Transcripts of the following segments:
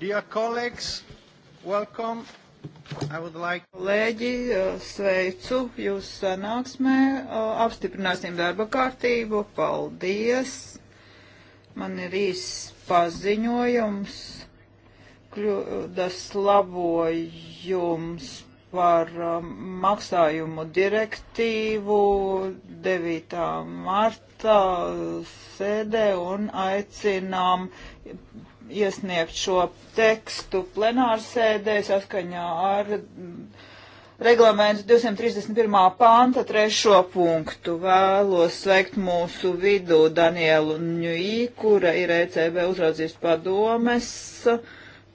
Dear colleagues, welcome. I would like... Kolēģi, uh, sveicu jūs sanāksmē. Uh, apstiprināsim darba kārtību. Paldies. Man ir īsts paziņojums. Kļūdas labojums par um, maksājumu direktīvu 9. martā sēdē un aicinām iesniegt šo tekstu plenārsēdē saskaņā ar mm, reglamentu 231. panta trešo punktu. Vēlos sveikt mūsu vidū Danielu Ņujī, kura ir ECB uzraudzības padomes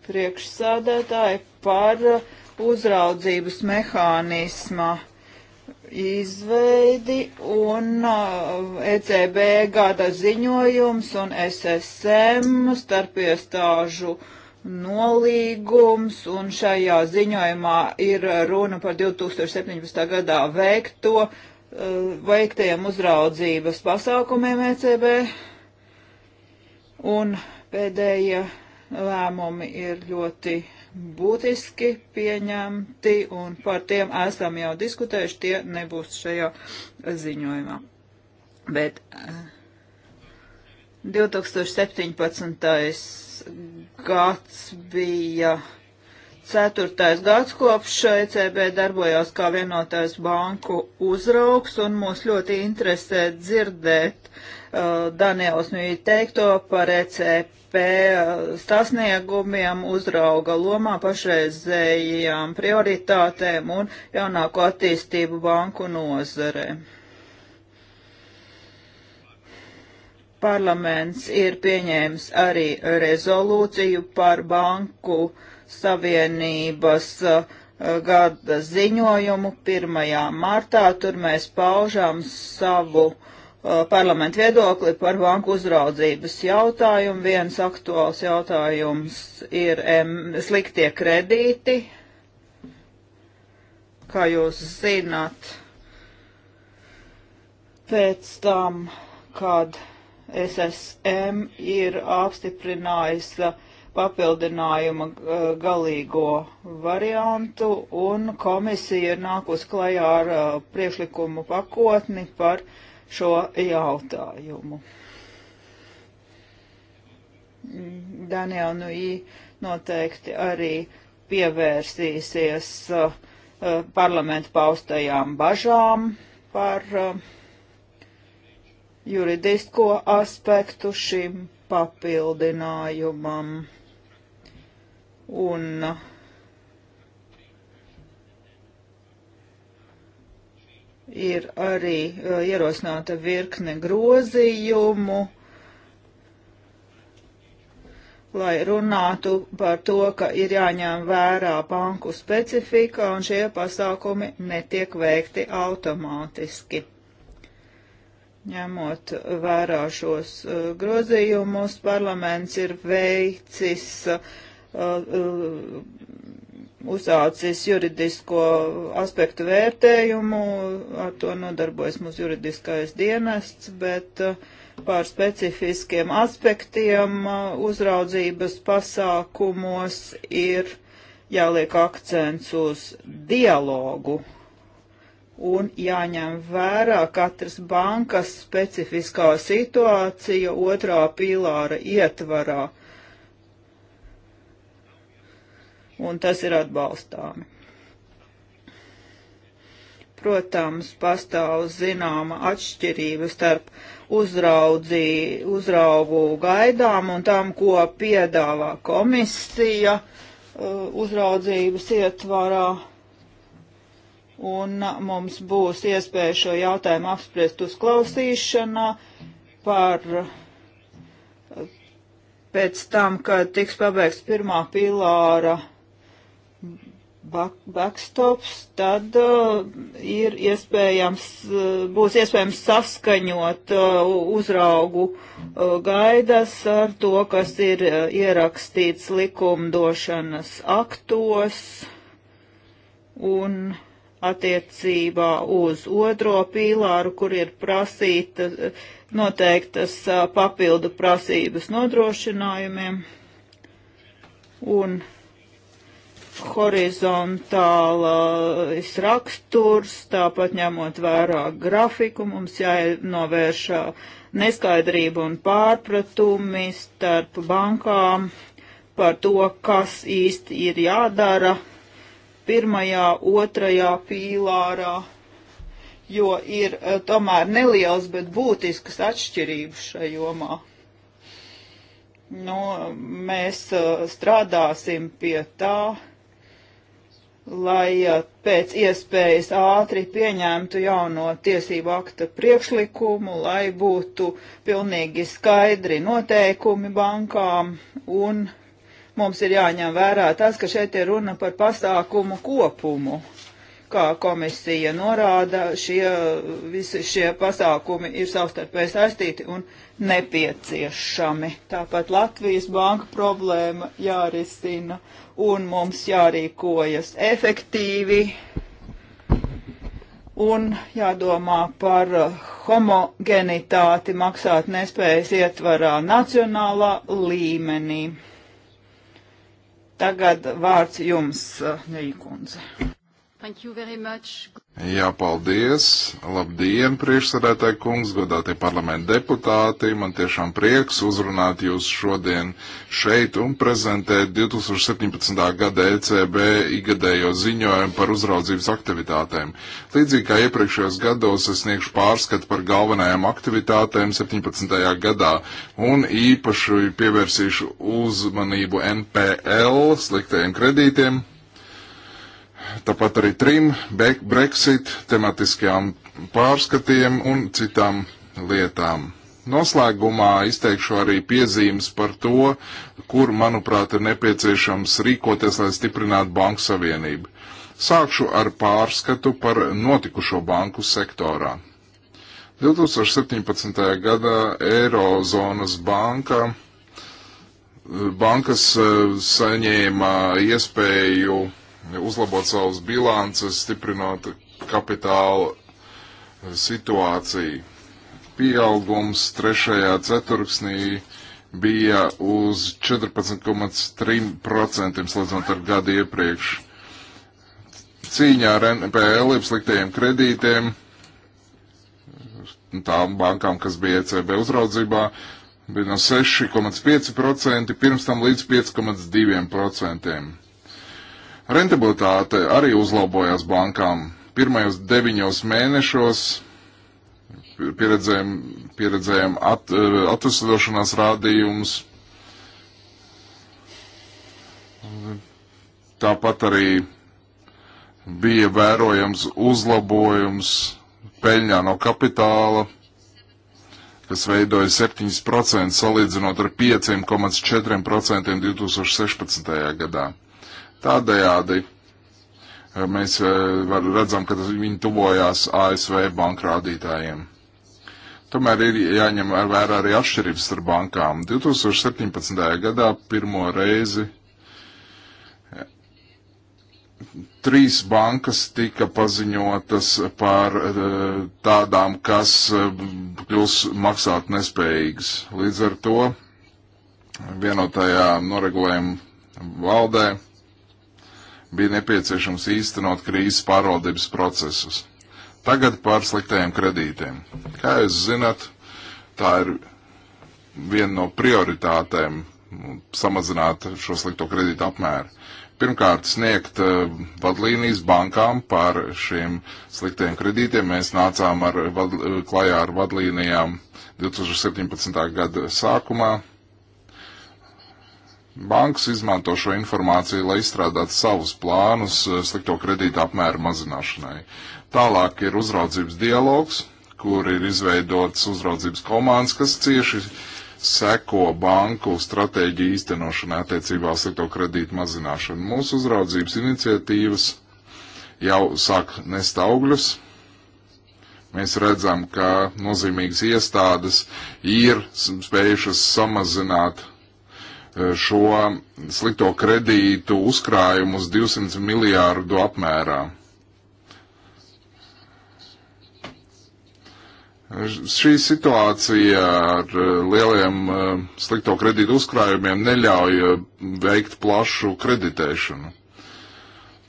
priekšsādētāja par uzraudzības mehānisma izveidi un uh, ECB gada ziņojums un SSM starpiestāžu nolīgums, un šajā ziņojumā ir runa par 2017. gadā veikto, uh, veiktajiem uzraudzības pasākumiem ECB, un pēdējie lēmumi ir ļoti būtiski pieņemti, un par tiem esam jau diskutējuši, tie nebūs šajā ziņojumā. Bet 2017. Eh, gads bija ceturtais gads kopš ECB darbojās kā vienotājs banku uzraugs, un mūs ļoti interesē dzirdēt uh, eh, Daniels Nīja teikto par ECB KLP sasniegumiem, uzrauga lomā pašreizējām prioritātēm un jaunāko attīstību banku nozare. Parlaments ir pieņēmis arī rezolūciju par banku savienības uh, gada ziņojumu 1. martā. Tur mēs paužām savu uh, Uh, parlamentu viedokli par banku uzraudzības jautājumu. Viens aktuāls jautājums ir em, sliktie kredīti. Kā jūs zināt, pēc tam, kad SSM ir apstiprinājis uh, papildinājuma uh, galīgo variantu, un komisija ir nākus klajā ar priekšlikumu pakotni par uh, šo jautājumu. Daniela Nui noteikti arī pievērsīsies uh, uh, parlamentu paustajām bažām par uh, juridisko aspektu šim papildinājumam. Un uh, ir arī uh, ierosināta virkne grozījumu, lai runātu par to, ka ir jāņem vērā banku specifika un šie pasākumi netiek veikti automātiski. Ņemot vērā šos uh, grozījumus, parlaments ir veicis uh, uh, uzsācis juridisko aspektu vērtējumu, ar to nodarbojas mūsu juridiskais dienests, bet uh, pār specifiskiem aspektiem uh, uzraudzības pasākumos ir jāliek akcents uz dialogu un jāņem vērā katras bankas specifiskā situācija otrā pīlāra ietvarā un tas ir atbalstāmi. Protams, pastāv zināma atšķirība starp uzraudzī, uzraugu gaidām un tam, ko piedāvā komisija uh, uzraudzības ietvarā. Un mums būs iespēja šo jautājumu apspriest uzklausīšanā par uh, pēc tam, kad tiks pabeigts pirmā pilāra backstops, tad uh, ir iespējams, uh, būs iespējams saskaņot uh, uzraugu uh, gaidas ar to, kas ir uh, ierakstīts likumdošanas aktos un attiecībā uz otro pīlāru, kur ir prasīta noteiktas uh, papildu prasības nodrošinājumiem. Un horizontālais raksturs, tāpat ņemot vērā grafiku, mums jānovērš uh, neskaidrību un pārpratumi starp bankām par to, kas īsti ir jādara pirmajā, otrajā pīlārā, jo ir uh, tomēr neliels, bet būtiskas atšķirības šajā jomā. Nu, mēs uh, strādāsim pie tā lai eh, pēc iespējas ātri pieņemtu jauno tiesību akta priekšlikumu, lai būtu pilnīgi skaidri noteikumi bankām un mums ir jāņem vērā tas, ka šeit ir runa par pasākumu kopumu kā komisija norāda, šie, visi šie pasākumi ir savstarpēji saistīti un nepieciešami. Tāpat Latvijas banka problēma jārisina un mums jārīkojas efektīvi un jādomā par homogenitāti maksāt nespējas ietvarā nacionālā līmenī. Tagad vārds jums, Neikundze. Jā, paldies. Labdien, priekšsēdētāji kungs, godātie parlamenta deputāti. Man tiešām prieks uzrunāt jūs šodien šeit un prezentēt 2017. gada ECB igadējo ziņojumu par uzraudzības aktivitātēm. Līdzīgi kā iepriekšējos gados, es sniegšu pārskatu par galvenajām aktivitātēm 17. gadā un īpaši pievērsīšu uzmanību NPL sliktajiem kredītiem tāpat arī trim, Brexit, tematiskajām pārskatiem un citām lietām. Noslēgumā izteikšu arī piezīmes par to, kur, manuprāt, ir nepieciešams rīkoties, lai stiprinātu banku savienību. Sākšu ar pārskatu par notikušo banku sektorā. 2017. gadā Eirozonas banka, bankas eh, saņēma iespēju uzlabot savus bilances, stiprinot kapitāla situāciju. Pieaugums trešajā ceturksnī bija uz 14,3% slēdzot ar gadu iepriekš. Cīņā ar NPL sliktajiem kredītiem, tām bankām, kas bija ECB uzraudzībā, bija no 6,5% pirms tam līdz 5,2%. Rentabilitāte arī uzlabojās bankām. Pirmajos deviņos mēnešos pieredzējām, pieredzējām at, eh, atvesaļošanās rādījumus. Tāpat arī bija vērojams uzlabojums peļņā no kapitāla, kas veidoja 7% salīdzinot ar 5,4% 2016. gadā. Tādējādi eh, mēs eh, redzam, ka viņi tuvojās ASV banku rādītājiem. Tomēr ir jāņem ar vērā arī atšķirības starp bankām. 2017. gadā pirmo reizi eh, trīs bankas tika paziņotas par tādām, kas kļūs maksāt nespējīgas. Līdz ar to vienotajā noregulējuma valdē bija nepieciešams īstenot krīzes pārvaldības procesus. Tagad par sliktajiem kredītiem. Kā jūs zinat, tā ir viena no prioritātēm um, samazināt šo slikto kredītu apmēru. Pirmkārt, sniegt uh, vadlīnijas bankām par šiem sliktiem kredītiem. Mēs nācām ar vad, uh, klajā ar vadlīnijām 2017. gada sākumā. Bankas izmanto šo informāciju, lai izstrādātu savus plānus eh, slikto kredītu apmēru mazināšanai. Tālāk ir uzraudzības dialogs, kur ir izveidots uzraudzības komandas, kas cieši seko banku stratēģiju īstenošanai attiecībā uz slikto kredītu mazināšanu. Mūsu uzraudzības iniciatīvas jau sāk nest augļus. Mēs redzam, ka nozīmīgas iestādes ir spējušas samazināt šo slikto kredītu uzkrājumu uz 200 miljārdu apmērā. Šī situācija ar eh, lieliem eh, slikto kredītu uzkrājumiem neļauj eh, veikt plašu kreditēšanu.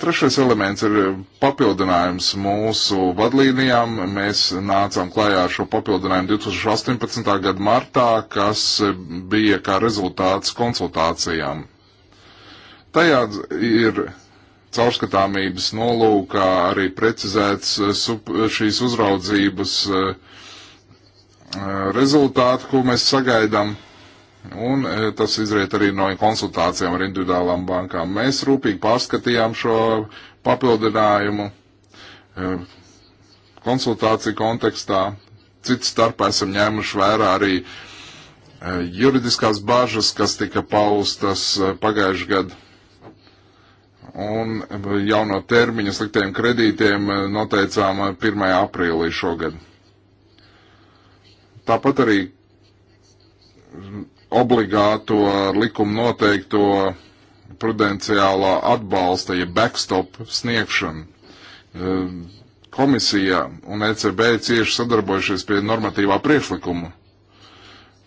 Trešais elements ir papildinājums mūsu vadlīnijām. Mēs nācām klajā ar šo papildinājumu 2018. gada martā, kas bija kā rezultāts konsultācijām. Tajā ir caurskatāmības nolūkā arī precizēts šīs uzraudzības eh, rezultāti, ko mēs sagaidām Un e, tas izriet arī no konsultācijām ar individuālām bankām. Mēs rūpīgi pārskatījām šo papildinājumu e, konsultāciju kontekstā. Cits starpā esam ņēmuši vērā arī e, juridiskās bāžas, kas tika paustas pagājušajā gadā un jauno termiņu sliktiem kredītiem noteicām 1. aprīlī šogad. Tāpat arī obligāto ar likumu noteikto prudenciālā atbalsta, ja backstop sniegšanu. Ehm, komisija un ECB cieši sadarbojušies pie normatīvā priekšlikuma,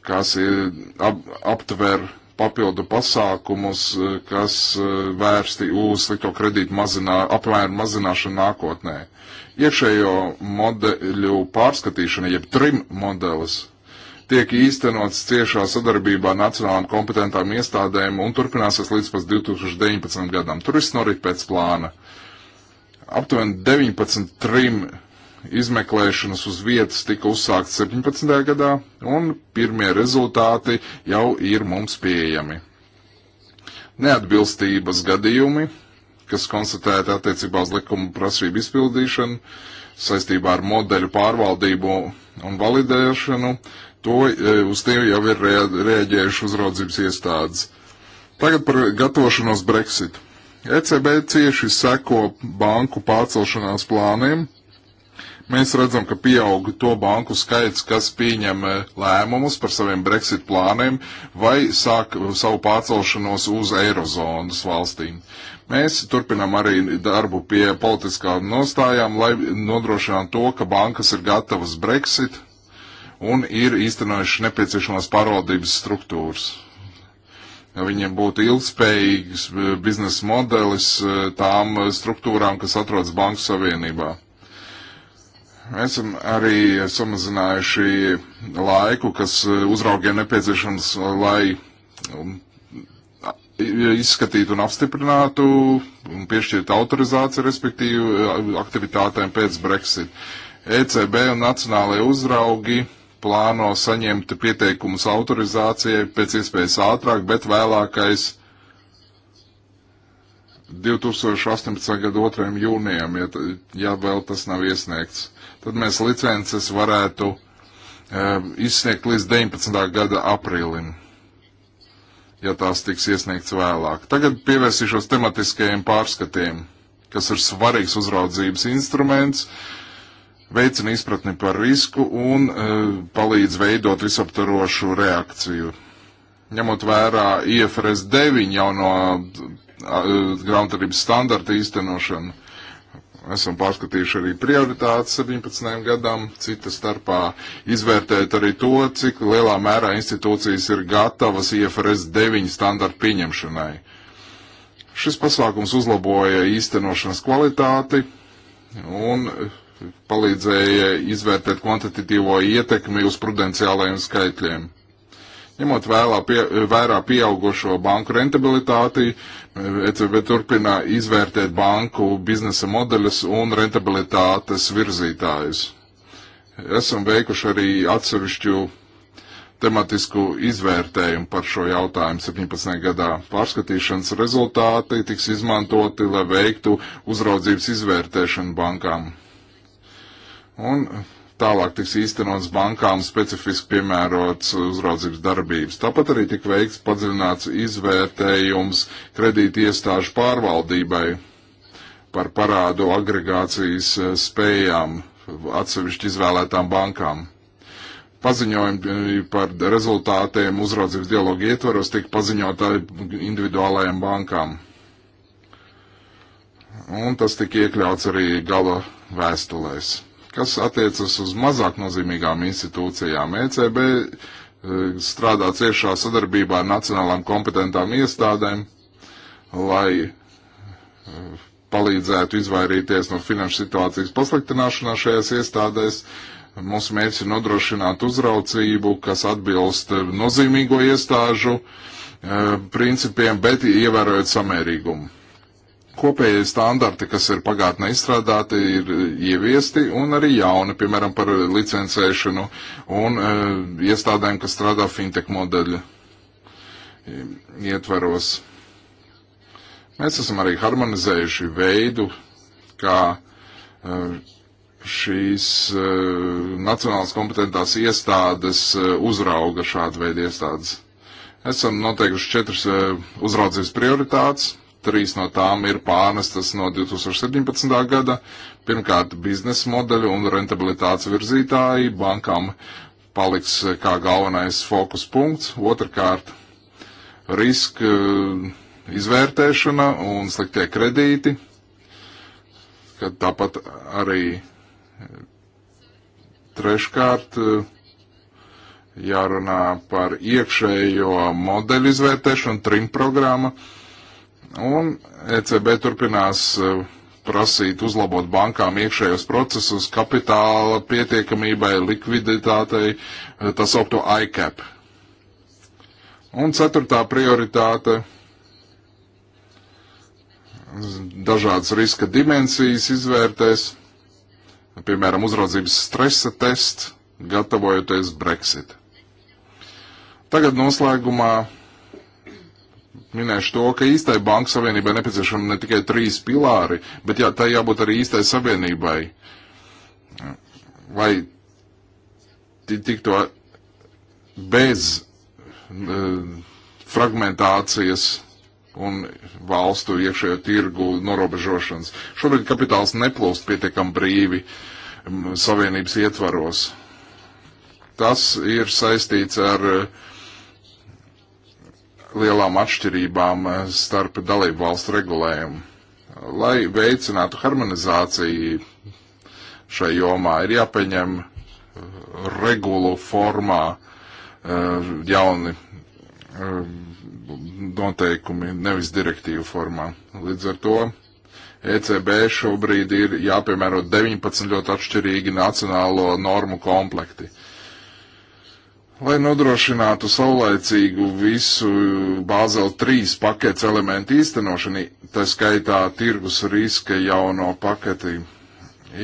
kas ap, aptver papildu pasākumus, e, kas e, vērsti uz slikto kredītu mazinā, apmēru mazināšanu nākotnē. Iekšējo modeļu pārskatīšana, jeb trim modelis, tiek īstenots ciešā sadarbībā nacionālām kompetentām iestādēm un turpināsies līdz pat 2019. gadam. Tur viss norit pēc plāna. Aptuveni 19 trim izmeklēšanas uz vietas tika uzsākts 17. gadā, un pirmie rezultāti jau ir mums pieejami. Neatbilstības gadījumi, kas konstatēti attiecībā uz likuma prasību izpildīšanu, saistībā ar modeļu pārvaldību un validēšanu, To, e, uz tiem jau ir rēģējuši uzraudzības iestādes. Tagad par gatavošanos Brexit. ECB cieši seko banku pārcelšanās plāniem. Mēs redzam, ka pieaug to banku skaits, kas pieņem e, lēmumus par saviem Brexit plāniem vai sāk savu pārcelšanos uz Eirozonas valstīm. Mēs turpinām arī darbu pie politiskām nostājām, lai nodrošinātu to, ka bankas ir gatavas Brexit un ir īstenojuši nepieciešamās pārvaldības struktūras. Ja viņiem būtu ilgspējīgs eh, biznesa modelis eh, tām eh, struktūrām, kas atrodas Banku Savienībā. Esam arī samazinājuši laiku, kas uzraugiem nepieciešams, lai um, izskatītu un apstiprinātu un piešķirtu autorizāciju, respektīvi aktivitātēm pēc Brexit. ECB un nacionālajie uzraugi plāno saņemt pieteikumus autorizācijai pēc iespējas ātrāk, bet vēlākais 2018. gada 2. jūnijam, ja, ja vēl tas nav iesniegts. Tad mēs licences varētu e, izsniegt līdz 19. gada aprīlim, ja tās tiks iesniegts vēlāk. Tagad pievērsīšos tematiskajiem pārskatiem, kas ir svarīgs uzraudzības instruments. E, veicina izpratni par risku un e, palīdz veidot visaptarošu reakciju. Ņemot vērā IFRS 9 jauno e, grāmatvedības standarta īstenošanu, esam pārskatījuši arī prioritātes 17 gadam, cita starpā izvērtēt arī to, cik lielā mērā institūcijas ir gatavas IFRS 9 standarta pieņemšanai. Šis pasākums uzlaboja īstenošanas kvalitāti un palīdzēja izvērtēt kvantitatīvo ietekmi uz prudenciālajiem skaitļiem. Ņemot vēlā pie, vērā pieaugušo banku rentabilitāti, ECB turpina izvērtēt banku biznesa modeļus un rentabilitātes virzītājus. Esam veikuši arī atsevišķu tematisku izvērtējumu par šo jautājumu 17. gadā. Pārskatīšanas rezultāti tiks izmantoti, lai veiktu uzraudzības izvērtēšanu bankām un tālāk tiks īstenots bankām specifiski piemērots uzraudzības darbības. Tāpat arī tika veikts padziļināts izvērtējums kredīti iestāžu pārvaldībai par parādu agregācijas eh, spējām atsevišķi izvēlētām bankām. Paziņojumi par rezultātiem uzraudzības dialogu ietvaros tika paziņota individuālajām bankām. Un tas tika iekļauts arī gala vēstulēs. Kas attiecas uz mazāk nozīmīgām institūcijām, ECB e, strādā ciešā sadarbībā ar nacionālām kompetentām iestādēm, lai e, palīdzētu izvairīties no finanšu situācijas pasliktināšanās šajās iestādēs. Mūsu mērķis ir nodrošināt uzraucību, kas atbilst nozīmīgo iestāžu e, principiem, bet ievērojot samērīgumu kopējie standarti, kas ir pagātnē izstrādāti, ir ieviesti, un arī jauni, piemēram, par licencēšanu un e, iestādēm, kas strādā fintech modeļa ietvaros. Mēs esam arī harmonizējuši veidu, kā e, šīs e, nacionālas kompetentās iestādes e, uzrauga šādu veidu iestādes. Esam noteikuši četras e, uzraudzības prioritātes Trīs no tām ir pārnestas no 2017. gada. Pirmkārt, biznesa modeļu un rentabilitātes virzītāji bankām paliks kā galvenais fokus punkts. Otrakārt, riska eh, izvērtēšana un sliktie kredīti. Tāpat arī eh, treškārt eh, jārunā par iekšējo modeļu izvērtēšanu, trim programmu Un ECB turpinās eh, prasīt uzlabot bankām iekšējos procesus, kapitāla pietiekamībai, likviditātei, eh, tas augto ICAP. Un ceturtā prioritāte - dažādas riska dimensijas izvērtēs, piemēram, uzraudzības stresa tests, gatavojoties Brexit. Tagad noslēgumā minēšu to, ka īstai banka savienībai nepieciešama ne tikai trīs pilāri, bet jā, tai jābūt arī īstai savienībai, lai tiktu bez uh, fragmentācijas un valstu iekšējo tirgu norobežošanas. Šobrīd kapitāls neplūst pietiekam brīvi um, savienības ietvaros. Tas ir saistīts ar uh, lielām atšķirībām eh, starp dalību valstu regulējumu. Lai veicinātu harmonizāciju šai jomā, ir jāpieņem eh, regulu formā eh, jauni noteikumi, nevis direktīvu formā. Līdz ar to ECB šobrīd ir jāpiemēro 19 ļoti atšķirīgi nacionālo normu komplekti. Uh, lai nodrošinātu saulēcīgu visu Bāzeli 3 paketes elementu īstenošanu, tā skaitā tirgus riska jauno paketī,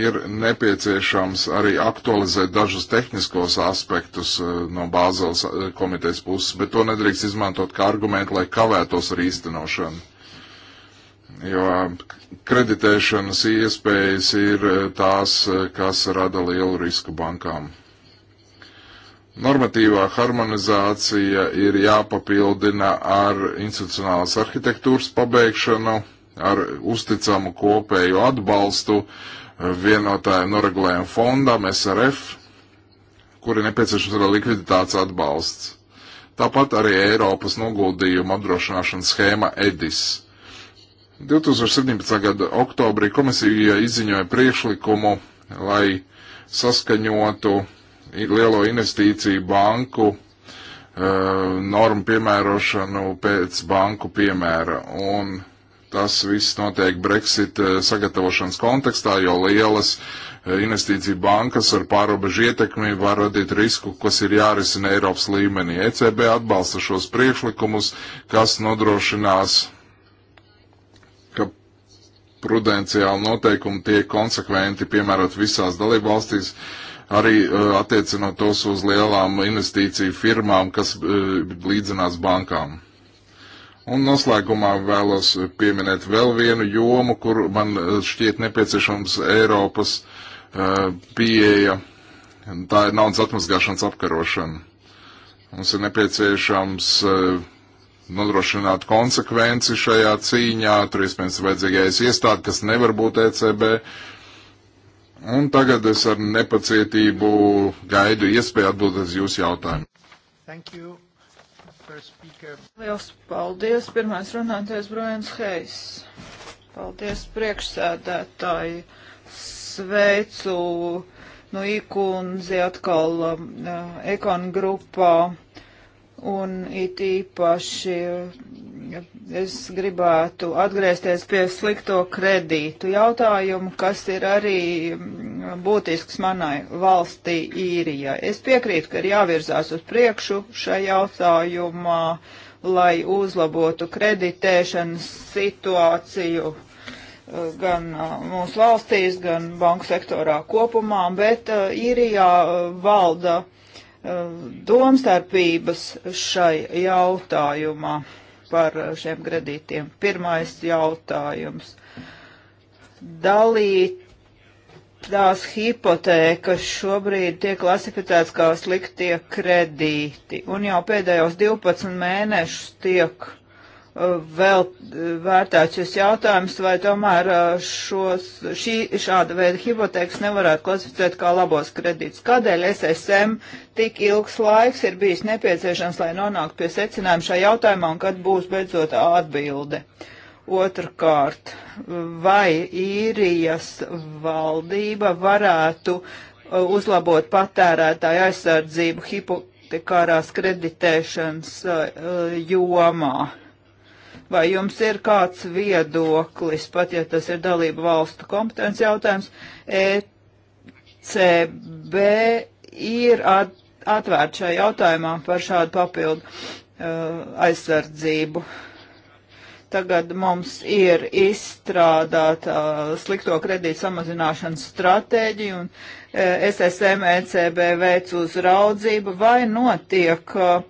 ir nepieciešams arī aktualizēt dažus tehniskos aspektus eh, no Bāzeles eh, komitejas puses, bet to nedrīkst izmantot kā argumentu, lai kavētos ar īstenošanu. Jo kreditēšanas iespējas ir eh, tās, kas rada lielu risku bankām normatīvā harmonizācija ir jāpapildina ar institucionālas arhitektūras pabeigšanu, ar uzticamu kopēju atbalstu eh, vienotājiem noregulējumu fondam, SRF, kuri nepieciešams arī likviditātes atbalsts. Tāpat arī Eiropas noguldījuma apdrošināšanas schēma EDIS. 2017. gada oktobrī komisija izziņoja priekšlikumu, lai saskaņotu lielo investīciju banku eh, normu piemērošanu pēc banku piemēra. Un tas viss notiek Brexit eh, sagatavošanas kontekstā, jo lielas eh, investīcija bankas ar pārobežu ietekmi var radīt risku, kas ir jārisina Eiropas līmenī. ECB atbalsta šos priekšlikumus, kas nodrošinās, ka prudenciāli noteikumi tiek konsekventi piemērot visās dalībvalstīs. valstīs arī uh, attiecinot tos uz lielām investīciju firmām, kas uh, līdzinās bankām. Un noslēgumā vēlos pieminēt vēl vienu jomu, kur man uh, šķiet nepieciešams Eiropas uh, pieeja. Tā ir naudas atmazgāšanas apkarošana. Mums ir nepieciešams uh, nodrošināt konsekvenci šajā cīņā, tur iespējams vajadzīgais iestādi, kas nevar būt ECB, Un tagad es ar nepacietību gaidu iespēju atbildēt uz jūsu jautājumu. You, Liels paldies. Pirmais runātais Brojans Heis. Paldies priekšsēdētāji. Sveicu no nu, īkundzi atkal um, uh, ekon grupā un it īpaši es gribētu atgriezties pie slikto kredītu jautājumu, kas ir arī mm, būtisks manai valstī īrijai. Es piekrītu, ka ir jāvirzās uz priekšu šajā jautājumā, lai uzlabotu kreditēšanas situāciju eh, gan eh, mūsu valstīs, gan banku sektorā kopumā, bet eh, īrijā valda domstarpības šai jautājumā par eh, šiem kredītiem. Pirmais jautājums. Dalītās hipotēkas šobrīd tiek klasificētas kā sliktie kredīti, un jau pēdējos 12 mēnešus tiek vēl eh, vērtēt šis jautājums, vai tomēr eh, šos, šī, šāda veida hipotēkas nevarētu klasificēt kā labos kredītus. Kādēļ SSM tik ilgs laiks ir bijis nepieciešams, lai nonāktu pie secinājuma šajā jautājumā un kad būs beidzot atbilde? Otrkārt, vai īrijas valdība varētu eh, uzlabot patērētāju aizsardzību hipotekārās kreditēšanas jomā? Vai jums ir kāds viedoklis, pat ja tas ir dalību valstu kompetenci jautājums, ECB ir at, atvērta šajā jautājumā par šādu papildu uh, aizsardzību. Tagad mums ir izstrādāta uh, slikto kredītu samazināšanas stratēģija un uh, SSM ECB veic uzraudzību vai notiek uh,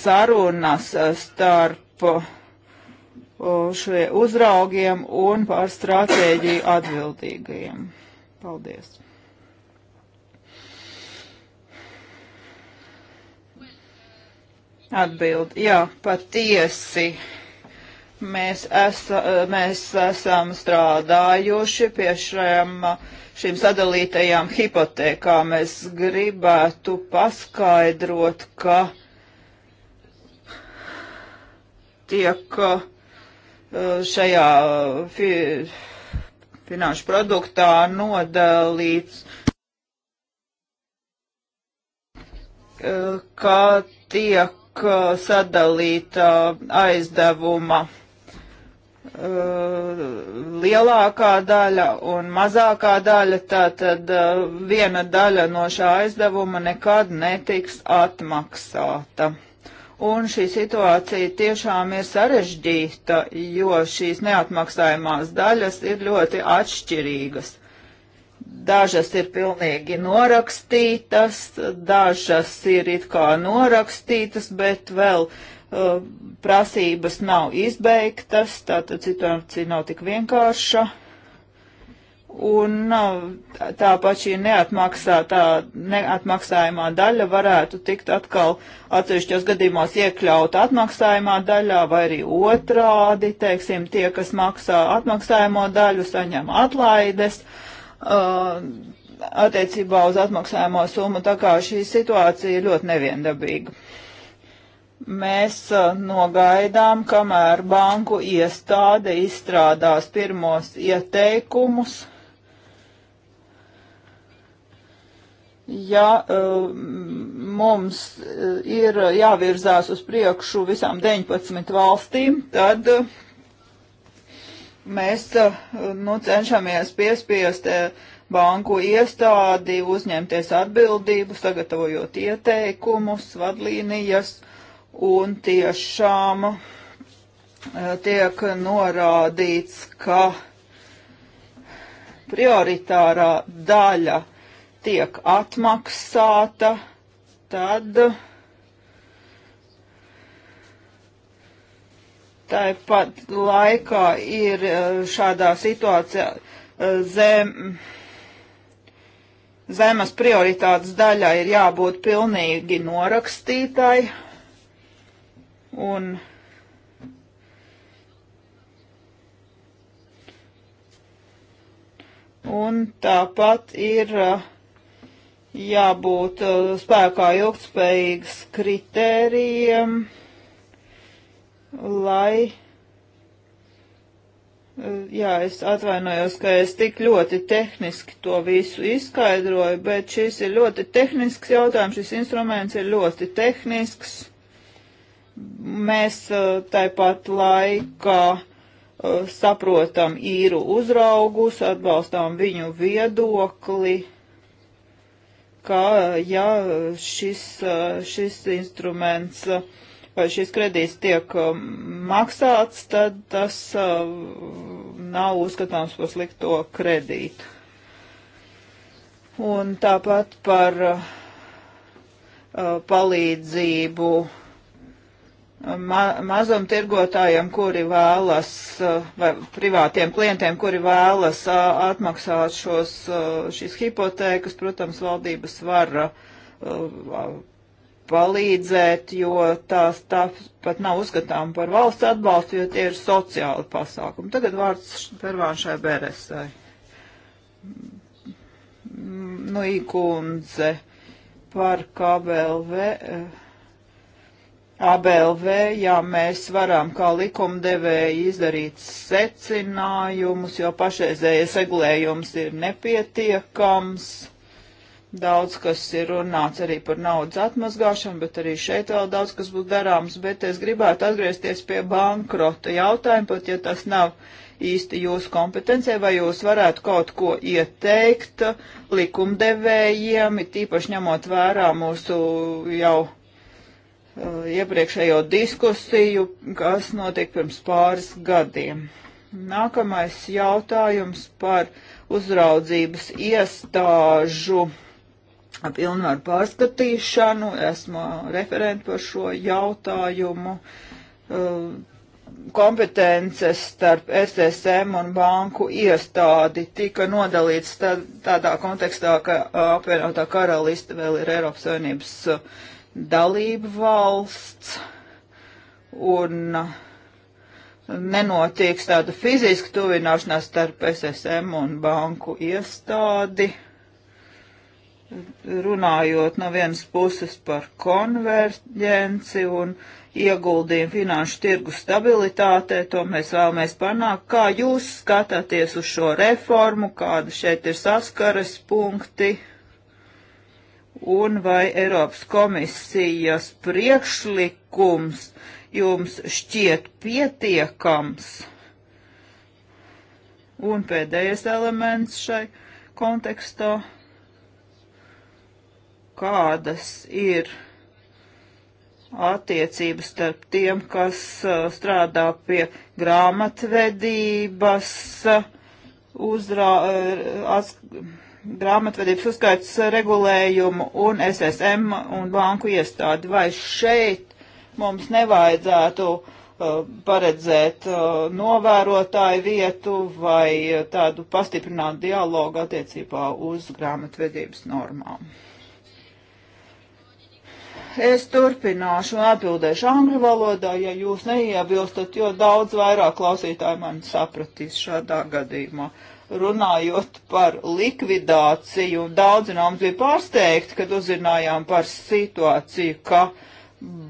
sarunas uh, starp uh, šie uzraugiem un par stratēģiju atbildīgajiem. Paldies! Atbild, jā, patiesi. Mēs, esa, mēs esam strādājuši pie šiem, šīm sadalītajām hipotekām. Es gribētu paskaidrot, ka tiek uh, šajā uh, fi, finanšu produktā nodalīts, uh, kā tiek uh, sadalīta aizdevuma lielākā daļa un mazākā daļa, tātad viena daļa no šā aizdevuma nekad netiks atmaksāta. Un šī situācija tiešām ir sarežģīta, jo šīs neatmaksājumās daļas ir ļoti atšķirīgas. Dažas ir pilnīgi norakstītas, dažas ir it kā norakstītas, bet vēl uh, prasības nav izbeigtas, tātad situācija nav tik vienkārša. Uh, Un tāpat šī neatmaksātā, neatmaksājumā daļa varētu tikt atkal atsevišķos gadījumos iekļaut atmaksājumā daļā vai arī otrādi, teiksim, tie, kas maksā atmaksājumo daļu, saņem atlaides uh, attiecībā uz atmaksājamo summu, tā kā šī situācija ir ļoti neviendabīga. Mēs uh, nogaidām, kamēr banku iestāde izstrādās pirmos ieteikumus ja eh, mums eh, ir jāvirzās uz priekšu visām 19 valstīm, tad eh, mēs nu, cenšamies piespiest banku iestādi uzņemties atbildību, sagatavojot ieteikumus, vadlīnijas un tiešām tiek norādīts, ka prioritārā daļa tiek atmaksāta, tad tāpat laikā ir e, šādā situācijā e, zem, zemes prioritātes daļā ir jābūt pilnīgi norakstītai un Un tāpat ir uh, jābūt uh, spēkā ilgspējīgas kritērijiem, lai. Uh, jā, es atvainojos, ka es tik ļoti tehniski to visu izskaidroju, bet šis ir ļoti tehnisks jautājums, šis instruments ir ļoti tehnisks. Mēs uh, tāpat laikā saprotam īru uzraugus, atbalstām viņu viedokli ka ja šis, šis instruments vai šis kredīts tiek um, maksāts, tad tas uh, nav uzskatāms par slikto kredītu. Un tāpat par uh, palīdzību uh, ma mazumtirgotājiem, kuri vēlas, eh, vai privātiem klientiem, kuri vēlas eh, atmaksāt šos, eh, šīs hipotēkas, protams, valdības var palīdzēt, jo tās tāpat nav uzskatām par valsts atbalstu, jo tie ir sociāli pasākumi. Tagad vārds pervāņšai Beresai. Mm, nu, īkundze par KBLV. Uh, ABLV, ja mēs varam kā likumdevēji izdarīt secinājumus, jo pašreizējais regulējums ir nepietiekams. Daudz, kas ir runāts arī par naudas atmazgāšanu, bet arī šeit vēl daudz, kas būtu darāms, bet es gribētu atgriezties pie bankrota jautājuma, pat ja tas nav īsti jūsu kompetencija, vai jūs varētu kaut ko ieteikt likumdevējiem, it īpaši ņemot vērā mūsu jau Eh, iepriekšējo diskusiju, kas notika pirms pāris gadiem. Nākamais jautājums par uzraudzības iestāžu pilnvaru pārskatīšanu. Esmu referenti par šo jautājumu. Eh, kompetences starp SSM un banku iestādi tika nodalīts tādā kontekstā, ka apvienotā karaliste vēl ir Eiropas Savienības uh, dalību valsts un nenotiek tāda fiziska tuvināšanās starp SSM un banku iestādi. Runājot no vienas puses par konverģenci un ieguldījumu finanšu tirgu stabilitātē, to mēs vēlamies panākt. Kā jūs skatāties uz šo reformu, kāda šeit ir saskares punkti? un vai Eiropas komisijas priekšlikums jums šķiet pietiekams? Un pēdējais elements šai kontekstā - kādas ir attiecības starp tiem, kas uh, strādā pie grāmatvedības, uzrā, uh, ats, grāmatvedības uzskaits eh, regulējumu un SSM un banku iestādi. Vai šeit mums nevajadzētu uh, paredzēt uh, novērotāju vietu vai tādu pastiprinātu dialogu attiecībā uz grāmatvedības normām? Es turpināšu un atbildēšu angļu valodā, ja jūs neiebilstat, jo daudz vairāk klausītāji man sapratīs šādā gadījumā. Uh, runājot par likvidāciju. Daudzi no mums bija pārsteigti, kad uzzinājām par situāciju, ka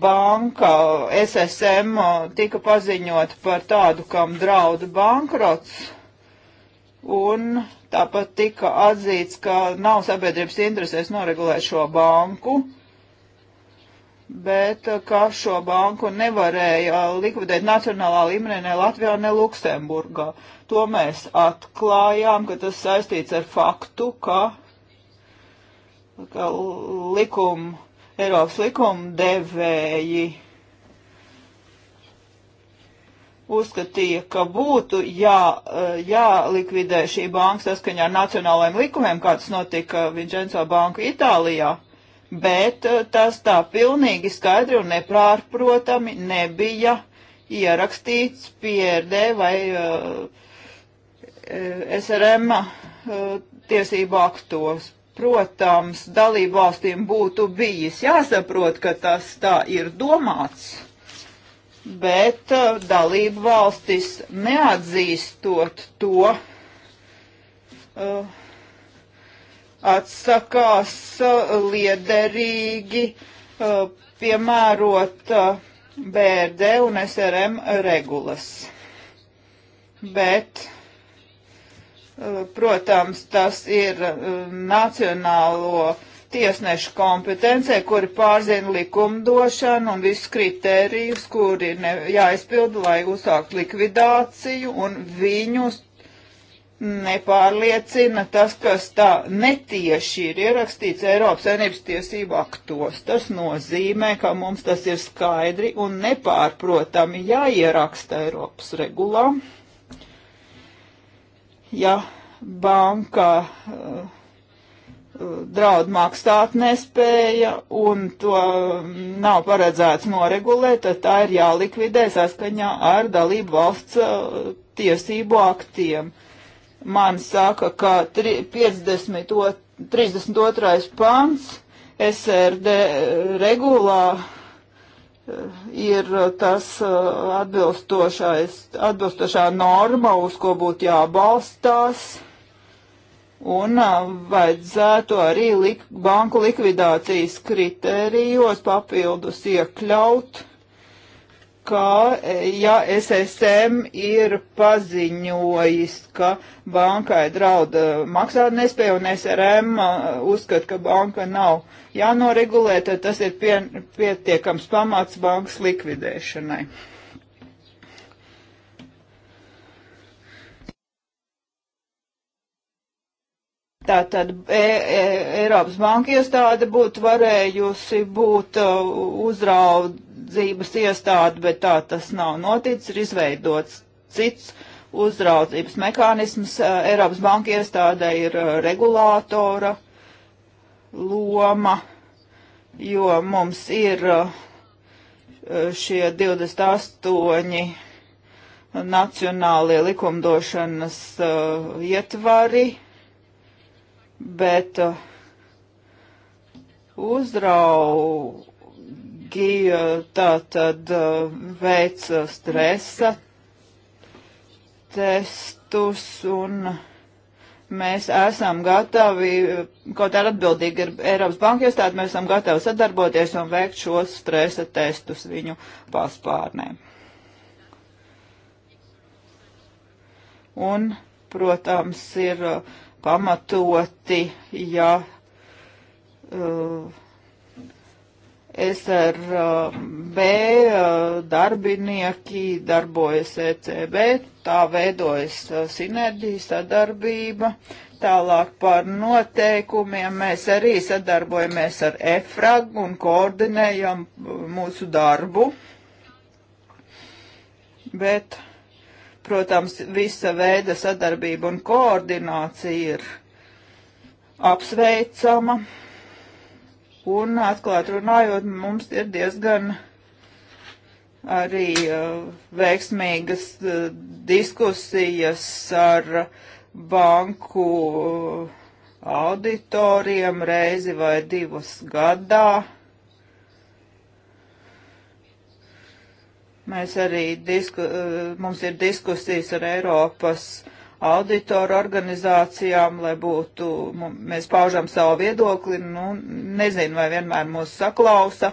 banka SSM tika paziņot par tādu, kam draudu bankrots. Un tāpat tika atzīts, ka nav sabiedrības interesēs noregulēt šo banku. Uh, bet eh, kā šo banku nevarēja likvidēt nacionālā līmenī ne Latvijā, ne Luksemburgā. To mēs atklājām, ka tas saistīts ar faktu, ka, ka likuma, Eiropas likuma devēji uzskatīja, ka būtu jā, eh, jālikvidē šī banka saskaņā ar nacionālajiem likumiem, kāds notika Vincenzo banku Itālijā. Uh, bet eh, tas tā pilnīgi skaidri un neprārprotami nebija ierakstīts PRD vai eh, SRM eh, tiesību aktos. Protams, dalību valstīm būtu bijis jāsaprot, ka tas tā ir domāts, bet dalību valstis neatzīstot to, uh, atsakās uh, liederīgi uh, piemērot uh, BRD un SRM regulas. Bet, protams, tas ir nacionālo tiesnešu kompetencē, kuri pārzina likumdošanu un visus kritērijus, kuri ne, jāizpilda, lai uzsākt likvidāciju, un viņus nepārliecina tas, kas tā netieši ir ierakstīts Eiropas Savienības tiesību aktos. Tas nozīmē, ka mums tas ir skaidri un nepārprotami jāieraksta Eiropas regulā. Ja banka uh, draud maksāt nespēja un to nav paredzēts noregulēt, tad tā ir jālikvidē saskaņā ar dalību valsts uh, tiesību aktiem man saka, ka 52, 32. pants SRD regulā eh, ir tas eh, atbilstošā norma, uz ko būtu jābalstās. Un eh, vajadzētu arī lik, banku likvidācijas kritērijos papildus iekļaut ka e, ja SSM ir paziņojis, ka bankai drauda e, maksātnespēja un SRM e, uzskata, ka banka nav jānoregulē, tad tas ir pie, pietiekams pamats bankas likvidēšanai. Tātad e, e, Eiropas banka iestāde būtu varējusi būt uh, uzraud, uzraudzības iestādi, bet tā tas nav noticis, ir izveidots cits uzraudzības mehānisms. Eiropas banka iestādē ir regulātora loma, jo mums ir šie 28 nacionālie likumdošanas ietvari, bet uzraudzības cilvēki uh, tā tad uh, veic uh, stresa testus un mēs esam gatavi, kaut arī atbildīgi ir Eiropas Banka iestāde, mēs esam gatavi sadarboties un veikt šos stresa testus viņu paspārnē. Un, protams, ir pamatoti, ja uh, SRB uh, uh, darbinieki darbojas ECB, tā veidojas uh, sinerģija, sadarbība. Tālāk par noteikumiem mēs arī sadarbojamies ar EFRAG un koordinējam mūsu darbu. Bet, protams, visa veida sadarbība un koordinācija ir apsveicama Un atklāt runājot, mums ir diezgan arī uh, veiksmīgas uh, diskusijas ar banku uh, auditoriem reizi vai divas gadā. Mēs arī, disku, uh, mums ir diskusijas ar Eiropas auditoru organizācijām, lai būtu, mēs paužam savu viedokli, nu, nezinu, vai vienmēr mūs saklausa,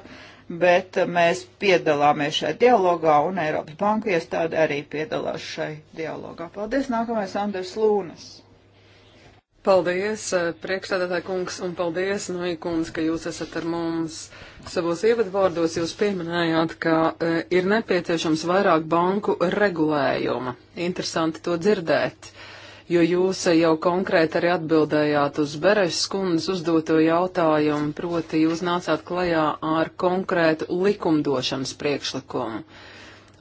bet mēs piedalāmies šajā dialogā, un Eiropas Banku iestāde arī piedalās šai dialogā. Paldies, nākamais Anders Lūnas. Paldies, eh, priekšstādātāji kungs, un paldies, Noī kungs, ka jūs esat ar mums. Savos ievadvārdos jūs pieminējāt, ka e, ir nepieciešams vairāk banku regulējuma. Interesanti to dzirdēt, jo jūs eh, jau konkrēti arī atbildējāt uz Berešas kundas uzdoto jautājumu, proti jūs nācāt klajā ar konkrētu likumdošanas priekšlikumu.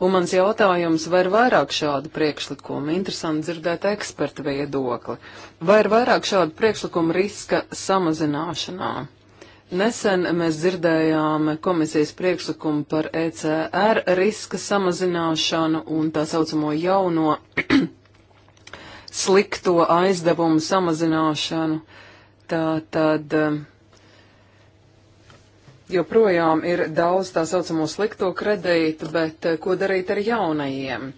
Un mans jautājums, vai ir vairāk šādu priekšlikumu? Interesanti dzirdēt eksperta viedokli. Vai ir vairāk šādu priekšlikumu riska samazināšanā? Nesen mēs dzirdējām komisijas priekšlikumu par ECR riska samazināšanu un tā saucamo jauno slikto aizdevumu samazināšanu. Tā tad. Uh, joprojām ir daudz tā saucamo slikto kredītu, bet eh, ko darīt ar jaunajiem?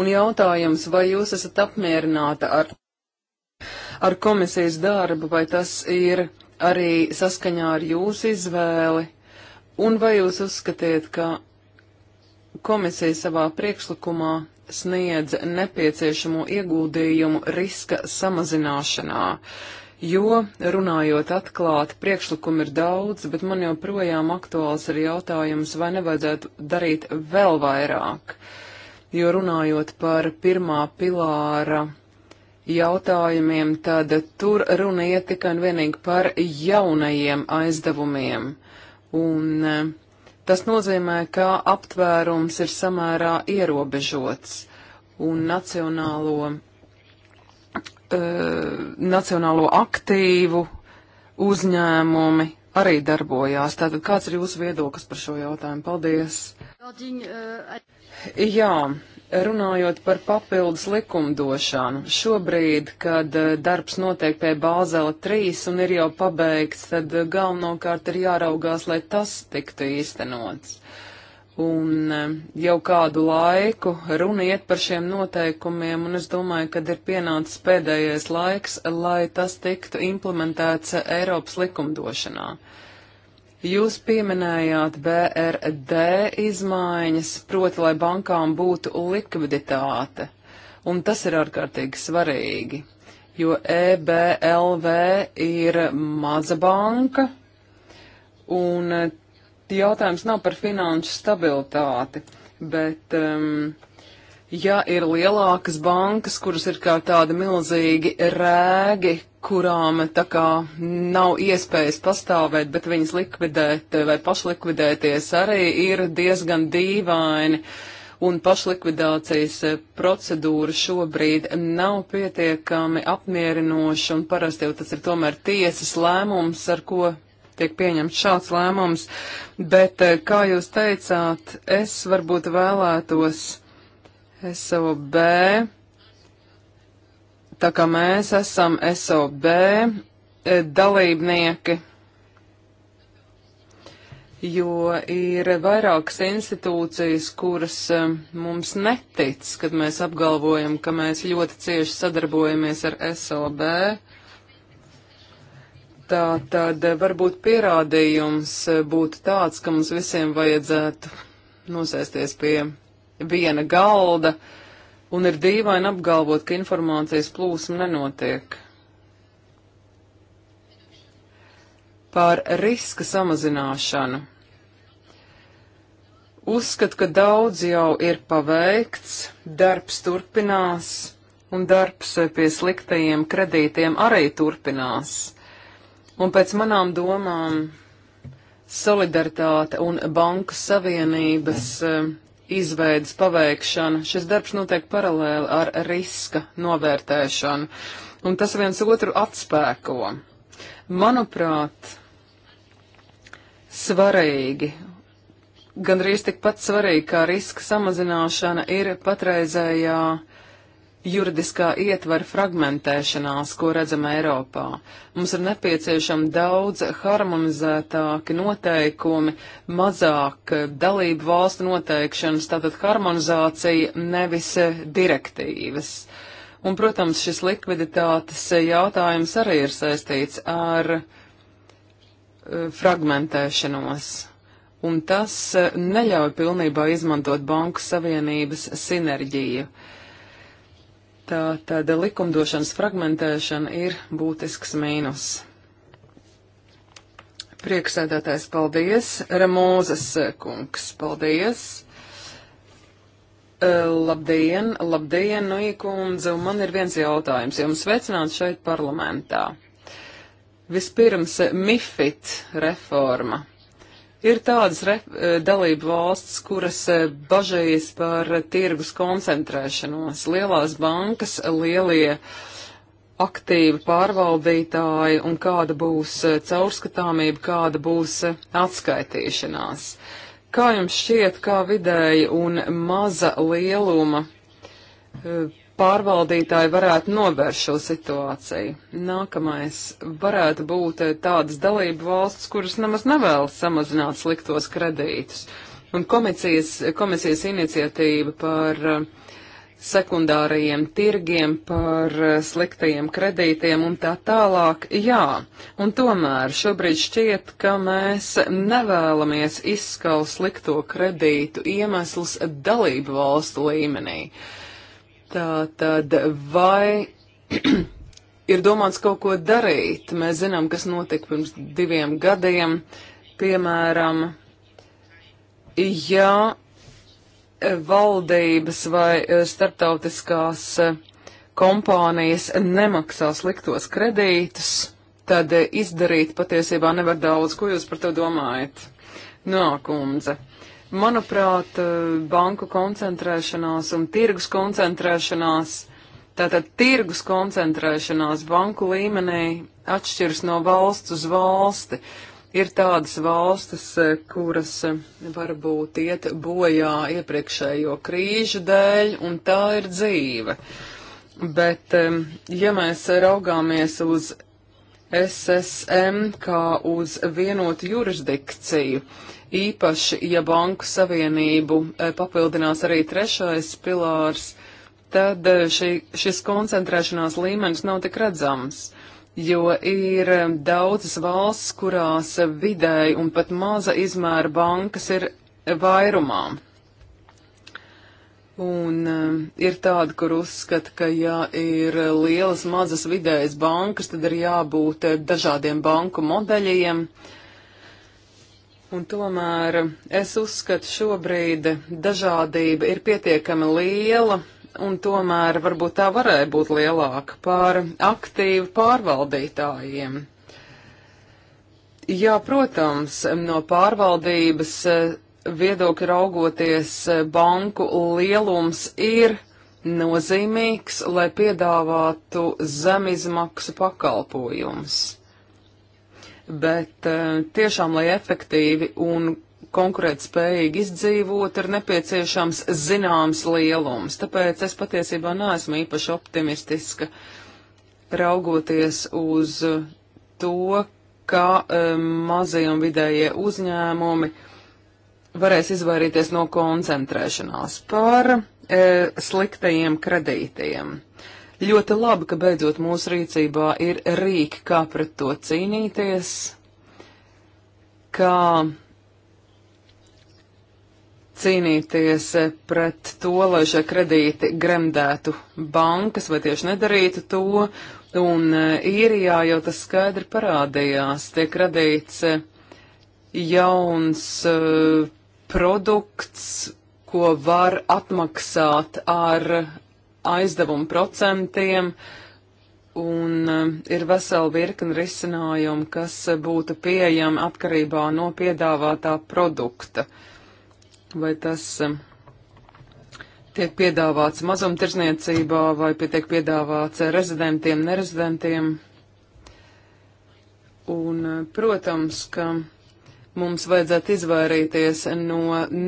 Un jautājums, vai jūs esat apmierināta ar, ar komisijas darbu, vai tas ir arī saskaņā ar jūsu izvēli? Un vai jūs uzskatiet, ka komisija savā priekšlikumā sniedz nepieciešamo ieguldījumu riska samazināšanā? jo, runājot atklāti, priekšlikumi ir daudz, bet man joprojām aktuāls ir jautājums, vai nevajadzētu darīt vēl vairāk. Jo runājot par pirmā pilāra jautājumiem, tad tur runa iet tikai un vienīgi par jaunajiem aizdevumiem. Un eh, tas nozīmē, ka aptvērums ir samērā ierobežots un nacionālo E, nacionālo aktīvu uzņēmumi arī darbojās. Tātad kāds ir jūsu viedoklis par šo jautājumu? Paldies! Jā, runājot par papildus likumdošanu, šobrīd, kad e, darbs notiek pie Bāzela 3 un ir jau pabeigts, tad galvenokārt ir jāraugās, lai tas tiktu īstenots. Un e, jau kādu laiku runa iet par šiem noteikumiem, un es domāju, ka ir pienācis pēdējais laiks, lai tas tiktu implementēts Eiropas likumdošanā. Jūs pieminējāt BRD izmaiņas, proti, lai bankām būtu likviditāte, un tas ir ārkārtīgi svarīgi, jo EBLV ir maza banka, un jautājums nav par finanšu stabilitāti, bet um, ja ir lielākas bankas, kuras ir kā tādi milzīgi rēgi, kurām tā kā nav iespējas pastāvēt, bet viņas likvidēt vai pašlikvidēties arī ir diezgan dīvaini. Un pašlikvidācijas eh, procedūra šobrīd nav pietiekami apmierinoša, un parasti jau tas ir tomēr tiesas lēmums, ar ko tiek pieņemts šāds lēmums, bet, eh, kā jūs teicāt, es varbūt vēlētos SOB, tā kā mēs esam SOB eh, dalībnieki, jo ir vairākas institūcijas, kuras eh, mums netic, kad mēs apgalvojam, ka mēs ļoti cieši sadarbojamies ar SOB. Tā tad varbūt pierādījums būtu tāds, ka mums visiem vajadzētu nosēsties pie viena galda, un ir dīvaini apgalvot, ka informācijas plūsma nenotiek. Par riska samazināšanu. Uzskatu, ka daudz jau ir paveikts, darbs turpinās, un darbs pie sliktajiem kredītiem arī turpinās. Un pēc manām domām solidaritāte un banku savienības eh, izveidas paveikšana, šis darbs notiek paralēli ar riska novērtēšanu, un tas viens otru atspēko. Manuprāt, svarīgi gandrīz tikpat svarīga kā riska samazināšana ir patreizējā juridiskā ietvara fragmentēšanās, ko redzam Eiropā. Mums ir nepieciešama daudz harmonizētāki noteikumi, mazāk dalību valstu noteikšanas, tātad harmonizācija nevis direktīvas. Un, protams, šis likviditātes jautājums arī ir saistīts ar uh, fragmentēšanos un tas uh, neļauj pilnībā izmantot Banku Savienības sinerģiju. Tā tad likumdošanas fragmentēšana ir būtisks mīnus. Prieksēdētājs paldies, Ramūzes kungs, paldies. Labdien, labdien, nu īkundze, un man ir viens jautājums, jums sveicināts šeit parlamentā. Vispirms MIFID reforma. Ir tādas e, dalību valsts, kuras e, bažējas par tirgus koncentrēšanos. Lielās bankas, lielie aktīvi pārvaldītāji un kāda būs e, caurskatāmība, kāda būs atskaitīšanās. Kā jums šķiet, kā vidēji un maza lieluma pārvaldītāji varētu novērst šo situāciju. Nākamais varētu būt eh, tādas dalību valsts, kuras nemaz nevēlas samazināt sliktos kredītus. Un komisijas, komisijas iniciatīva par eh, sekundārajiem tirgiem, par eh, sliktajiem kredītiem un tā tālāk, jā. Un tomēr šobrīd šķiet, ka mēs nevēlamies izskaust slikto kredītu iemeslus dalību valstu līmenī. Uh, Tā tad vai ir domāts kaut ko darīt? Mēs zinām, kas notika pirms diviem gadiem. Piemēram, ja valdības vai eh, starptautiskās eh, kompānijas nemaksā sliktos kredītus, tad eh, izdarīt patiesībā nevar daudz. Ko jūs par to domājat? Nākundze. No, Manuprāt, banku koncentrēšanās un tirgus koncentrēšanās, tātad tirgus koncentrēšanās banku līmenī atšķiras no valsts uz valsti. Ir tādas valstis, kuras varbūt iet bojā iepriekšējo krīžu dēļ, un tā ir dzīve. Bet, ja mēs raugāmies uz SSM kā uz vienotu jurisdikciju, īpaši, ja banku savienību eh, papildinās arī trešais pilārs, tad eh, šī, šis koncentrēšanās līmenis nav tik redzams, jo ir eh, daudzas valsts, kurās vidēji un pat maza izmēra bankas ir vairumā. Un uh, ir tāda, kur uzskata, ka ja ir lielas, mazas vidējas bankas, tad ir jābūt dažādiem banku modeļiem. Uh, Un tomēr es uzskatu šobrīd dažādība ir pietiekami liela, un tomēr varbūt tā varēja būt lielāka par aktīvu pārvaldītājiem. Jā, protams, no pārvaldības viedokļa raugoties banku lielums ir nozīmīgs, lai piedāvātu zemizmaksu pakalpojumus bet eh, tiešām, lai efektīvi un konkurētspējīgi izdzīvot, ir nepieciešams zināms lielums. Tāpēc es patiesībā neesmu īpaši optimistiska raugoties uz to, ka um, mazie un vidējie uzņēmumi varēs izvairīties no koncentrēšanās par e, sliktajiem kredītiem. Uh, Ļoti labi, ka beidzot mūsu rīcībā ir rīki, kā pret to cīnīties, kā cīnīties pret to, lai šie kredīti gremdētu bankas vai tieši nedarītu to. Un e, īrijā jau tas skaidri parādījās, tiek radīts e, jauns e, produkts, ko var atmaksāt ar aizdevumu procentiem, un eh, ir vesela virkna risinājumu, kas būtu pieejama atkarībā no piedāvātā produkta. Vai tas eh, tiek piedāvāts mazumtirdzniecībā vai tiek piedāvāts eh, rezidentiem, nerezidentiem. Un, protams, ka mums vajadzētu izvairīties no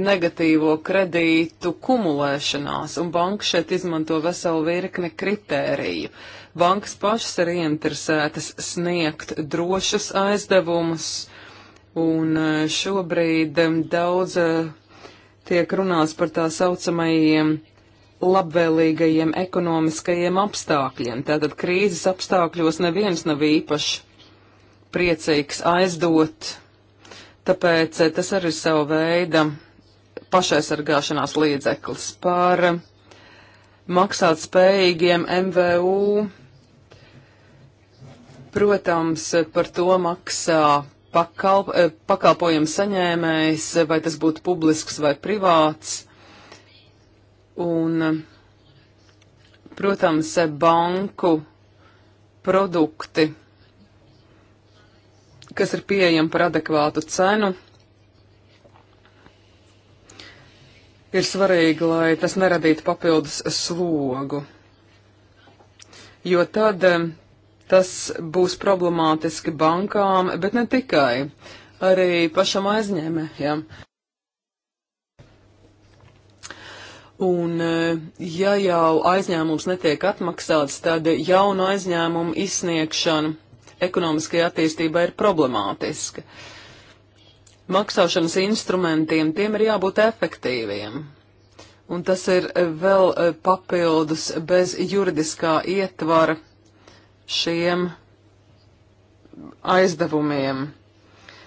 negatīvo kredītu kumulēšanās, un banka šeit izmanto veselu virkni kritēriju. Bankas pašas ir ieinteresētas sniegt drošas aizdevumus, un e, šobrīd daudz e, tiek runāts par tā saucamajiem labvēlīgajiem ekonomiskajiem apstākļiem. Tātad krīzes apstākļos neviens nav īpaši priecīgs aizdot Tāpēc eh, tas arī ir sava veida pašaizsargāšanās līdzeklis par maksāt spējīgiem MVU. Protams, par to maksā pakalp, eh, pakalpojumu saņēmējs, vai tas būtu publisks vai privāts. Un, protams, banku produkti kas ir pieejama par adekvātu cenu. Ir svarīgi, lai tas neradītu papildus slogu, jo tad eh, tas būs problemātiski bankām, bet ne tikai, arī pašam aizņēmējam. Un, eh, ja jau aizņēmums netiek atmaksāts, tad jaunu aizņēmumu izsniegšanu ekonomiskajai attīstībai ir problemātiska. Maksāšanas instrumentiem tiem ir jābūt efektīviem. Un tas ir vēl eh, papildus bez juridiskā ietvara šiem aizdevumiem.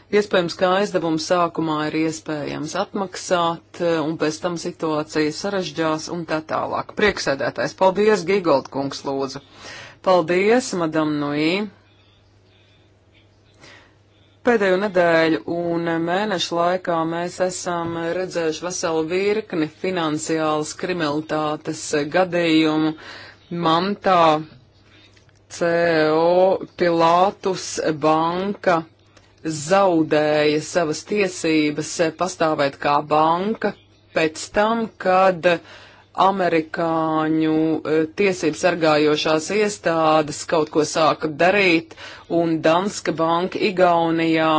Iespējams, ka aizdevums sākumā ir iespējams atmaksāt, eh, un pēc tam situācija sarežģās un tā tālāk. Prieksēdētājs, paldies, Gigold kungs, lūdzu. Paldies, madam Nui. Pēdējo nedēļu un mēnešu laikā mēs esam redzējuši veselu virkni finansiālas kriminalitātes gadījumu mantā CO e Pilātus banka zaudēja savas tiesības pastāvēt kā banka pēc tam, kad uh, amerikāņu e, tiesību sargājošās iestādes kaut ko sāka darīt, un Danska banka Igaunijā.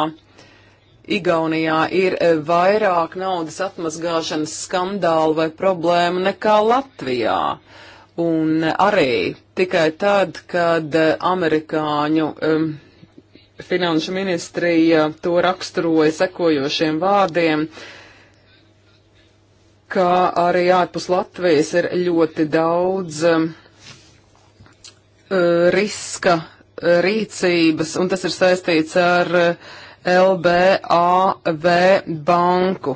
Igaunijā ir e, vairāk naudas atmazgāšanas skandālu vai problēmu nekā Latvijā. Un arī tikai tad, kad e, amerikāņu um, finanšu ministrija to raksturoja sekojošiem vārdiem, uh, ka arī ārpus Latvijas ir ļoti daudz um, uh, riska rīcības, un tas ir saistīts ar uh, LBAV banku.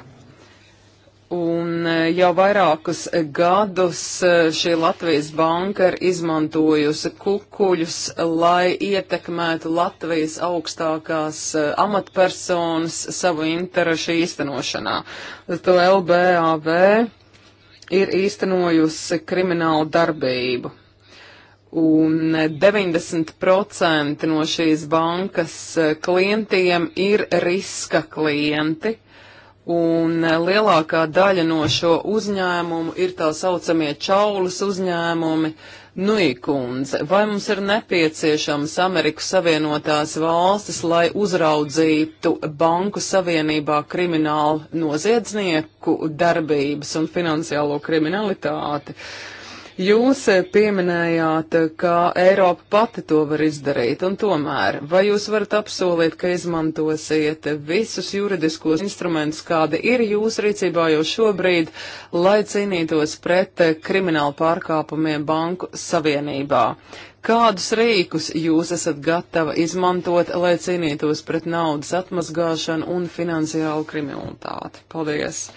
Un e, jau vairākus gadus e, šī Latvijas banka ir izmantojusi kukuļus, lai ietekmētu Latvijas augstākās e, amatpersonas savu interešu īstenošanā. To LBAV ir īstenojusi kriminālu darbību. Un 90% no šīs bankas klientiem ir riska klienti, Un e, lielākā daļa no šo uzņēmumu ir tā saucamie čaulas uzņēmumi. Nuikundze, vai mums ir nepieciešams Amerikas Savienotās valstis, lai uzraudzītu banku savienībā kriminālu noziedznieku darbības un finansiālo kriminalitāti? Uh, Jūs eh, pieminējāt, eh, ka Eiropa pati to var izdarīt, un tomēr, vai jūs varat apsolīt, ka izmantosiet visus juridiskos instrumentus, kādi ir jūsu rīcībā jau šobrīd, lai cīnītos pret eh, kriminālu pārkāpumiem Banku Savienībā? Kādus rīkus jūs esat gatava izmantot, lai cīnītos pret naudas atmazgāšanu un finansiālu kriminalitāti? Paldies!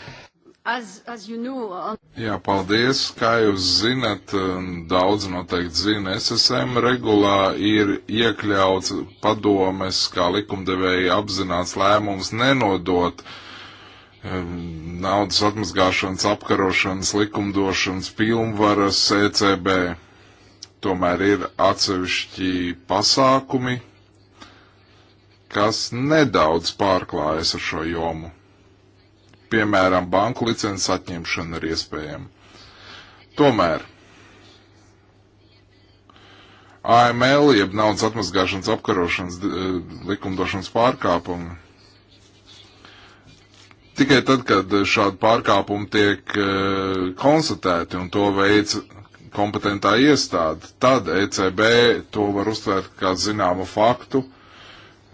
As, as you know, on... Jā, paldies. Kā jūs zinat, um, daudz noteikti zina, SSM regulā ir iekļauts padomes, kā likumdevēja apzināts lēmums nenodot um, naudas atmazgāšanas, apkarošanas, likumdošanas pilnvaras ECB. Tomēr ir atsevišķi pasākumi, kas nedaudz pārklājas ar šo jomu piemēram, banku licences atņemšana ir iespējama. Tomēr AML, jeb naudas atmazgāšanas apkarošanas e, likumdošanas pārkāpumi, tikai tad, kad šādi pārkāpumi tiek e, konstatēti un to veids kompetentā iestāde, tad ECB to var uztvērt kā zināmu faktu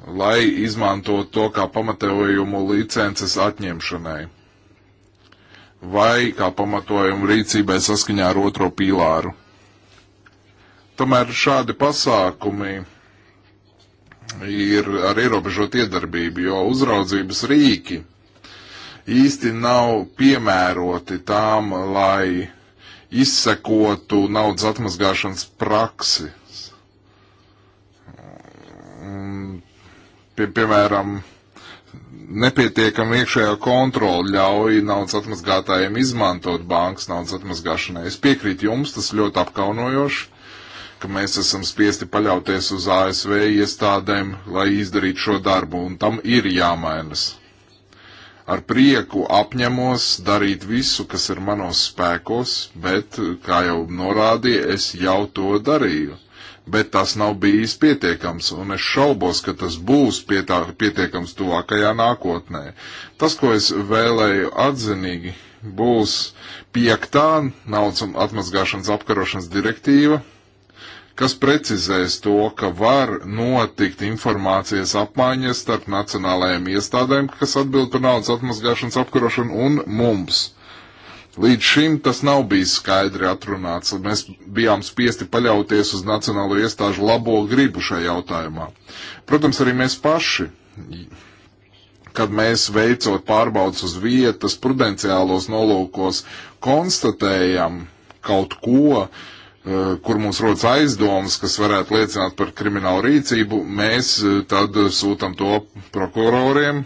lai izmantotu to kā pamatojumu licences atņemšanai vai kā pamatojumu rīcībai saskaņā ar otro pīlāru. Tomēr šādi pasākumi ir ar ierobežotu iedarbību, jo uzraudzības rīki īsti nav piemēroti tām, lai izsekotu naudas atmazgāšanas praksi. Un pie, piemēram, nepietiekama iekšējā kontrola ļauj naudas atmazgātājiem izmantot bankas naudas atmazgāšanai. Es piekrītu jums, tas ļoti apkaunojoši, ka mēs esam spiesti paļauties uz ASV iestādēm, lai izdarītu šo darbu, un tam ir jāmainas. Ar prieku apņemos darīt visu, kas ir manos spēkos, bet, kā jau norādīja, es jau to darīju bet tas nav bijis pietiekams, un es šaubos, ka tas būs pietā, pietiekams tuvākajā nākotnē. Tas, ko es vēlēju atzinīgi, būs piektā naudas atmazgāšanas apkarošanas direktīva, kas precizēs to, ka var notikt informācijas apmaiņas starp nacionālajiem iestādēm, kas atbild par naudas atmazgāšanas apkarošanu un mums. Līdz šim tas nav bijis skaidri atrunāts. Mēs bijām spiesti paļauties uz Nacionālo iestāžu labo gribu šajā jautājumā. Protams, arī mēs paši, kad mēs veicot pārbaudas uz vietas, prudenciālos nolūkos, konstatējam kaut ko, eh, kur mums rodas aizdomas, kas varētu liecināt par kriminālu rīcību, mēs eh, tad sūtam to prokuroriem,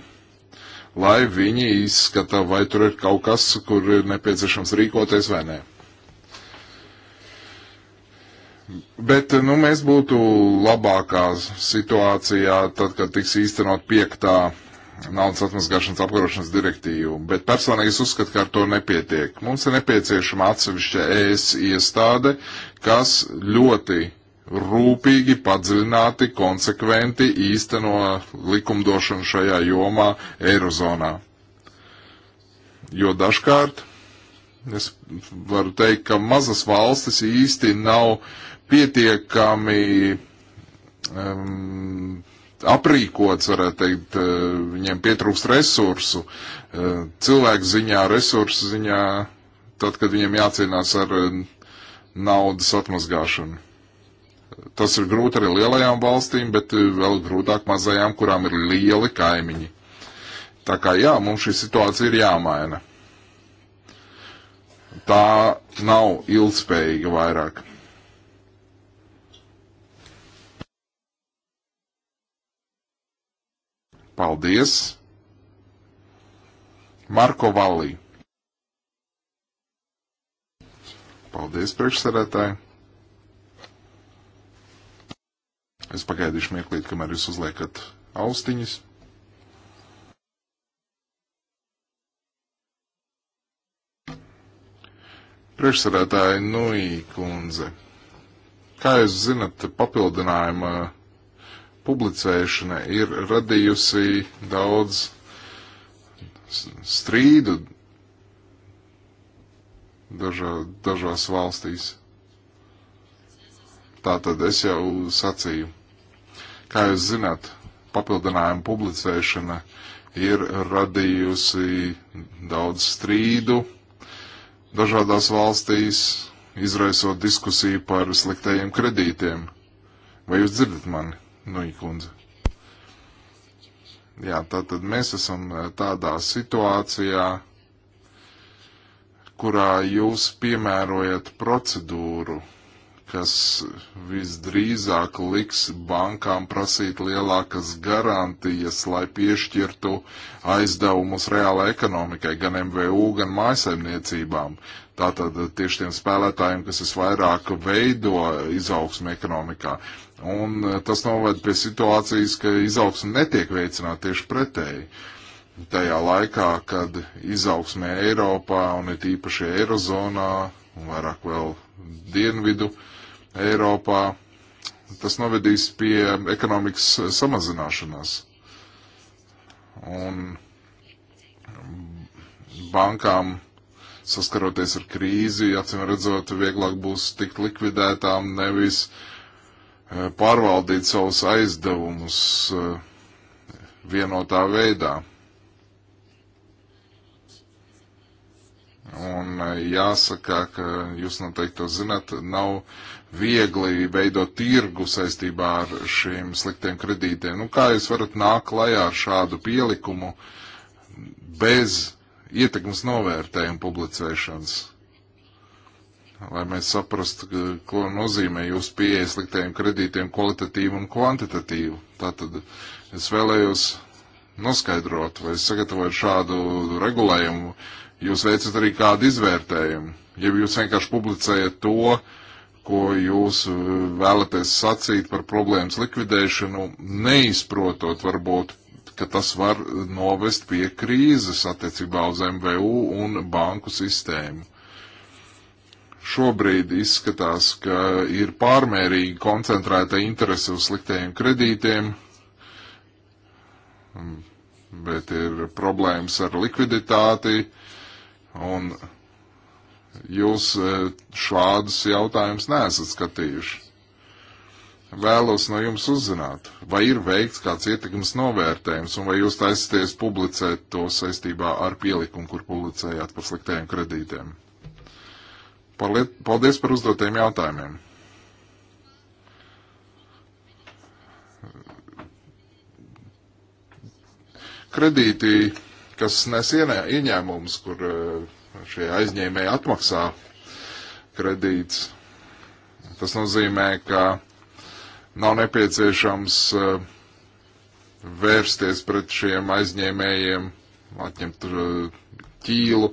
lai viņi izskata, vai tur ir kaut kas, kur ir nepieciešams rīkoties vai nē. Bet nu, mēs būtu labākā situācijā, tad, kad tiks īstenot piektā naudas atmazgāšanas apkarošanas direktīvu, bet personīgi es uzskatu, ka ar to nepietiek. Mums ir nepieciešama atsevišķa ES iestāde, kas ļoti rūpīgi, padziļināti, konsekventi īsteno likumdošanu šajā jomā Eirozonā. Jo dažkārt es varu teikt, ka mazas valstis īsti nav pietiekami um, aprīkots, varētu teikt, eh, viņiem pietrūkst resursu, eh, cilvēku ziņā, resursu ziņā, tad, kad viņiem jācīnās ar eh, naudas atmazgāšanu. Tas ir grūti arī lielajām valstīm, bet eh, vēl grūtāk mazajām, kurām ir lieli kaimiņi. Tā kā jā, mums šī situācija ir jāmaina. Tā nav ilgspējīga vairāk. Paldies! Marko Valī. Paldies, priekšsarētāji! Es pagaidīšu mirklīt, kamēr jūs uzliekat austiņas. Priekšsarētāji Nui kundze, kā jūs zinat, papildinājuma publicēšana ir radījusi daudz strīdu dažā, dažās valstīs. Tā tad es jau sacīju. Kā jūs zināt, papildinājuma publicēšana ir radījusi daudz strīdu dažādās valstīs, izraisot diskusiju par sliktajiem kredītiem. Vai jūs dzirdat mani, Nuikundze? Jā, tātad mēs esam eh, tādā situācijā, kurā jūs piemērojat procedūru kas visdrīzāk liks bankām prasīt lielākas garantijas, lai piešķirtu aizdevumus reālai ekonomikai, gan MVU, gan mājasaimniecībām. Tātad tieši tiem spēlētājiem, kas visvairāk veido izaugsmu ekonomikā. Un eh, tas noved pie situācijas, ka izaugsme netiek veicināta tieši pretēji. Tajā laikā, kad izaugsme Eiropā un it īpaši Eirozonā un vairāk vēl dienvidu uh, Eiropā, tas novedīs pie ekonomikas samazināšanās. Un bankām saskaroties ar krīzi, acīm redzot, vieglāk būs tikt likvidētām, nevis e, pārvaldīt savus aizdevumus e, vienotā veidā. Un eh, jāsaka, ka jūs noteikti to zinat, nav viegli veidot tirgu saistībā ar šiem sliktiem kredītiem. Nu, kā jūs varat nākt klajā ar šādu pielikumu bez ietekmes novērtējuma publicēšanas? Lai mēs saprastu, ko nozīmē jūsu pieeja sliktiem kredītiem kvalitatīvu un kvantitatīvu. Tātad es vēlējos noskaidrot, vai sagatavojot šādu regulējumu, jūs veicat arī kādu izvērtējumu. Ja jūs vienkārši publicējat to, ko jūs uh, vēlaties sacīt par problēmas likvidēšanu, neizprotot varbūt, ka tas var novest pie krīzes attiecībā uz MVU un banku sistēmu. Šobrīd izskatās, ka ir pārmērīgi koncentrēta interese uz sliktajiem kredītiem, mm, bet ir problēmas ar likviditāti, uh, un jūs e, šādus jautājumus neesat skatījuši. Vēlos no jums uzzināt, vai ir veikts kāds ietekmes novērtējums, un vai jūs taisties publicēt to saistībā ar pielikumu, kur publicējāt par sliktējiem kredītiem. Paldies par uzdotiem jautājumiem. Kredītī kas nes ieņēmumus, kur eh, šie aizņēmēji atmaksā kredīts. Tas nozīmē, ka nav nepieciešams eh, vērsties pret šiem aizņēmējiem, atņemt eh, ķīlu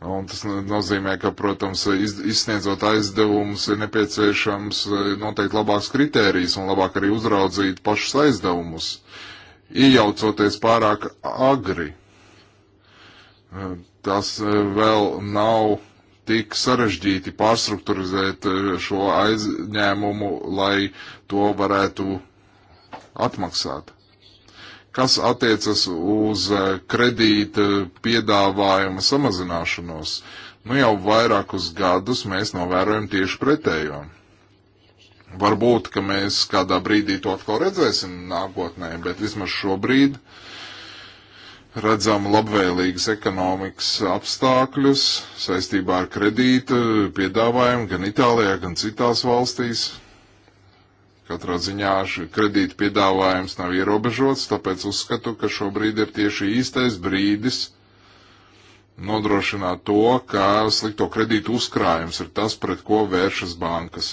Nu, un tas nozīmē, ka, protams, iz, izsniedzot aizdevumus, ir nepieciešams eh, noteikti labāks kritērijs un labāk arī uzraudzīt pašus aizdevumus, iejaucoties pārāk agri. Eh, tas eh, vēl nav tik sarežģīti pārstrukturizēt šo aizņēmumu, lai to varētu atmaksāt kas attiecas uz eh, kredīta eh, piedāvājuma samazināšanos, nu jau vairākus gadus mēs novērojam tieši pretējo. Varbūt, ka mēs kādā brīdī to atkal redzēsim nākotnē, bet vismaz šobrīd redzam labvēlīgas ekonomikas apstākļus saistībā ar kredītu piedāvājumu gan Itālijā, gan citās valstīs. Katrā ziņā kredīta piedāvājums nav ierobežots, tāpēc uzskatu, ka šobrīd ir tieši īstais brīdis nodrošināt to, ka slikto kredītu uzkrājums ir tas, pret ko vēršas bankas.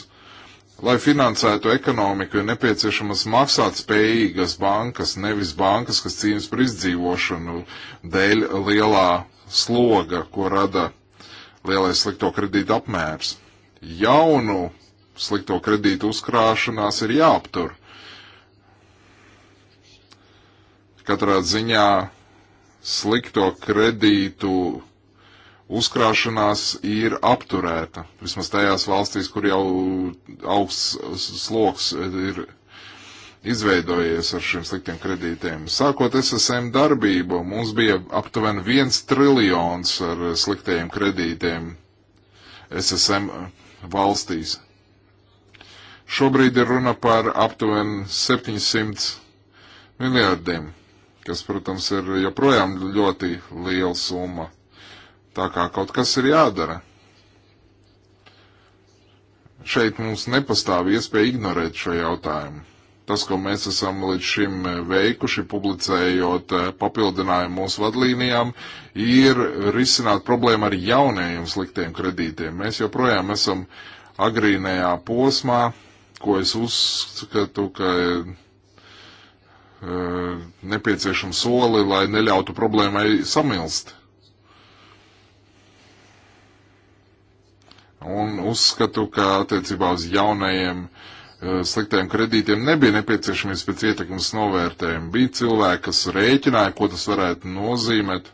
Lai finansētu ekonomiku, ir nepieciešamas maksātspējīgas bankas, nevis bankas, kas cīnas par izdzīvošanu dēļ lielā sloga, ko rada lielais slikto kredītu apmērs. Jaunu slikto kredītu uzkrāšanās ir jāaptur. Katrā ziņā slikto kredītu uzkrāšanās ir apturēta. Vismaz tajās valstīs, kur jau augsts sloks ir izveidojies ar šiem sliktiem kredītiem. Sākot SSM darbību, mums bija aptuveni viens triljons ar sliktajiem kredītiem SSM valstīs. Šobrīd ir runa par aptuveni 700 miljārdiem, kas, protams, ir joprojām ļoti liela summa. Tā kā kaut kas ir jādara. Šeit mums nepastāv iespēja ignorēt šo jautājumu. Tas, ko mēs esam līdz šim veikuši, publicējot eh, papildinājumu mūsu vadlīnijām, ir risināt problēmu ar jaunajiem sliktiem kredītiem. Mēs joprojām esam agrīnajā posmā, ko es uzskatu, ka ir e, nepieciešami soli, lai neļautu problēmai samilst. Un uzskatu, ka attiecībā uz jaunajiem uh, sliktiem kredītiem nebija nepieciešamības pēc ietekmes novērtējuma. Bija cilvēki, kas rēķināja, ko tas varētu nozīmēt.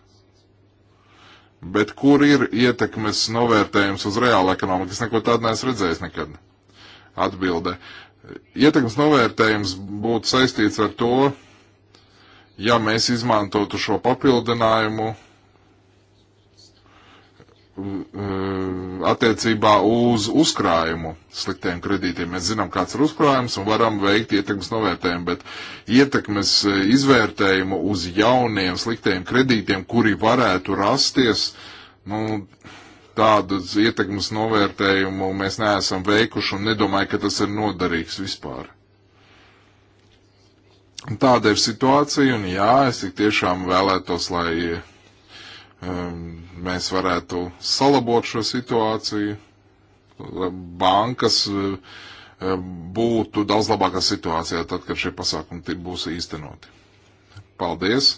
Bet kur ir ietekmes novērtējums uz reālu ekonomiku? Es neko tādu neesmu redzējis nekad. Atbilde. Ietekmes novērtējums būtu saistīts ar to, ja mēs izmantotu šo papildinājumu attiecībā uz uzkrājumu sliktiem kredītiem. Mēs zinām, kāds ir uzkrājums un varam veikt ietekmes novērtējumu, bet ietekmes izvērtējumu uz jauniem sliktiem kredītiem, kuri varētu rasties, nu, tādas ietekmes novērtējumu mēs neesam veikuši un nedomāju, ka tas ir noderīgs vispār. Tāda ir situācija, un jā, es tik tiešām vēlētos, lai um, mēs varētu salabot šo situāciju, lai bankas um, būtu daudz labākā situācijā tad, kad šie pasākumi būs īstenoti. Paldies!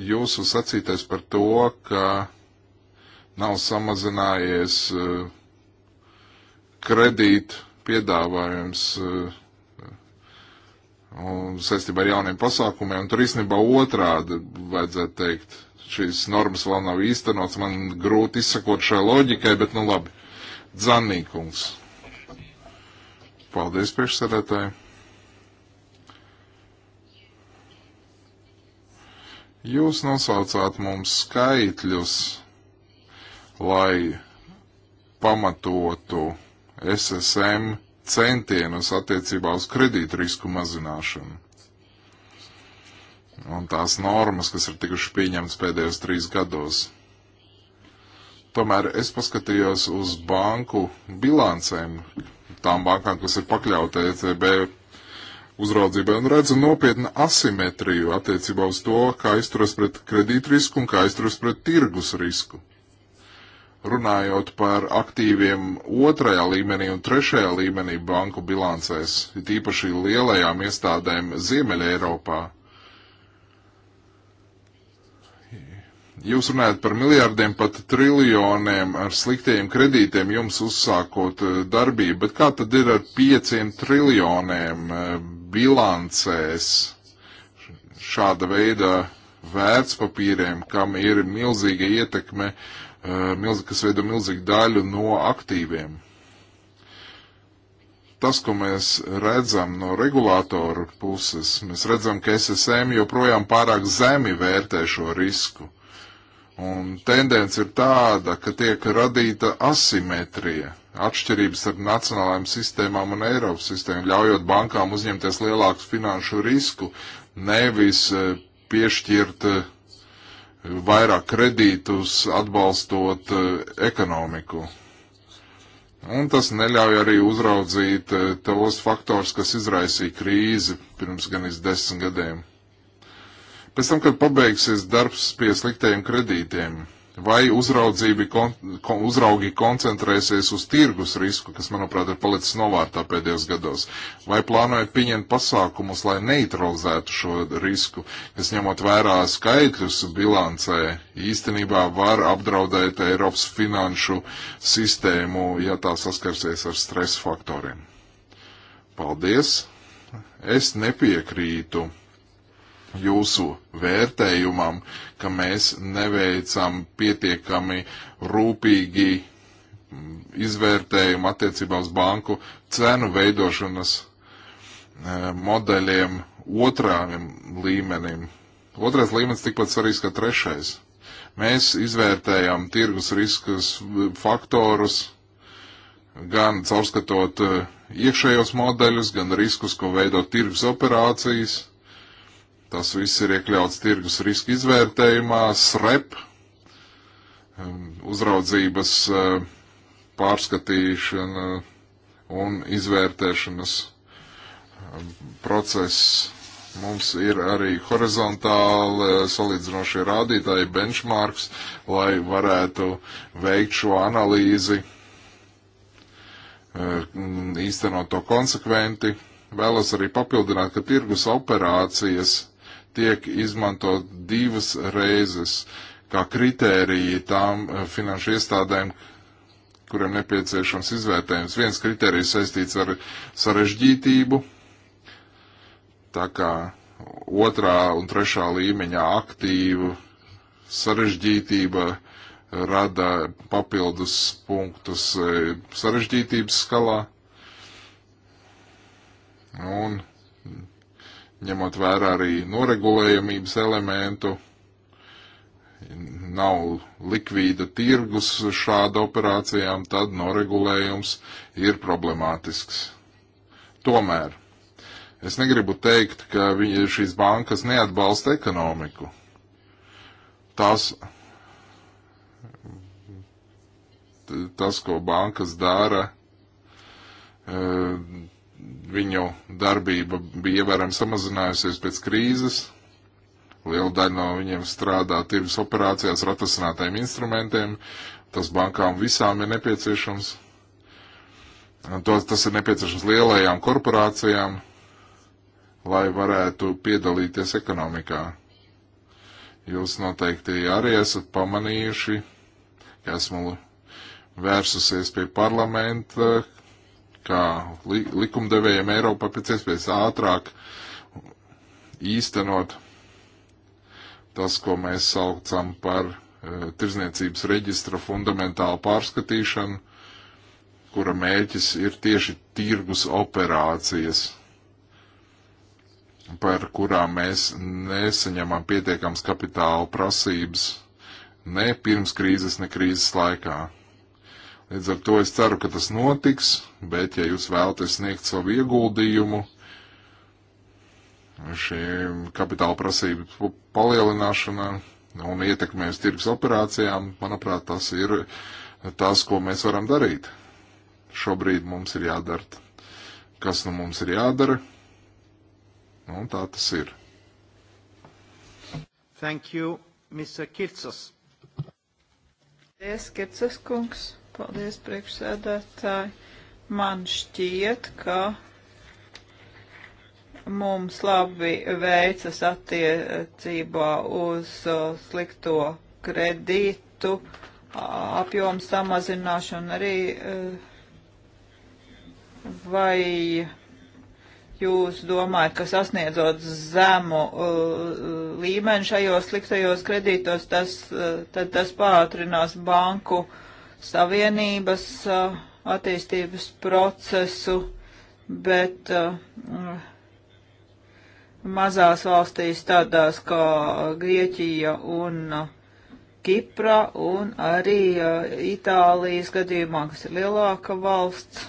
jūsu sacītais par to, ka nav samazinājies eh, kredīt piedāvājums eh, un saistībā ar jauniem pasākumiem, un tur īstenībā otrādi vajadzētu teikt. Šīs normas vēl nav īstenots, man grūti izsakot šai loģikai, bet nu labi. Dzannīkungs. Paldies priekšsēdētāji. Jūs nosaucāt mums skaitļus, lai pamatotu SSM centienus attiecībā uz kredītu risku mazināšanu. Un tās normas, kas ir tikuši pieņemtas pēdējos trīs gados. Tomēr es paskatījos uz banku bilancēm, tām bankām, kas ir pakļauta ECB uzraudzībai un redzu nopietnu asimetriju attiecībā uz to, kā izturas pret kredītrisku un kā izturas pret tirgus risku. Runājot par aktīviem otrajā līmenī un trešajā līmenī banku bilancēs, it īpaši lielajām iestādēm Ziemeļa Eiropā. Jūs runājat par miljārdiem, pat triljoniem ar sliktiem kredītiem jums uzsākot eh, darbību, bet kā tad ir ar pieciem triljoniem eh, bilancēs šāda veida vērtspapīriem, kam ir milzīga ietekme, eh, kas veido milzīgu daļu no aktīviem. Tas, ko mēs redzam no regulātoru puses, mēs redzam, ka SSM joprojām pārāk zemi vērtē šo risku. Un tendence ir tāda, ka tiek radīta asimetrija atšķirības ar nacionālajām sistēmām un Eiropas sistēmu, ļaujot bankām uzņemties lielāku finanšu risku, nevis e, piešķirt e, vairāk kredītus atbalstot e, ekonomiku. Un tas neļauj arī uzraudzīt tos faktors, kas izraisīja krīzi pirms gan iz desmit gadiem. Pēc tam, kad pabeigsies darbs pie sliktajiem kredītiem, vai uzraudzība, kon, kon, uzraugi koncentrēsies uz tirgus risku, kas, manuprāt, ir palicis novārtā pēdējos gados, vai plānojat pieņemt pasākumus, lai neutralizētu šo risku, kas ņemot vērā skaitļus bilancē, īstenībā var apdraudēt Eiropas finanšu sistēmu, ja tā saskarsies ar stresa faktoriem. Paldies! Es nepiekrītu jūsu vērtējumam, ka mēs neveicam pietiekami rūpīgi mm, izvērtējumu attiecībā uz banku cenu veidošanas e, modeļiem otrām līmenim. Otrais līmenis tikpat svarīgs kā trešais. Mēs izvērtējam tirgus riskus faktorus, gan caurskatot e, iekšējos modeļus, gan riskus, ko veido tirgus operācijas Tas viss ir iekļauts tirgus riska izvērtējumā, SREP, um, uzraudzības uh, pārskatīšana un izvērtēšanas um, process. Mums ir arī horizontāli uh, salīdzinošie rādītāji, benchmarks, lai varētu veikt šo analīzi, uh, īstenot to konsekventi. Vēlos arī papildināt, ka tirgus operācijas tiek izmantot divas reizes kā kritērija tām eh, finanšu iestādēm, kuriem nepieciešams izvērtējums. Viens kritērijs saistīts ar sarežģītību, tā kā otrā un trešā līmeņa aktīvu sarežģītība rada papildus punktus eh, sarežģītības skalā. Un ņemot vērā arī noregulējumības elementu. Nav likvīda tirgus šāda operācijām, tad noregulējums ir problemātisks. Tomēr es negribu teikt, ka šīs bankas neatbalsta ekonomiku. Tās tas, ko bankas dara, eh, viņu darbība bija ievērami samazinājusies pēc krīzes. Liela daļa no viņiem strādā tirgus operācijās ar atrasinātajiem instrumentiem. Tas bankām visām ir nepieciešams. To, tas ir nepieciešams lielajām korporācijām, lai varētu piedalīties ekonomikā. Jūs noteikti arī esat pamanījuši, ka esmu vērsusies pie parlamenta kā li likumdevējiem Eiropā pēc iespējas ātrāk īstenot tas, ko mēs saucam par uh, tirzniecības reģistra fundamentālu pārskatīšanu, kura mērķis ir tieši tirgus operācijas, par kurām mēs nesaņemam pietiekams kapitāla prasības ne pirms krīzes, ne krīzes laikā. Līdz ar to es ceru, ka tas notiks, bet ja jūs vēlaties sniegt savu ieguldījumu šiem kapitāla prasību palielināšanā un ietekmēs tirgus operācijām, manuprāt, tas ir tas, ko mēs varam darīt. Šobrīd mums ir jādara, kas nu mums ir jādara, nu, un tā tas ir. Thank you, Mr. Kircos. Paldies, Kircos kungs. Paldies, priekšsēdētāji. Man šķiet, ka mums labi veicas attiecībā uz slikto kredītu apjomu samazināšanu arī e, vai jūs domājat, ka sasniedzot zemu līmeni šajos sliktajos kredītos, tas, e, tad tas pātrinās banku uh, Savienības uh, attīstības procesu, bet uh, mazās valstīs tādās kā Grieķija un uh, Kipra un arī Itālijas gadījumā, kas ir lielāka valsts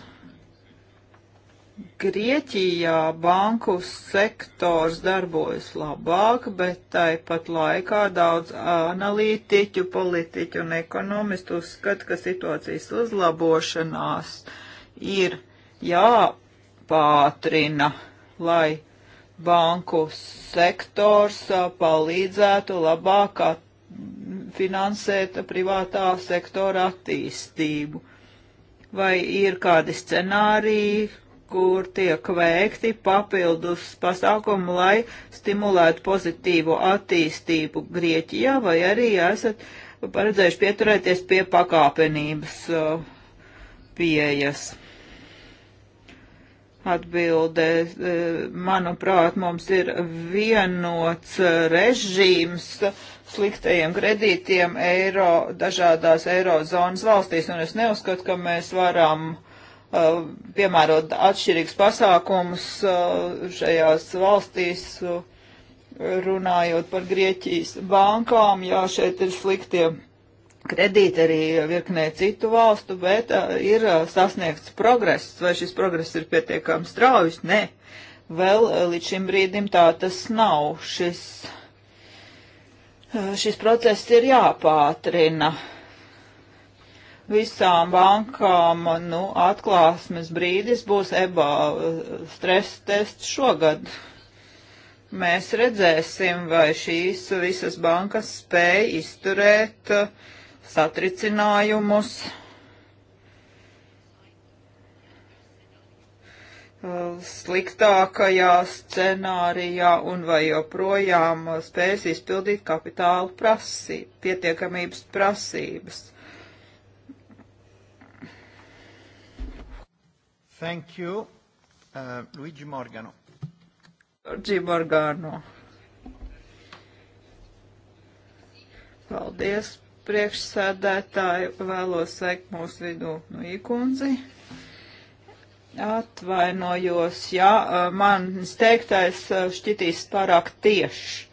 Grieķijā banku sektors darbojas labāk, bet tāpat laikā daudz analītiķu, politiķu un ekonomistu uzskata, ka situācijas uzlabošanās ir jāpātrina, lai banku sektors palīdzētu labāk finansēt privātā sektora attīstību. Vai ir kādi scenāriji, kur tiek veikti papildus pasākumu, lai stimulētu pozitīvu attīstību Grieķijā, vai arī esat paredzējuši pieturēties pie pakāpenības uh, pieejas. Atbildē, uh, manuprāt, mums ir vienots režīms sliktajiem kredītiem eiro, dažādās eirozonas valstīs, un es neuzskatu, ka mēs varam uh, Uh, piemērot atšķirīgus pasākumus uh, šajās valstīs, uh, runājot par Grieķijas bankām. Jā, šeit ir sliktie kredīti arī virknē citu valstu, bet ir sasniegts progress. Vai šis progress ir pietiekami straujas? Nē, vēl līdz šim brīdim tā tas nav. Šis, šis process ir jāpātrina visām bankām nu, atklāsmes brīdis būs EBA eh, stresa tests šogad. Mēs redzēsim, vai šīs visas bankas spēja izturēt eh, satricinājumus. Eh, sliktākajā scenārijā un vai joprojām spēs izpildīt kapitāla prasību, pietiekamības prasības. Thank you. Uh, Luigi Morgano. Luigi Morgano. Paldies, priekšsēdētāji. Vēlos sveikt mūsu vidū no īkundzi. Atvainojos, ja uh, manis teiktais uh, šķitīs pārāk tieši,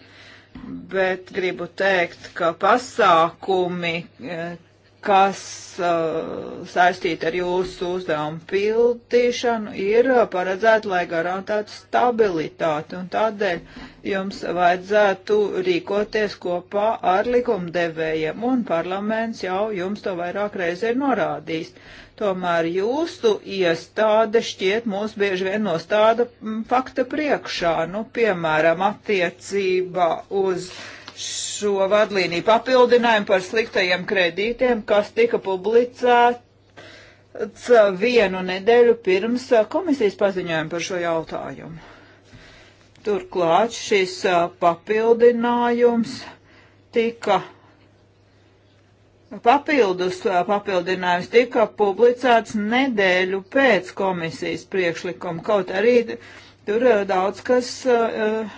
bet gribu teikt, ka pasākumi, uh, kas uh, saistīti ar jūsu uzdevumu pildīšanu, ir uh, paredzēti, lai garantētu stabilitāti, un tādēļ jums vajadzētu rīkoties kopā ar likumdevējiem, un parlaments jau jums to vairāk reizi ir norādījis. Tomēr jūsu iestāde šķiet mūs bieži vien nostāda mm, fakta priekšā, nu, piemēram, attiecībā uz uh, šo vadlīniju papildinājumu par sliktajiem kredītiem, kas tika publicēts vienu nedēļu pirms komisijas paziņojuma par šo jautājumu. Turklāt šis papildinājums tika Papildus papildinājums tika publicēts nedēļu pēc komisijas priekšlikuma, kaut arī tur eh, daudz kas uh,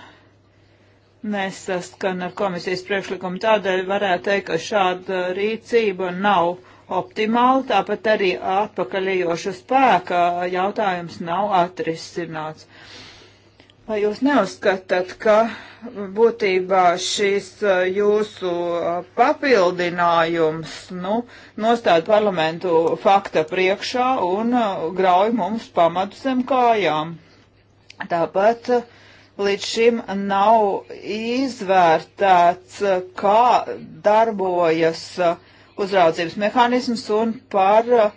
nesaskan ar komisijas priekšlikumu. Tādēļ varētu teikt, ka šāda rīcība nav optimāla, tāpat arī atpakaļējoša spēka jautājums nav atrisināts. Vai jūs neuzskatāt, ka būtībā šis uh, jūsu uh, papildinājums nu, nostāda parlamentu fakta priekšā un uh, grauj mums pamatu zem kājām? Tāpat uh, līdz šim nav izvērtēts, kā darbojas uh, uzraudzības mehānisms un par uh,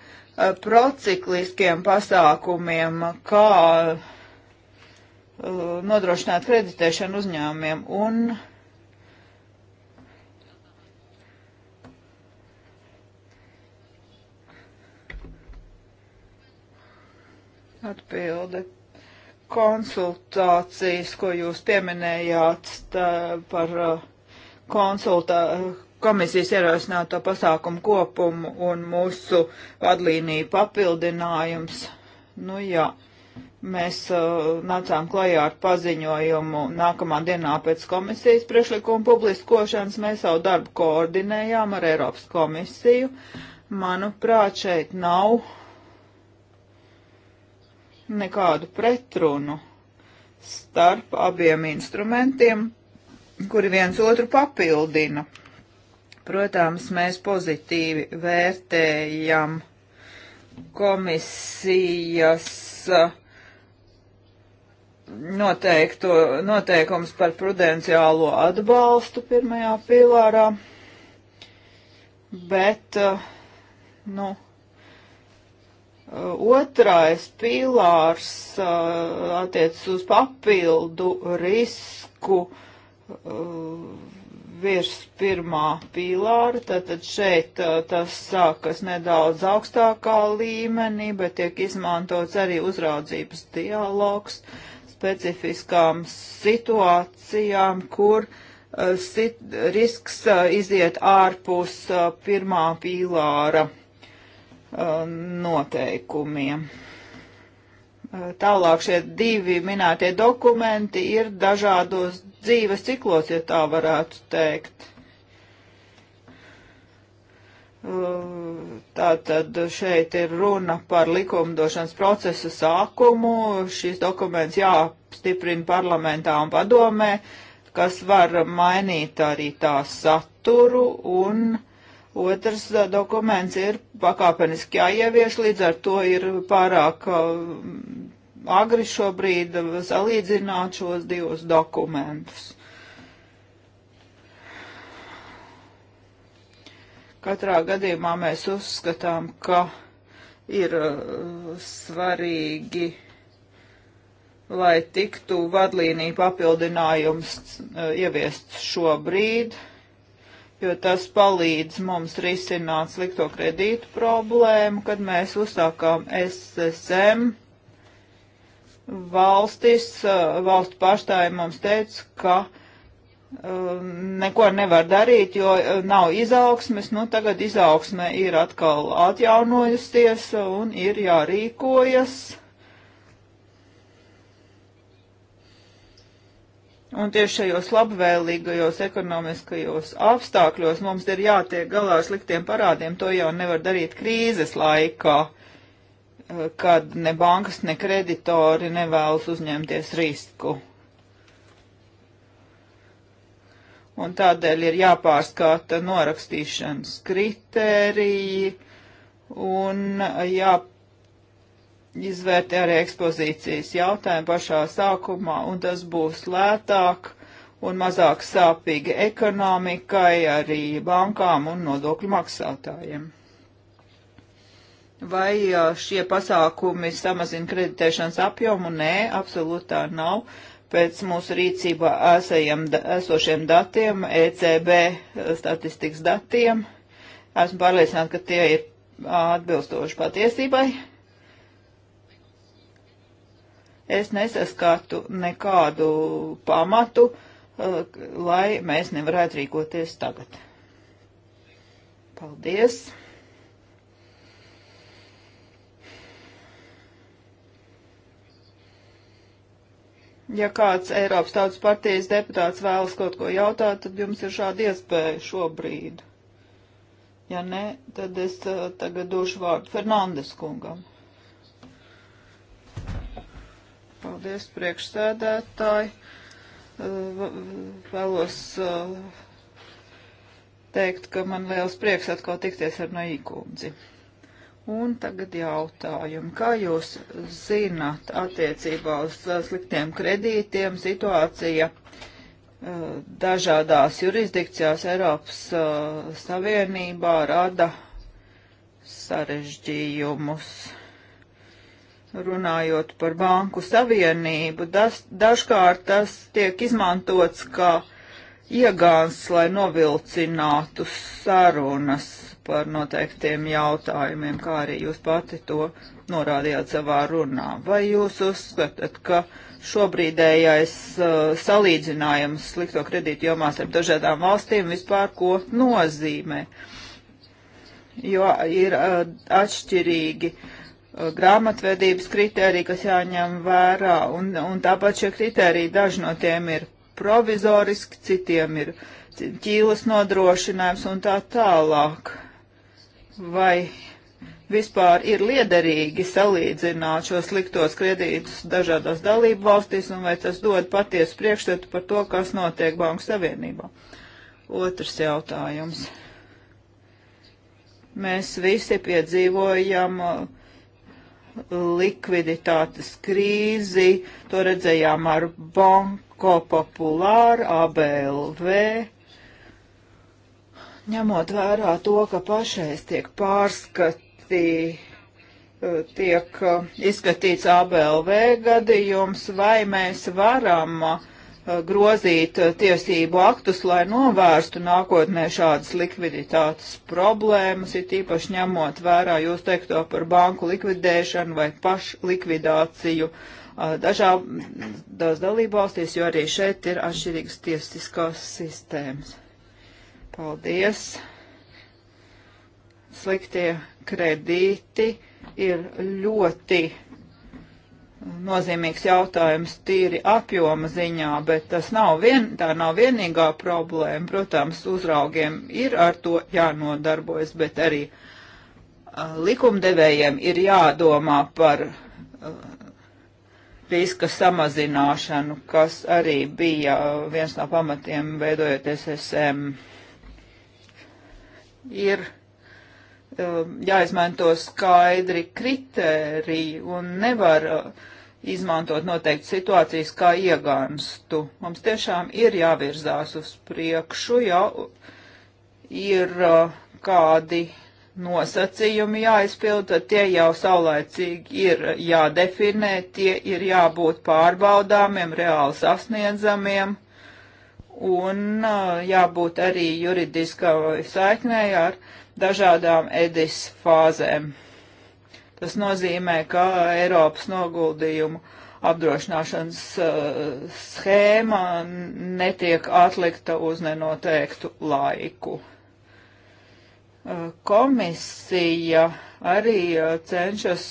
procikliskiem pasākumiem, kā uh, nodrošināt kreditēšanu uzņēmumiem. Un Atbilde konsultācijas, ko jūs pieminējāt tā, par uh, konsultā, komisijas ierosināto pasākumu kopumu un mūsu vadlīniju papildinājums. Nu jā, mēs uh, nācām klajā ar paziņojumu nākamā dienā pēc komisijas priekšlikuma publiskošanas. Mēs savu darbu koordinējām ar Eiropas komisiju. Manuprāt, šeit nav nekādu pretrunu starp abiem instrumentiem, kuri viens otru papildina. Protams, mēs pozitīvi vērtējam komisijas uh, noteikto, noteikums par prudenciālo atbalstu pirmajā pilārā, bet, uh, nu, Uh, otrais pīlārs uh, attiec uz papildu risku uh, virs pirmā pīlāra, tātad šeit tas sākas nedaudz augstākā līmenī, bet tiek izmantots arī uzraudzības dialogs specifiskām situācijām, kur sit, risks iziet ārpus pirmā pīlāra Um, noteikumiem. Uh, tālāk šie divi minētie dokumenti ir dažādos dzīves ciklos, ja tā varētu teikt. Uh, tātad šeit ir runa par likumdošanas procesa sākumu. Šis dokuments jāstiprina parlamentā un padomē, kas var mainīt arī tā saturu un uh, Otrs dokuments ir pakāpeniski jāievieš, līdz ar to ir pārāk agri šobrīd salīdzināt šos divus dokumentus. Katrā gadījumā mēs uzskatām, ka ir uh, svarīgi, lai tiktu vadlīniju papildinājums uh, ieviests šobrīd. Uh, jo tas palīdz mums risināt slikto kredītu problēmu, kad mēs uzsākām SSM. Valstis, eh, valstu pārstāvi mums teica, ka um, neko nevar darīt, jo eh, nav izaugsmes, nu tagad izaugsme ir atkal atjaunojusies un ir jārīkojas. Un tieši šajos labvēlīgajos ekonomiskajos apstākļos mums ir jātiek galā ar sliktiem parādiem. To jau nevar darīt krīzes laikā, eh, kad ne bankas, ne kreditori nevēlas uzņemties risku. un tādēļ ir jāpārskata norakstīšanas kritēriji un jā, izvērtē arī ekspozīcijas jautājumu pašā sākumā, un tas būs lētāk un mazāk sāpīgi ekonomikai, arī bankām un nodokļu maksātājiem. Vai šie pasākumi samazina kreditēšanas apjomu? Nē, absolūti tā nav. Pēc mūsu rīcībā esajiem, esošiem datiem, ECB statistikas datiem, esmu pārliecināta, ka tie ir atbilstoši patiesībai Es nesaskatu nekādu pamatu, eh, lai mēs nevarētu rīkoties tagad. Paldies! Ja kāds Eiropas Tautas partijas deputāts vēlas kaut ko jautāt, tad jums ir šāda iespēja šobrīd. Ja nē, tad es eh, tagad došu vārdu Fernandes kungam. Paldies, priekšsēdētāji. Uh, vēlos uh, teikt, ka man liels prieks atkal tikties ar Naikūdzi. Un tagad jautājumi. Kā jūs zināt attiecībā uz uh, sliktiem kredītiem situācija dažādās jurisdikcijās Eiropas Savienībā rada sarežģījumus? runājot par banku savienību, das, dažkārt tas tiek izmantots kā iegāns, lai novilcinātu sarunas par noteiktiem jautājumiem, kā arī jūs pati to norādījāt savā runā. Vai jūs uzskatāt, ka šobrīdējais uh, salīdzinājums slikto kredītu jomā starp dažādām valstīm vispār ko nozīmē? Jo ir uh, atšķirīgi uh, Uh, grāmatvedības kritēriji, kas jāņem vērā, un, un tāpat šie kritēriji daži no tiem ir provizoriski, citiem ir ķīlas nodrošinājums un tā tālāk. Vai vispār ir liederīgi salīdzināt šos sliktos kredītus dažādās dalību valstīs, un vai tas dod patiesu priekšstatu par to, kas notiek Banku Savienībā? Otrs jautājums. Mēs visi piedzīvojam uh, likviditātes krīzi, to redzējām ar Banko Populāru, ABLV, ņemot vērā to, ka pašreiz tiek pārskati, eh, tiek eh, izskatīts ABLV gadījums, vai mēs varam uh, Uh, grozīt uh, tiesību aktus, lai novērstu nākotnē šādas likviditātes problēmas, ir tīpaši ņemot vērā jūs teikto par banku likvidēšanu vai pašlikvidāciju uh, dažādās dalībvalstīs, jo arī šeit ir atšķirīgas tiesiskās sistēmas. Paldies! Sliktie kredīti ir ļoti nozīmīgs jautājums tīri apjoma ziņā, bet tas nav vien, tā nav vienīgā problēma. Protams, uzraugiem ir ar to jānodarbojas, bet arī uh, likumdevējiem ir jādomā par uh, riska samazināšanu, kas arī bija uh, viens no pamatiem veidojoties SM. Ir Um, jāizmanto skaidri kritēriji un nevar uh, izmantot noteikti situācijas kā iegānstu. Mums tiešām ir jāvirzās uz priekšu, jau ir uh, kādi nosacījumi jāizpild, tad tie jau saulēcīgi ir jādefinē, tie ir jābūt pārbaudāmiem, reāli sasniedzamiem un uh, jābūt arī juridiskai saiknē ar dažādām edis fāzēm. Tas nozīmē, ka Eiropas noguldījumu apdrošināšanas uh, schēma netiek atlikta uz nenoteiktu laiku. Uh, komisija arī uh, cenšas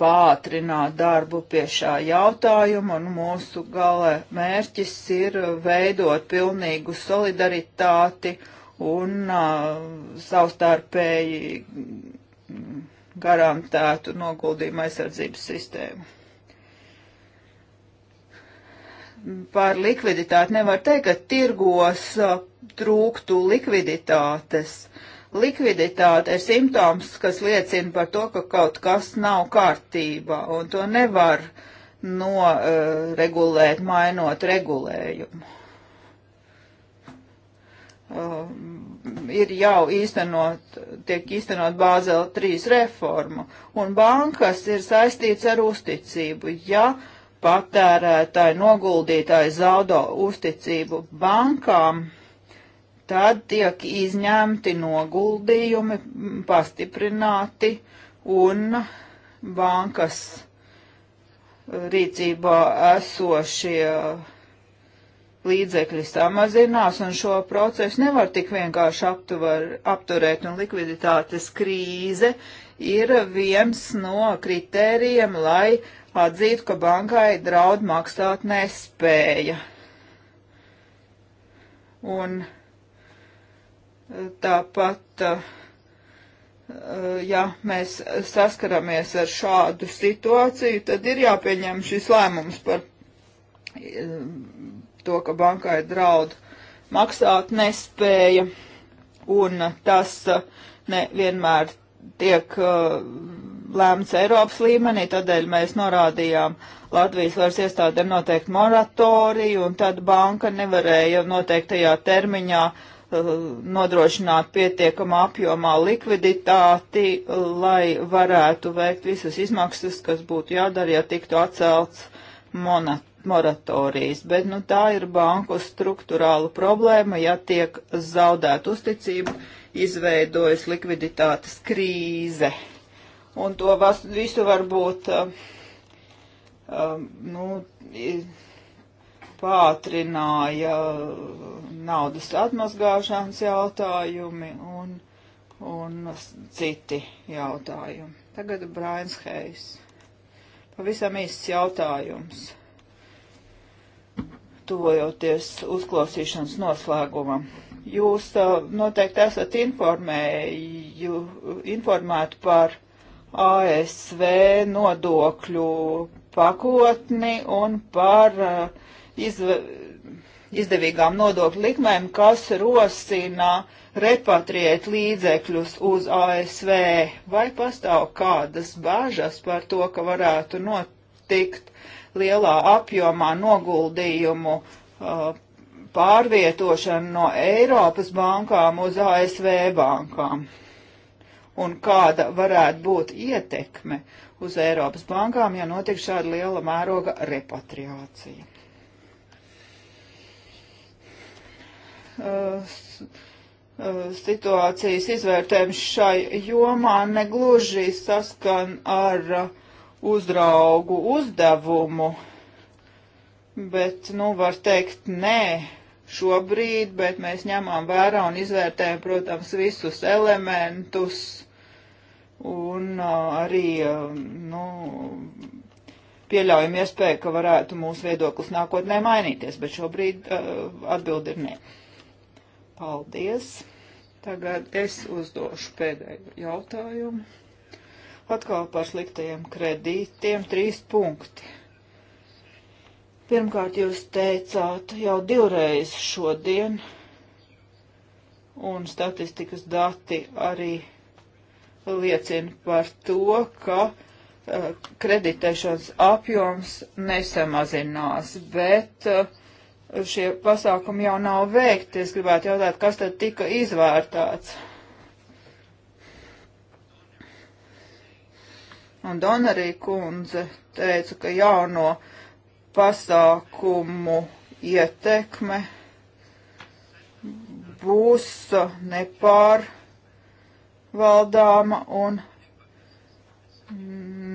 pātrināt darbu pie šā jautājuma, un mūsu gala mērķis ir veidot pilnīgu solidaritāti uh, un uh, savstarpēji garantētu noguldījumu aizsardzības sistēmu. Par likviditāti nevar teikt, ka tirgos uh, trūktu likviditātes. Likviditāte ir simptoms, kas liecina par to, ka kaut kas nav kārtībā, un to nevar noregulēt, uh, mainot regulējumu Um, ir jau īstenot, tiek īstenot Bāzela 3 reformu, un bankas ir saistīts ar uzticību. Ja patērētāji, noguldītāji zaudo uzticību bankām, tad tiek izņemti noguldījumi, pastiprināti, un bankas rīcībā esošie uh, līdzekļi samazinās, un šo procesu nevar tik vienkārši aptuvar, apturēt, un likviditātes krīze ir viens no kritērijiem, lai atzītu, ka bankai draud maksāt nespēja. Un eh, tāpat, eh, eh, ja mēs saskaramies ar šādu situāciju, tad ir jāpieņem šis lēmums par to, ka bankai draud maksāt nespēja, un tas uh, nevienmēr tiek uh, lēmts Eiropas līmenī, tādēļ mēs norādījām Latvijas varas iestādēm noteikt moratoriju, un tad banka nevarēja noteiktajā termiņā uh, nodrošināt pietiekamā apjomā likviditāti, lai varētu veikt visas izmaksas, kas būtu jādara, ja tiktu atcelts monat moratorijas, bet nu, tā ir banku struktūrāla problēma, ja tiek zaudēta uzticība, izveidojas likviditātes krīze. Un to vas, visu varbūt uh, uh, nu, pātrināja naudas atmazgāšanas jautājumi un, un citi jautājumi. Tagad Brains Heis. Pavisam īsts jautājums tuvojoties uzklausīšanas noslēgumam. Jūs uh, noteikti esat informēju, informēti par ASV nodokļu pakotni un par uh, izve, izdevīgām nodokļu likmēm, kas rosina repatriēt līdzekļus uz ASV. Vai pastāv kādas bāžas par to, ka varētu notikt lielā apjomā noguldījumu uh, pārvietošanu no Eiropas bankām uz ASV bankām. Un kāda varētu būt ietekme uz Eiropas bankām, ja notiek šāda liela mēroga repatriācija? Uh, uh situācijas izvērtējums šai jomā negluži saskan ar uh, uzraugu uzdevumu, bet, nu, var teikt, nē, šobrīd, bet mēs ņemam vērā un izvērtējam, protams, visus elementus un uh, arī, uh, nu, pieļaujam iespēju, ka varētu mūsu viedoklis nākotnē mainīties, bet šobrīd uh, atbildi ir nē. Paldies! Tagad es uzdošu pēdējo jautājumu atkal par sliktajiem kredītiem trīs punkti. Pirmkārt, jūs teicāt jau divreiz šodien, un statistikas dati arī liecina par to, ka uh, kreditēšanas apjoms nesamazinās, bet uh, šie pasākumi jau nav veikti. Es gribētu jautāt, kas tad tika izvērtāts? Un Donarī kundze teica, ka jauno pasākumu ietekme būs nepārvaldāma un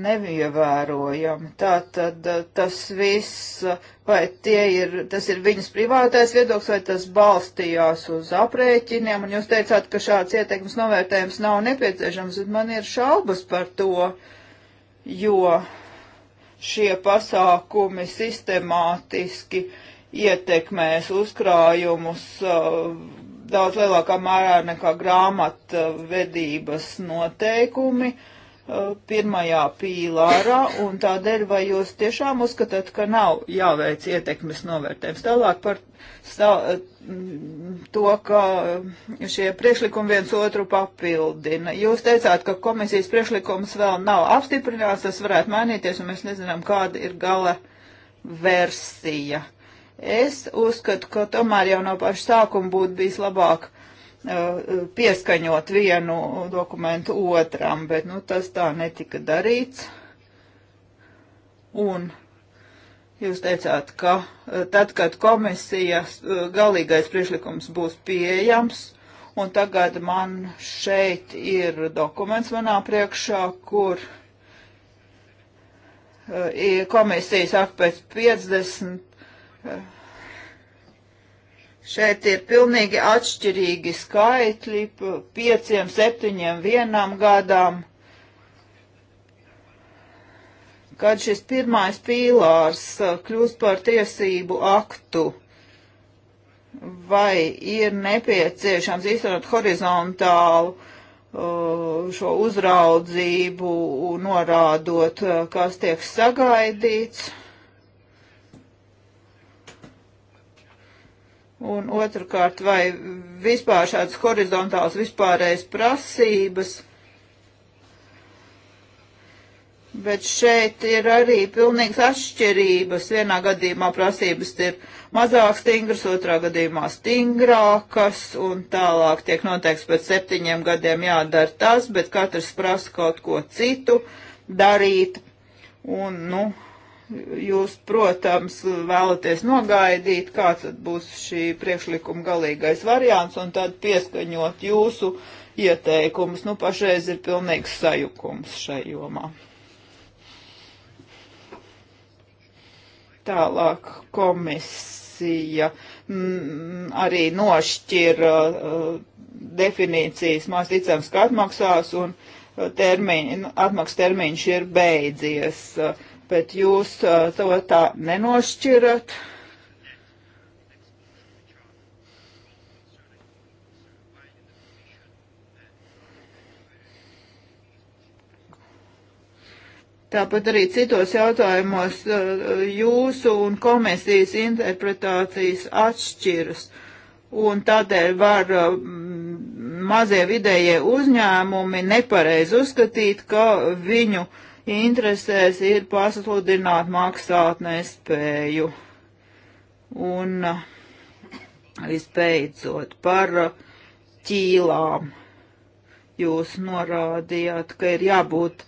nevievērojama. Tātad eh, tas viss, vai tie ir, tas ir viņas privātais viedoklis, vai tas balstījās uz aprēķiniem, un jūs teicāt, ka šāds ieteikums novērtējums nav nepieciešams, bet man ir šaubas par to. Uh, jo šie pasākumi sistemātiski ietekmēs uzkrājumus uh, daudz lielākā mērā nekā grāmatvedības noteikumi. Uh, Uh, pirmajā pīlārā, un tādēļ vai jūs tiešām uzskatāt, ka nav jāveic ietekmes novērtējums. Tālāk par stā, mm, to, ka uh, šie priekšlikumi viens otru papildina. Jūs teicāt, ka komisijas priekšlikums vēl nav apstiprināts, tas varētu mainīties, un mēs nezinām, kāda ir gala versija. Es uzskatu, ka tomēr jau no paša sākuma būtu bijis labāk Uh, pieskaņot vienu dokumentu otram, bet nu, tas tā netika darīts. Un jūs teicāt, ka uh, tad, kad komisijas uh, galīgais priekšlikums būs pieejams, un tagad man šeit ir dokuments manā priekšā, kur komisija saka pēc 50 Šeit ir pilnīgi atšķirīgi skaitļi - pieciem, septiņiem, vienam gadam. Kad šis pirmais pīlārs uh, kļūst par tiesību aktu, vai ir nepieciešams izstrādāt horizontālu uh, šo uzraudzību, norādot, uh, kas tiek sagaidīts Un otrkārt, vai vispār šāds horizontāls vispārējais prasības. Bet šeit ir arī pilnīgs atšķirības. Vienā gadījumā prasības ir mazāk stingras, otrā gadījumā stingrākas, un tālāk tiek noteikts pēc septiņiem gadiem jādara tas, bet katrs prasa kaut ko citu darīt. Un, nu, jūs, protams, vēlaties nogaidīt, kāds tad būs šī priekšlikuma galīgais variants, un tad pieskaņot jūsu ieteikumus. Nu, pašreiz ir pilnīgs sajukums šai jomā. Tālāk komisija m, mm, arī nošķira uh, definīcijas mās ticams, ka atmaksās un uh, termiņ, nu, atmaks termiņš ir beidzies. Uh, bet jūs to tā nenošķirat. Tāpat arī citos jautājumos jūsu un komisijas interpretācijas atšķiras, un tādēļ var mazie vidējie uzņēmumi nepareiz uzskatīt, ka viņu uh, interesēs ir pasludināt maksāt nespēju. Un eh, visbeidzot par eh, ķīlām. Jūs norādījāt, ka ir jābūt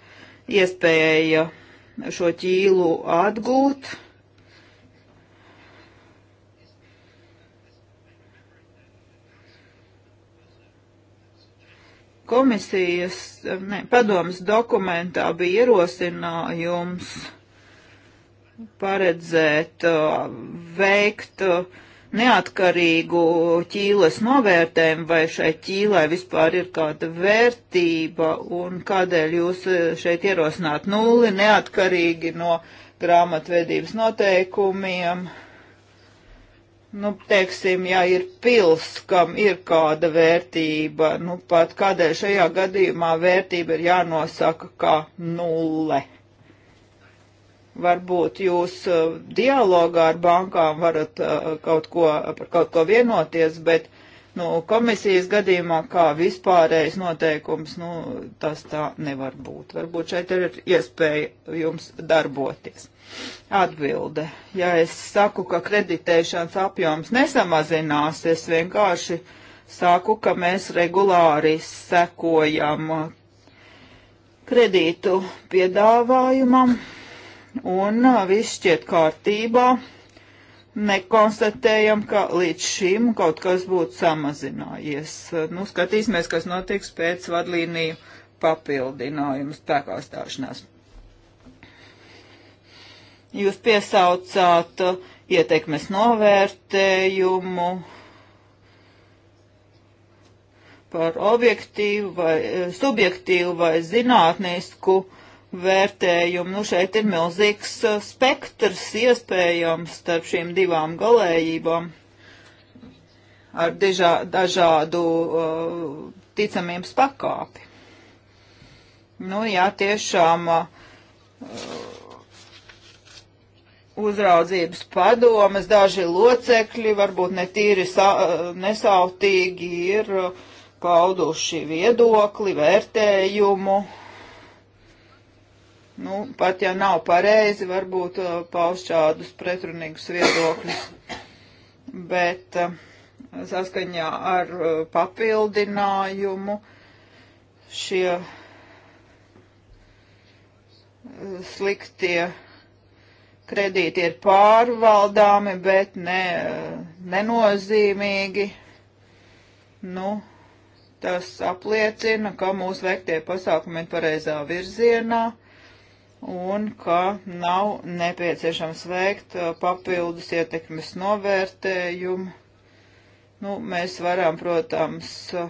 iespēja eh, šo ķīlu atgūt Komisijas, ne, padomas dokumentā bija ierosinājums paredzēt, uh, veikt uh, neatkarīgu ķīles novērtējumu, vai šai ķīlai vispār ir kāda vērtība un kādēļ jūs uh, šeit ierosināt nulli neatkarīgi no grāmatvedības noteikumiem. Uh, nu, teiksim, ja ir pils, kam ir kāda vērtība, nu, pat kādēļ šajā gadījumā vērtība ir jānosaka kā nulle. Varbūt jūs uh, dialogā ar bankām varat uh, kaut ko, par kaut ko vienoties, bet nu, komisijas gadījumā kā vispārējais noteikums, nu, tas tā nevar būt. Varbūt šeit ir iespēja jums darboties. Atbilde. Ja es saku, ka kreditēšanas apjoms nesamazinās, es vienkārši saku, ka mēs regulāri sekojam kredītu piedāvājumam un viss šķiet kārtībā nekonstatējam, ka līdz šim kaut kas būtu samazinājies. Nu, skatīsimies, kas notiks pēc vadlīniju papildinājuma spēkā stāšanās. Jūs piesaucāt uh, ietekmes novērtējumu par objektīvu vai eh, subjektīvu vai zinātnisku uh, vērtējumu. Nu, šeit ir milzīgs uh, spektrs iespējams starp šīm divām galējībām ar dižā, dažādu uh, ticamības pakāpi. Nu, jā, tiešām uh, uzraudzības padomas, daži locekļi, varbūt netīri sa, uh, nesautīgi ir uh, pauduši viedokli, vērtējumu nu, pat ja nav pareizi, varbūt uh, paust šādus pretrunīgus viedokļus. Bet uh, saskaņā ar uh, papildinājumu šie uh, sliktie kredīti ir pārvaldāmi, bet ne, uh, nenozīmīgi. Nu, tas apliecina, ka mūsu veiktie pasākumi ir pareizā virzienā un ka nav nepieciešams veikt uh, papildus ietekmes novērtējumu. Nu, mēs varam, protams, uh,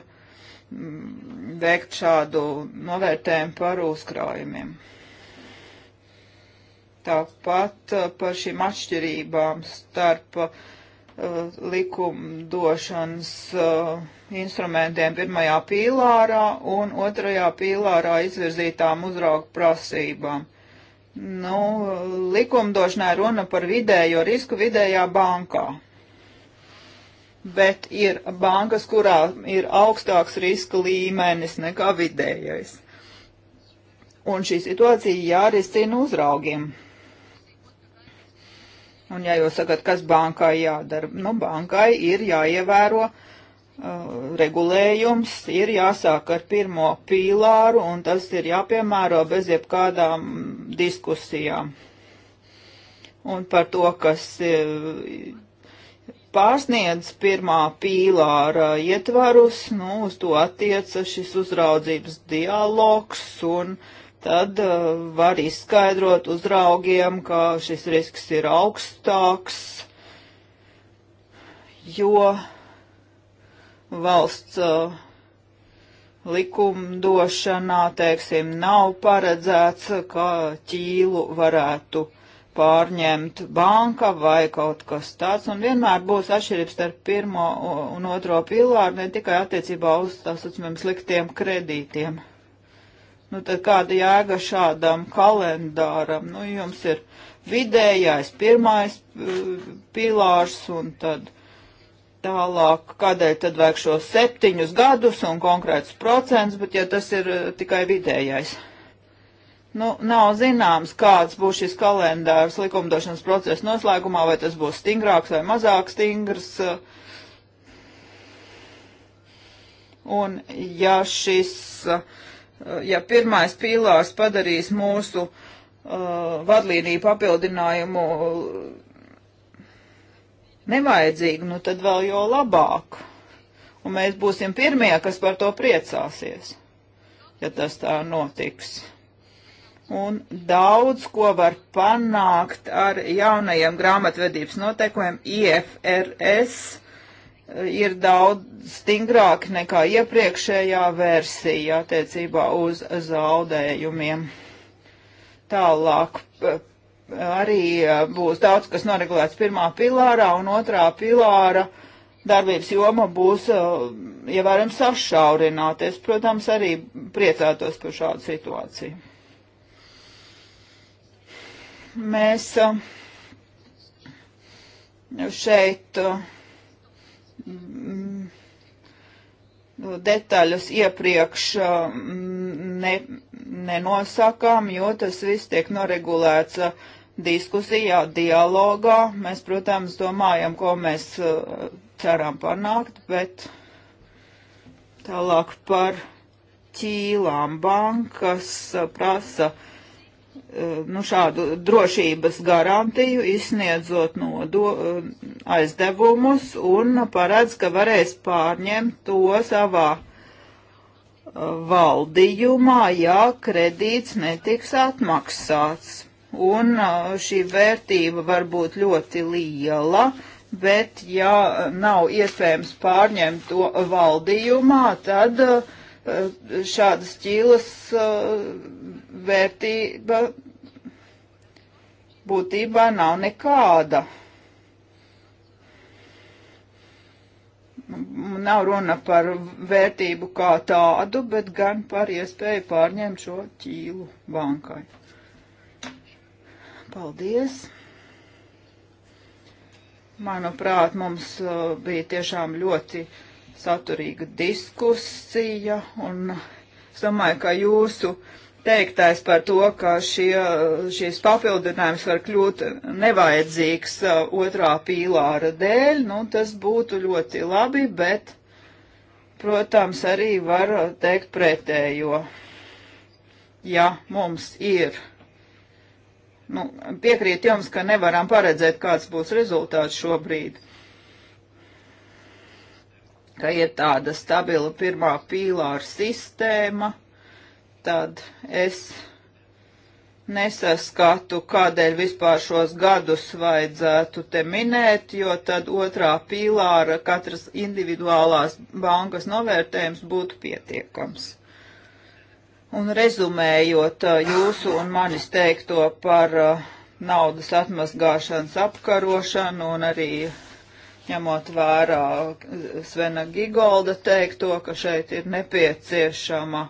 veikt šādu novērtējumu par uzkrājumiem. Tāpat uh, par šīm atšķirībām starp uh, likumdošanas uh, instrumentiem pirmajā pīlārā un otrajā pīlārā izvirzītām uzraugu prasībām. Uh, nu, likumdošanā runa par vidējo risku vidējā bankā. Bet ir bankas, kurā ir augstāks riska līmenis nekā vidējais. Un šī situācija jārisina uzraugiem. Un ja jūs sakat, kas bankai jādara, nu, bankai ir jāievēro uh, Eh, regulējums ir jāsāk ar pirmo pīlāru, un tas ir jāpiemēro bez jebkādām diskusijām. Un par to, kas eh, pārsniedz pirmā pīlāra ietvarus, nu, uz to attieca šis uzraudzības dialogs, un tad eh, var izskaidrot uzraugiem, ka šis risks ir augstāks, jo valsts uh, likumdošanā, teiksim, nav paredzēts, uh, ka ķīlu varētu pārņemt banka vai kaut kas tāds, un vienmēr būs atšķirības starp pirmo un otro pilāru, ne tikai attiecībā uz tās, atcīmēm, sliktiem kredītiem. Nu, tad kāda jēga šādam kalendāram? Nu, jums ir vidējais pirmais uh, pilārs un tad Tālāk, kādēļ tad vajag šo septiņus gadus un konkrēts procents, bet ja tas ir eh, tikai vidējais? Nu, nav zināms, kāds būs šis kalendārs likumdošanas procesa noslēgumā, vai tas būs stingrāks vai mazāk stingrs. Un ja šis, eh, ja pirmais pīlārs padarīs mūsu uh, vadlīniju papildinājumu nevajadzīga, nu tad vēl jo labāk. Un mēs būsim pirmie, kas par to priecāsies, ja tas tā notiks. Un daudz ko var panākt ar jaunajiem grāmatvedības noteikumiem IFRS eh, ir daudz stingrāk nekā iepriekšējā versija attiecībā uz zaudējumiem. Tālāk arī eh, būs daudz, kas noregulēts pirmā pilārā un otrā pilāra darbības joma būs eh, ievērojami ja sašaurināties. Protams, arī priecātos par šādu situāciju. Mēs eh, šeit detaļas iepriekš ne, nenosakām, jo tas viss tiek noregulēts diskusijā, dialogā. Mēs, protams, domājam, ko mēs uh, ceram panākt, bet tālāk par ķīlām bankas uh, prasa uh, nu, šādu drošības garantiju, izsniedzot nodo, aizdevumus un paredz, ka varēs pārņemt to savā valdījumā, ja kredīts netiks atmaksāts un uh, šī vērtība var būt ļoti liela, bet ja nav iespējams pārņemt to valdījumā, tad uh, šādas ķīlas uh, vērtība būtībā nav nekāda. Nav runa par vērtību kā tādu, bet gan par iespēju pārņemt šo ķīlu bankai. Paldies! Manuprāt, mums uh, bija tiešām ļoti saturīga diskusija, un es domāju, ka jūsu teiktais par to, ka šie, šīs papildinājums var kļūt nevajadzīgs uh, otrā pīlāra dēļ, nu, tas būtu ļoti labi, bet, protams, arī var teikt pretējo. Ja mums ir Nu, piekrīt jums, ka nevaram paredzēt, kāds būs rezultāts šobrīd. Ka ir tāda stabila pirmā pīlāra sistēma, tad es nesaskatu, kādēļ vispār šos gadus vajadzētu te minēt, jo tad otrā pīlāra katras individuālās bankas novērtējums būtu pietiekams. Un rezumējot jūsu un manis teikto par naudas atmazgāšanas apkarošanu un arī ņemot vērā Svena Gigolda teikto, ka šeit ir nepieciešama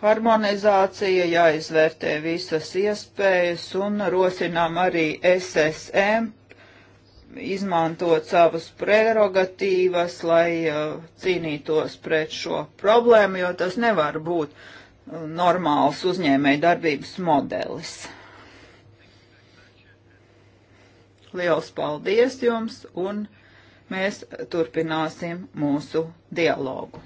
harmonizācija, jāizvērtē visas iespējas un rosinām arī SSM izmantot savas prerogatīvas, lai uh, cīnītos pret šo problēmu, jo tas nevar būt uh, normāls uzņēmēja darbības modelis. Liels paldies jums, un mēs turpināsim mūsu dialogu.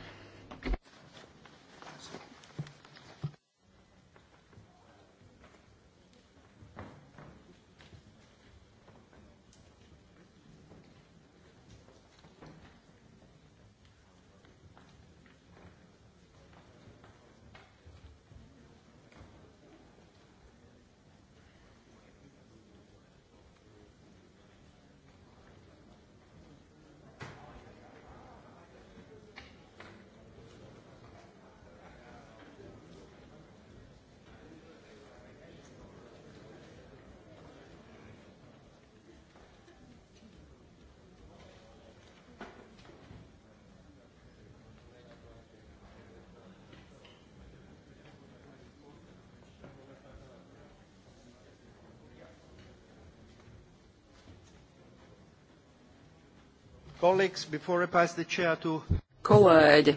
Kolēģi,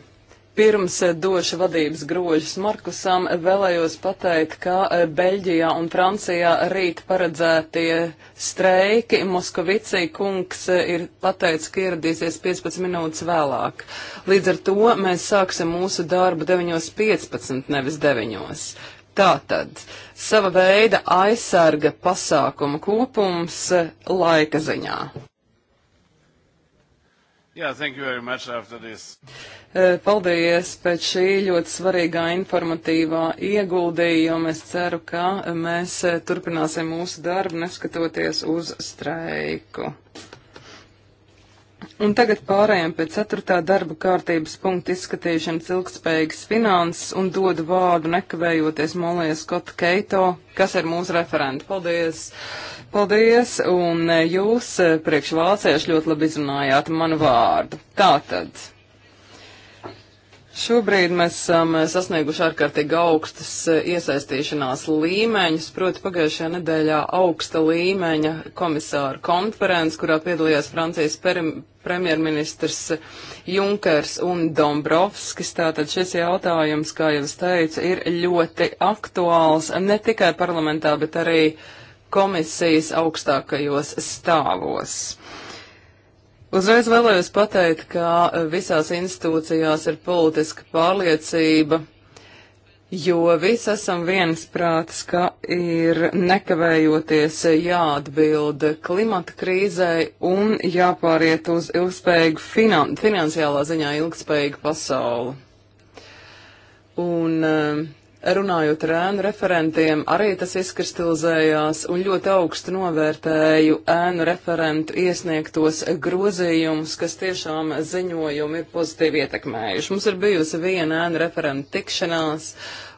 pirms došu vadības grožus Markusam, vēlējos pateikt, ka Beļģijā un Francijā rīt paredzētie streiki Moskavicī kungs ir pateicis, ka ieradīsies 15 minūtes vēlāk. Līdz ar to mēs sāksim mūsu darbu 9.15, nevis 9. Tātad sava veida aizsarga pasākuma kopums laika ziņā. Yeah, e, Paldies pēc šī ļoti svarīgā informatīvā ieguldījuma. Es ceru, ka mēs e, turpināsim mūsu darbu, neskatoties uz streiku. Un tagad pārējām pie ceturtā darba kārtības punkta izskatīšanas ilgspējīgas finanses un dodu vārdu nekavējoties Molijas Skota Keito, kas ir mūsu referenta. Paldies! Paldies! Un eh, jūs eh, priekš vācieši ļoti labi izrunājāt manu vārdu. Tātad. Šobrīd mēs esam eh, sasnieguši ārkārtīgi augstas eh, iesaistīšanās līmeņus, proti pagājušajā nedēļā augsta līmeņa komisāra konferences, kurā piedalījās Francijas premjerministrs Junkers un Dombrovskis. Tātad šis jautājums, kā jau es teicu, ir ļoti aktuāls ne tikai parlamentā, bet arī komisijas augstākajos stāvos. Uzreiz vēlējos pateikt, ka e, visās institūcijās ir politiska pārliecība, jo visi esam viensprāts, ka ir nekavējoties jāatbild klimata krīzai un jāpāriet uz ilgspējīgu finan finansiālā ziņā ilgspējīgu pasauli. Un uh, Runājot ar ēnu referentiem, arī tas izkristalizējās un ļoti augstu novērtēju ēnu referentu iesniegtos grozījumus, kas tiešām ziņojumi ir pozitīvi ietekmējuši. Mums ir bijusi viena ēnu referentu tikšanās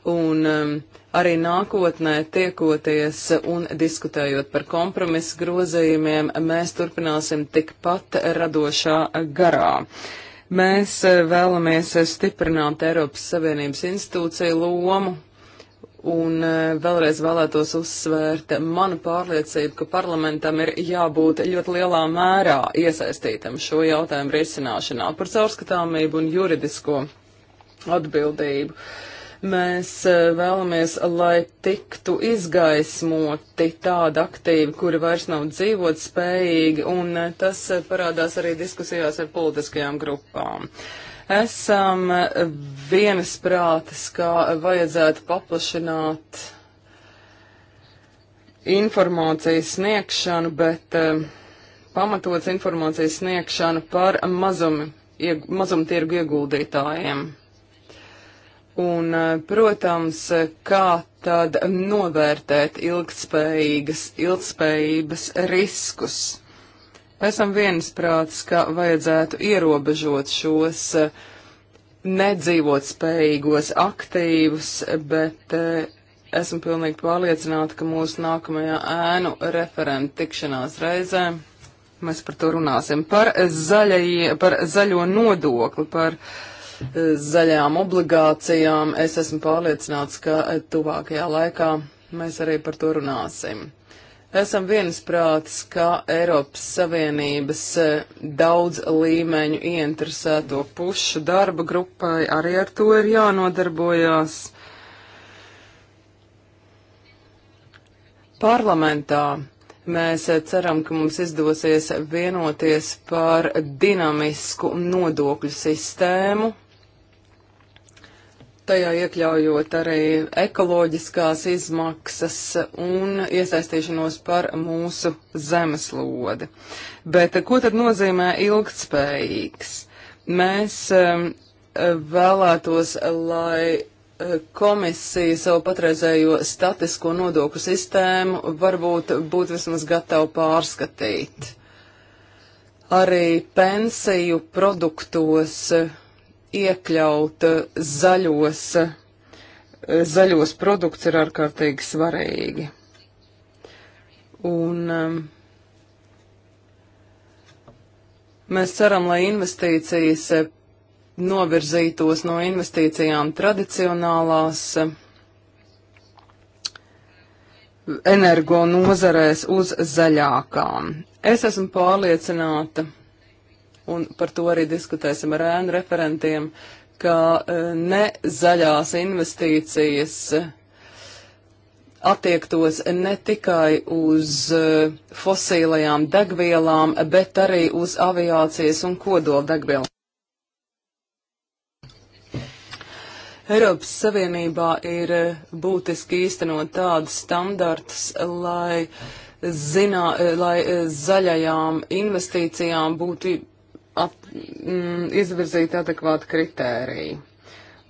un um, arī nākotnē tiekoties un diskutējot par kompromisu grozījumiem, mēs turpināsim tikpat radošā garā. Uh, Mēs eh, vēlamies eh, stiprināt Eiropas Savienības institūciju lomu. Un eh, vēlreiz vēlētos uzsvērt manu pārliecību, ka parlamentam ir jābūt ļoti lielā mērā iesaistītam šo jautājumu risināšanā par caurskatāmību un juridisko atbildību. Uh, Mēs eh, vēlamies, lai tiktu izgaismoti tāda aktīva, kura vairs nav dzīvot spējīgi, un eh, tas eh, parādās arī diskusijās ar politiskajām grupām esam vienas prātas, ka vajadzētu paplašināt informācijas sniegšanu, bet eh, pamatots informācijas sniegšanu par mazumi, ieg, mazumtirgu ieguldītājiem. Un, eh, protams, kā tad novērtēt ilgspējīgas, ilgspējības riskus? Esam viensprāts, ka vajadzētu ierobežot šos eh, nedzīvot spējīgos aktīvus, bet eh, esmu pilnīgi pārliecināta, ka mūsu nākamajā ēnu referenta tikšanās reizē mēs par to runāsim. Par, zaļajie, par zaļo nodokli, par uh, zaļajām obligācijām, es esmu pārliecināts, ka tuvākajā laikā mēs arī par to runāsim. Esam viensprāts, ka Eiropas Savienības e, daudz līmeņu ieinteresēto pušu darba grupai arī ar to ir jānodarbojās. Parlamentā mēs e, ceram, ka mums izdosies vienoties par dinamisku nodokļu sistēmu, tajā iekļaujot arī ekoloģiskās izmaksas un iesaistīšanos par mūsu zemeslodi. Bet ko tad nozīmē ilgtspējīgs? Mēs um, vēlētos, lai uh, komisija savu patreizējo statisko nodokļu sistēmu varbūt būtu vismaz gatava pārskatīt. Arī pensiju produktos uh, iekļaut eh, zaļos, eh, zaļos produkts ir ārkārtīgi svarīgi. Un um, mēs ceram, lai investīcijas eh, novirzītos no investīcijām tradicionālās energo nozarēs uz zaļākām. Es esmu pārliecināta, un par to arī diskutēsim ar ēnu referentiem, ka e, ne zaļās investīcijas e, attiektos ne tikai uz e, fosīlajām degvielām, bet arī uz aviācijas un kodola degvielām. Eiropas Savienībā ir būtiski īstenot tādus standartus, lai, zinā, lai zaļajām investīcijām būtu ap, mm, izvirzīt adekvātu kritēriju.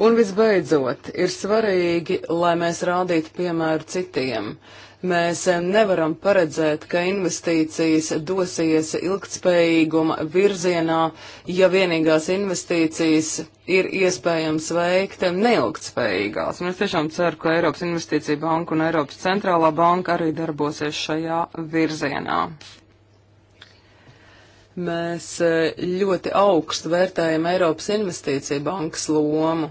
Un visbeidzot, ir svarīgi, lai mēs rādītu piemēru citiem. Mēs nevaram paredzēt, ka investīcijas dosies ilgtspējīguma virzienā, ja vienīgās investīcijas ir iespējams veikt neilgtspējīgās. Un es tiešām ceru, ka Eiropas Investīcija Banka un Eiropas Centrālā Banka arī darbosies šajā virzienā. Mēs eh, ļoti augstu vērtējam Eiropas investīcija bankas lomu,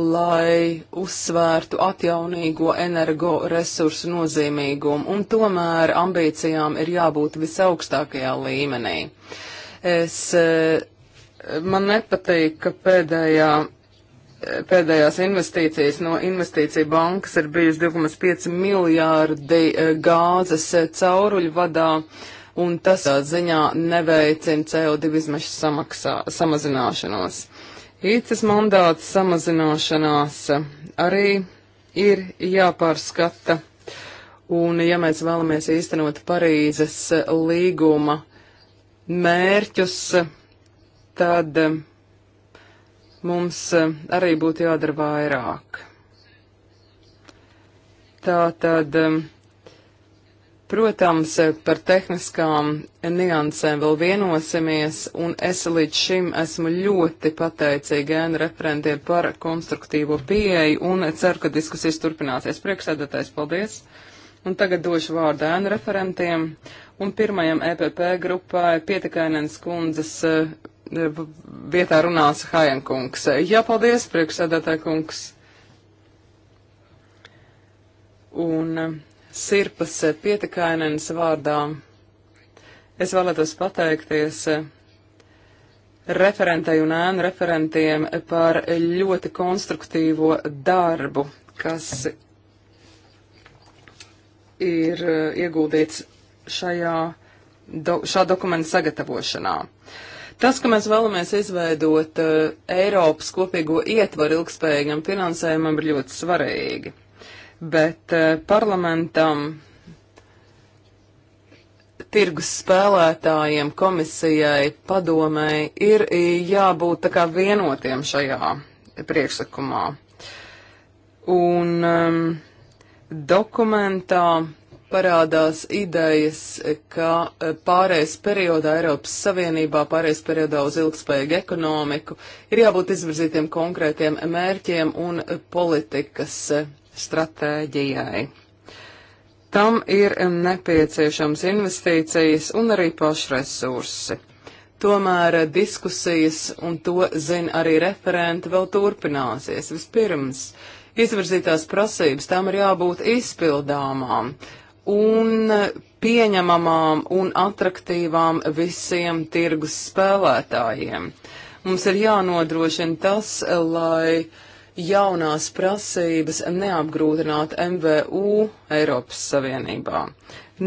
lai uzsvērtu atjaunīgo energoresursu nozīmīgumu, un tomēr ambīcijām ir jābūt visaugstākajā līmenī. Es, eh, man nepatīk, ka pēdējā eh, pēdējās investīcijas no investīcija bankas ir bijusi 2,5 miljārdi gāzes cauruļu vadā un tas ziņā neveicina CO2 izmešu samaksā, samazināšanos. Īces mandāts samazināšanās arī ir jāpārskata, un ja mēs vēlamies īstenot Parīzes līguma mērķus, tad eh, mums eh, arī būtu jādara vairāk. Tā tad. Um, eh, Protams, par tehniskām niansēm vēl vienosimies, un es līdz šim esmu ļoti pateicīga ēnu referentiem par konstruktīvo pieeju, un ceru, ka diskusijas turpināsies. Priekšsēdētājs, paldies! Un tagad došu vārdu ēnu referentiem, un pirmajam EPP grupai pietikainens kundzes eh, vietā runās Hajankungs. Jā, paldies, priekšsēdētāj kungs! Un, eh, Sirpas eh, pietikainenes vārdā. Es vēlētos pateikties eh, referentei un ēnu referentiem eh, par ļoti konstruktīvo darbu, kas ir ieguldīts šajā, do, šā dokumenta sagatavošanā. Tas, ka mēs vēlamies izveidot uh, Eiropas kopīgo ietvaru ilgspējīgam finansējumam, ir ļoti svarīgi bet eh, parlamentam, tirgus spēlētājiem, komisijai, padomēji ir eh, jābūt tā kā vienotiem šajā priekšsakumā. Un um, dokumentā parādās idejas, ka eh, pārējais periodā Eiropas Savienībā, pārējais periodā uz ilgspējīgu ekonomiku ir jābūt izvirzītiem konkrētiem mērķiem un politikas stratēģijai. Tam ir nepieciešams investīcijas un arī pašresursi. Tomēr diskusijas, un to zina arī referenti, vēl turpināsies. Vispirms, izvirzītās prasības tām ir jābūt izpildāmām un pieņemamām un atraktīvām visiem tirgus spēlētājiem. Mums ir jānodrošina tas, lai uh, jaunās prasības neapgrūtināt MVU Eiropas Savienībā.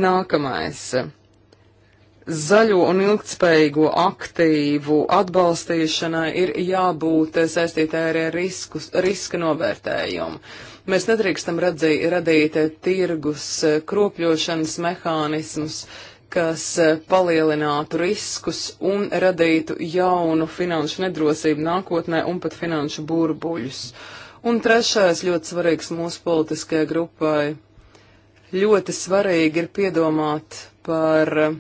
Nākamais. Zaļo un ilgtspējīgo aktīvu atbalstīšanai ir jābūt saistītē arī ar risku, riska novērtējumu. Mēs nedrīkstam redzī, radīt tirgus kropļošanas mehānismus, uh, kas eh, palielinātu riskus un radītu jaunu finanšu nedrosību nākotnē un pat finanšu burbuļus. Un trešais ļoti svarīgs mūsu politiskajai grupai. Ļoti svarīgi ir piedomāt par eh,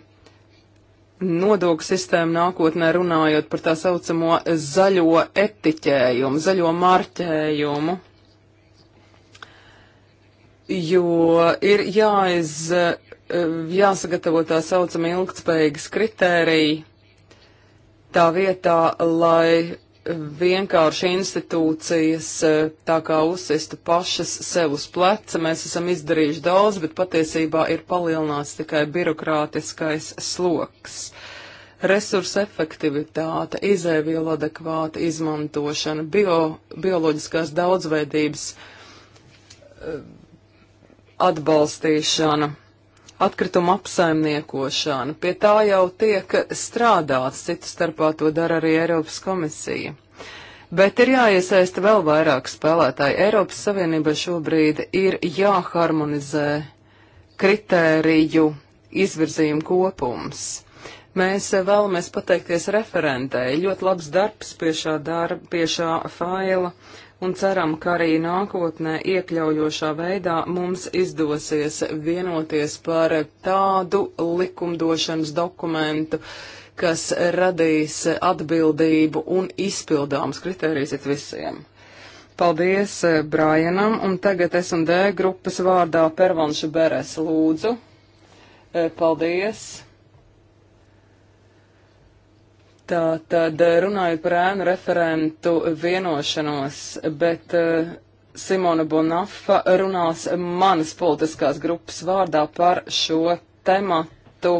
nodokļu sistēmu nākotnē runājot par tā saucamo zaļo etiķējumu, zaļo marķējumu. Jo ir jāiz Eh, jāsagatavo tā saucama ilgtspējīgas kritērija, tā vietā, lai vienkārši institūcijas eh, tā kā uzsistu pašas sev uz pleca. Mēs esam izdarījuši daudz, bet patiesībā ir palielināts tikai birokrātiskais sloks. Resursa efektivitāte, izēvielu adekvāta izmantošana, bio, bioloģiskās daudzveidības eh, atbalstīšana atkrituma apsaimniekošana. Pie tā jau tiek strādāts, citu starpā to dara arī Eiropas komisija. Bet ir jāiesaista vēl vairāk spēlētāji. Eiropas Savienība šobrīd ir jāharmonizē kritēriju izvirzījumu kopums. Mēs vēlamies pateikties referentēji. Ļoti labs darbs pie šā, darba, pie šā faila. Uh, un ceram, ka arī nākotnē iekļaujošā veidā mums izdosies vienoties par tādu likumdošanas dokumentu, kas radīs atbildību un izpildāms kritērijas it visiem. Paldies eh, Brajanam, un tagad S&D grupas vārdā Pervanša Beres lūdzu. Eh, paldies! Tā tad eh, runājot par ēnu referentu vienošanos, bet uh, Simona Bonafa runās manas politiskās grupas vārdā par šo tematu.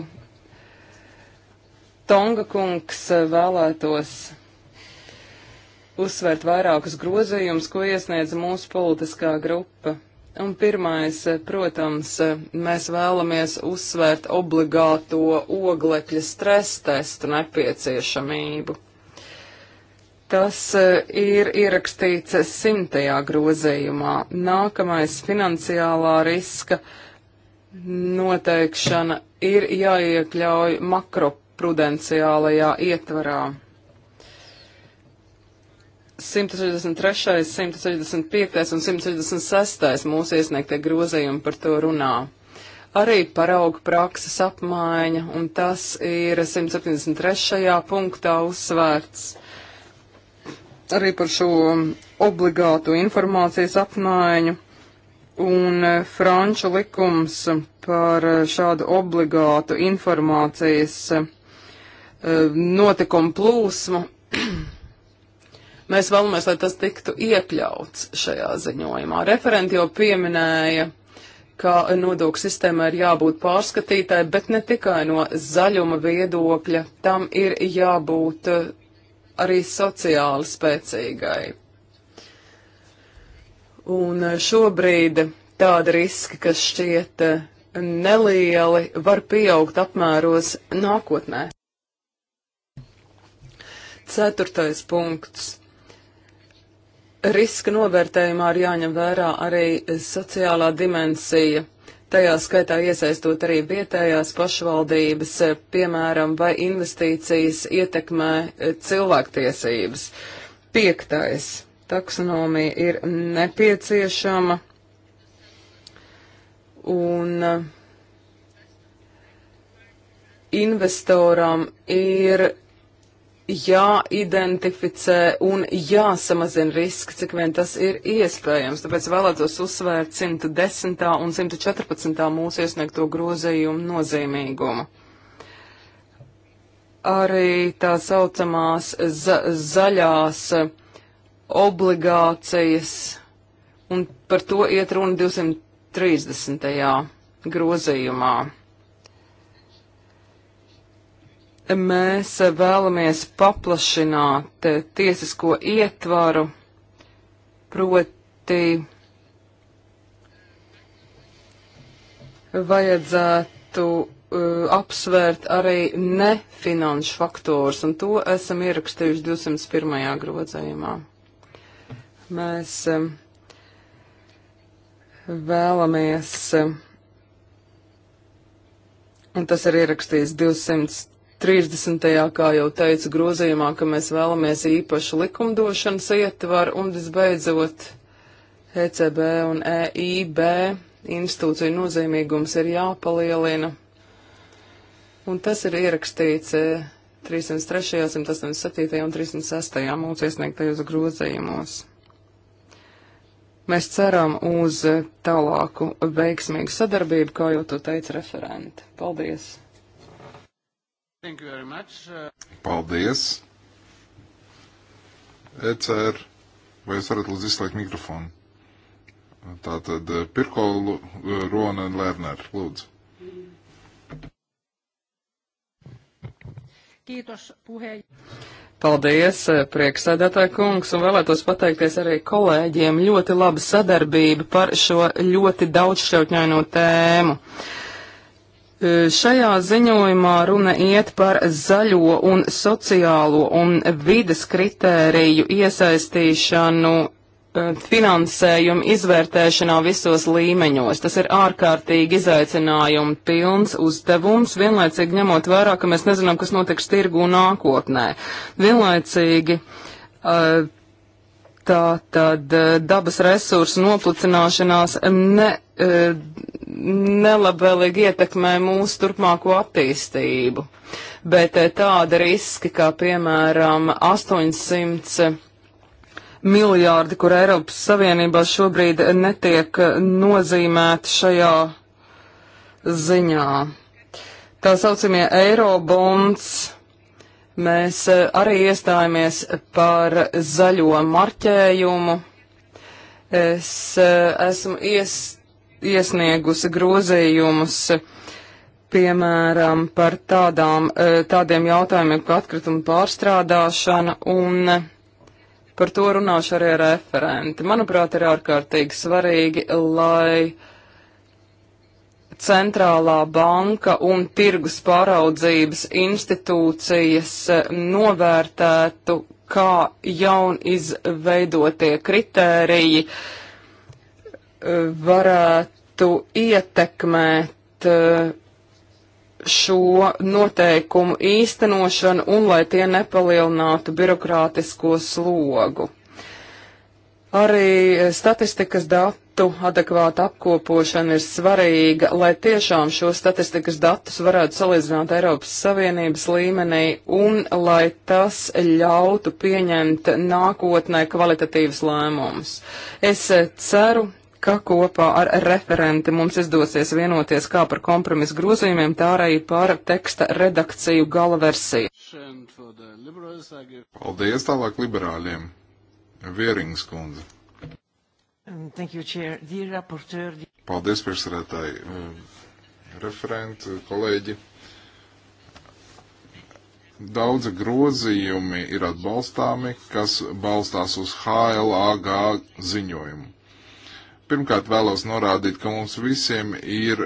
Tonga kungs eh, vēlētos uzsvērt vairākus grozījumus, ko iesniedz mūsu politiskā grupa. Un pirmais, eh, protams, eh, mēs vēlamies uzsvērt obligāto oglekļa stresa testu nepieciešamību. Tas eh, ir ierakstīts simtajā grozījumā. Nākamais finansiālā riska noteikšana ir jāiekļauj makroprudenciālajā ietvarā. 163, 165 un 166 mūsu iesniegtie grozījumi par to runā. Arī parauga prakses apmaiņa, un tas ir 173. punktā uzsvērts. Arī par šo obligātu informācijas apmaiņu un franču likums par šādu obligātu informācijas eh, notikumu plūsmu Mēs vēlamies, lai tas tiktu iekļauts šajā ziņojumā. Referenti jau pieminēja, ka nodokļu sistēmai ir jābūt pārskatītāji, bet ne tikai no zaļuma viedokļa, tam ir jābūt eh, arī sociāli spēcīgai. Un eh, šobrīd tādi riski, kas šķiet eh, nelieli, var pieaugt apmēros nākotnē. Ceturtais punkts. Riska novērtējumā ir jāņem vērā arī sociālā dimensija, tajā skaitā iesaistot arī vietējās pašvaldības, piemēram, vai investīcijas ietekmē e, cilvēktiesības. Piektais. Taksonomija ir nepieciešama. Un e, investoram ir jāidentificē un jāsamazina riski, cik vien tas ir iespējams. Tāpēc vēlētos uzsvērt 110. un 114. mūsu iesniegto grozījumu nozīmīgumu. Arī tā saucamās za zaļās obligācijas, un par to iet runa 230. grozījumā mēs vēlamies paplašināt tiesisko ietvaru, proti vajadzētu uh, apsvērt arī nefinanšu faktors, un to esam ierakstījuši 201. grozējumā. Mēs um, vēlamies, um, un tas ir ierakstīts 200. 30. kā jau teicu grozījumā, ka mēs vēlamies īpašu likumdošanas ietvaru un visbeidzot ECB un EIB institūciju nozīmīgums ir jāpalielina. Un tas ir ierakstīts 303., e, 187. un 306. mūsu iesniegtajos grozījumos. Mēs ceram uz tālāku veiksmīgu sadarbību, kā jau to teica referenti. Paldies! Thank you very much. Paldies. ECR, vai jūs varat lūdzu izslēgt mikrofonu? Tātad eh, Pirko eh, Rona Lerner, lūdzu. Kītos, puhēji. Paldies, eh, prieksēdētāji kungs, un vēlētos pateikties arī kolēģiem ļoti laba sadarbība par šo ļoti daudzšķautņaino tēmu. Uh, Šajā ziņojumā runa iet par zaļo un sociālo un vides kritēriju iesaistīšanu finansējumu izvērtēšanā visos līmeņos. Tas ir ārkārtīgi izaicinājumi pilns uzdevums, vienlaicīgi ņemot vērā, ka mēs nezinām, kas notiks tirgu nākotnē. Vienlaicīgi uh, Tā tad eh, dabas resursu noplicināšanās ne, eh, nelabvēlīgi ietekmē mūsu turpmāko attīstību, bet eh, tāda riski, kā piemēram 800 miljārdi, kur Eiropas Savienībā šobrīd netiek nozīmēti šajā ziņā. Tā saucamie Eirobonds Mēs eh, arī iestājāmies par zaļo marķējumu. Es eh, esmu ies, iesniegusi grozījumus, piemēram, par tādām, eh, tādiem jautājumiem kā atkrituma pārstrādāšana un par to runāšu arī ar referenti. Manuprāt, ir ārkārtīgi svarīgi, lai centrālā banka un tirgus pāraudzības institūcijas eh, novērtētu, kā jaun izveidotie kritēriji eh, varētu ietekmēt eh, šo noteikumu īstenošanu un lai tie nepalielinātu birokrātisko slogu. Arī statistikas dati datu adekvāta apkopošana ir svarīga, lai tiešām šo statistikas datus varētu salīdzināt Eiropas Savienības līmenī un lai tas ļautu pieņemt nākotnē kvalitatīvas lēmumus. Es eh, ceru, ka kopā ar referenti mums izdosies vienoties kā par kompromisu grozījumiem, tā arī par teksta redakciju gala versiju. Paldies tālāk liberāļiem. Vierings kundze. Um, thank you, Chair. Dear Rapporteur. Paldies, priekšsarētāji, um, referenti, kolēģi. Daudzi grozījumi ir atbalstāmi, kas balstās uz HLAG ziņojumu. Pirmkārt, vēlos norādīt, ka mums visiem ir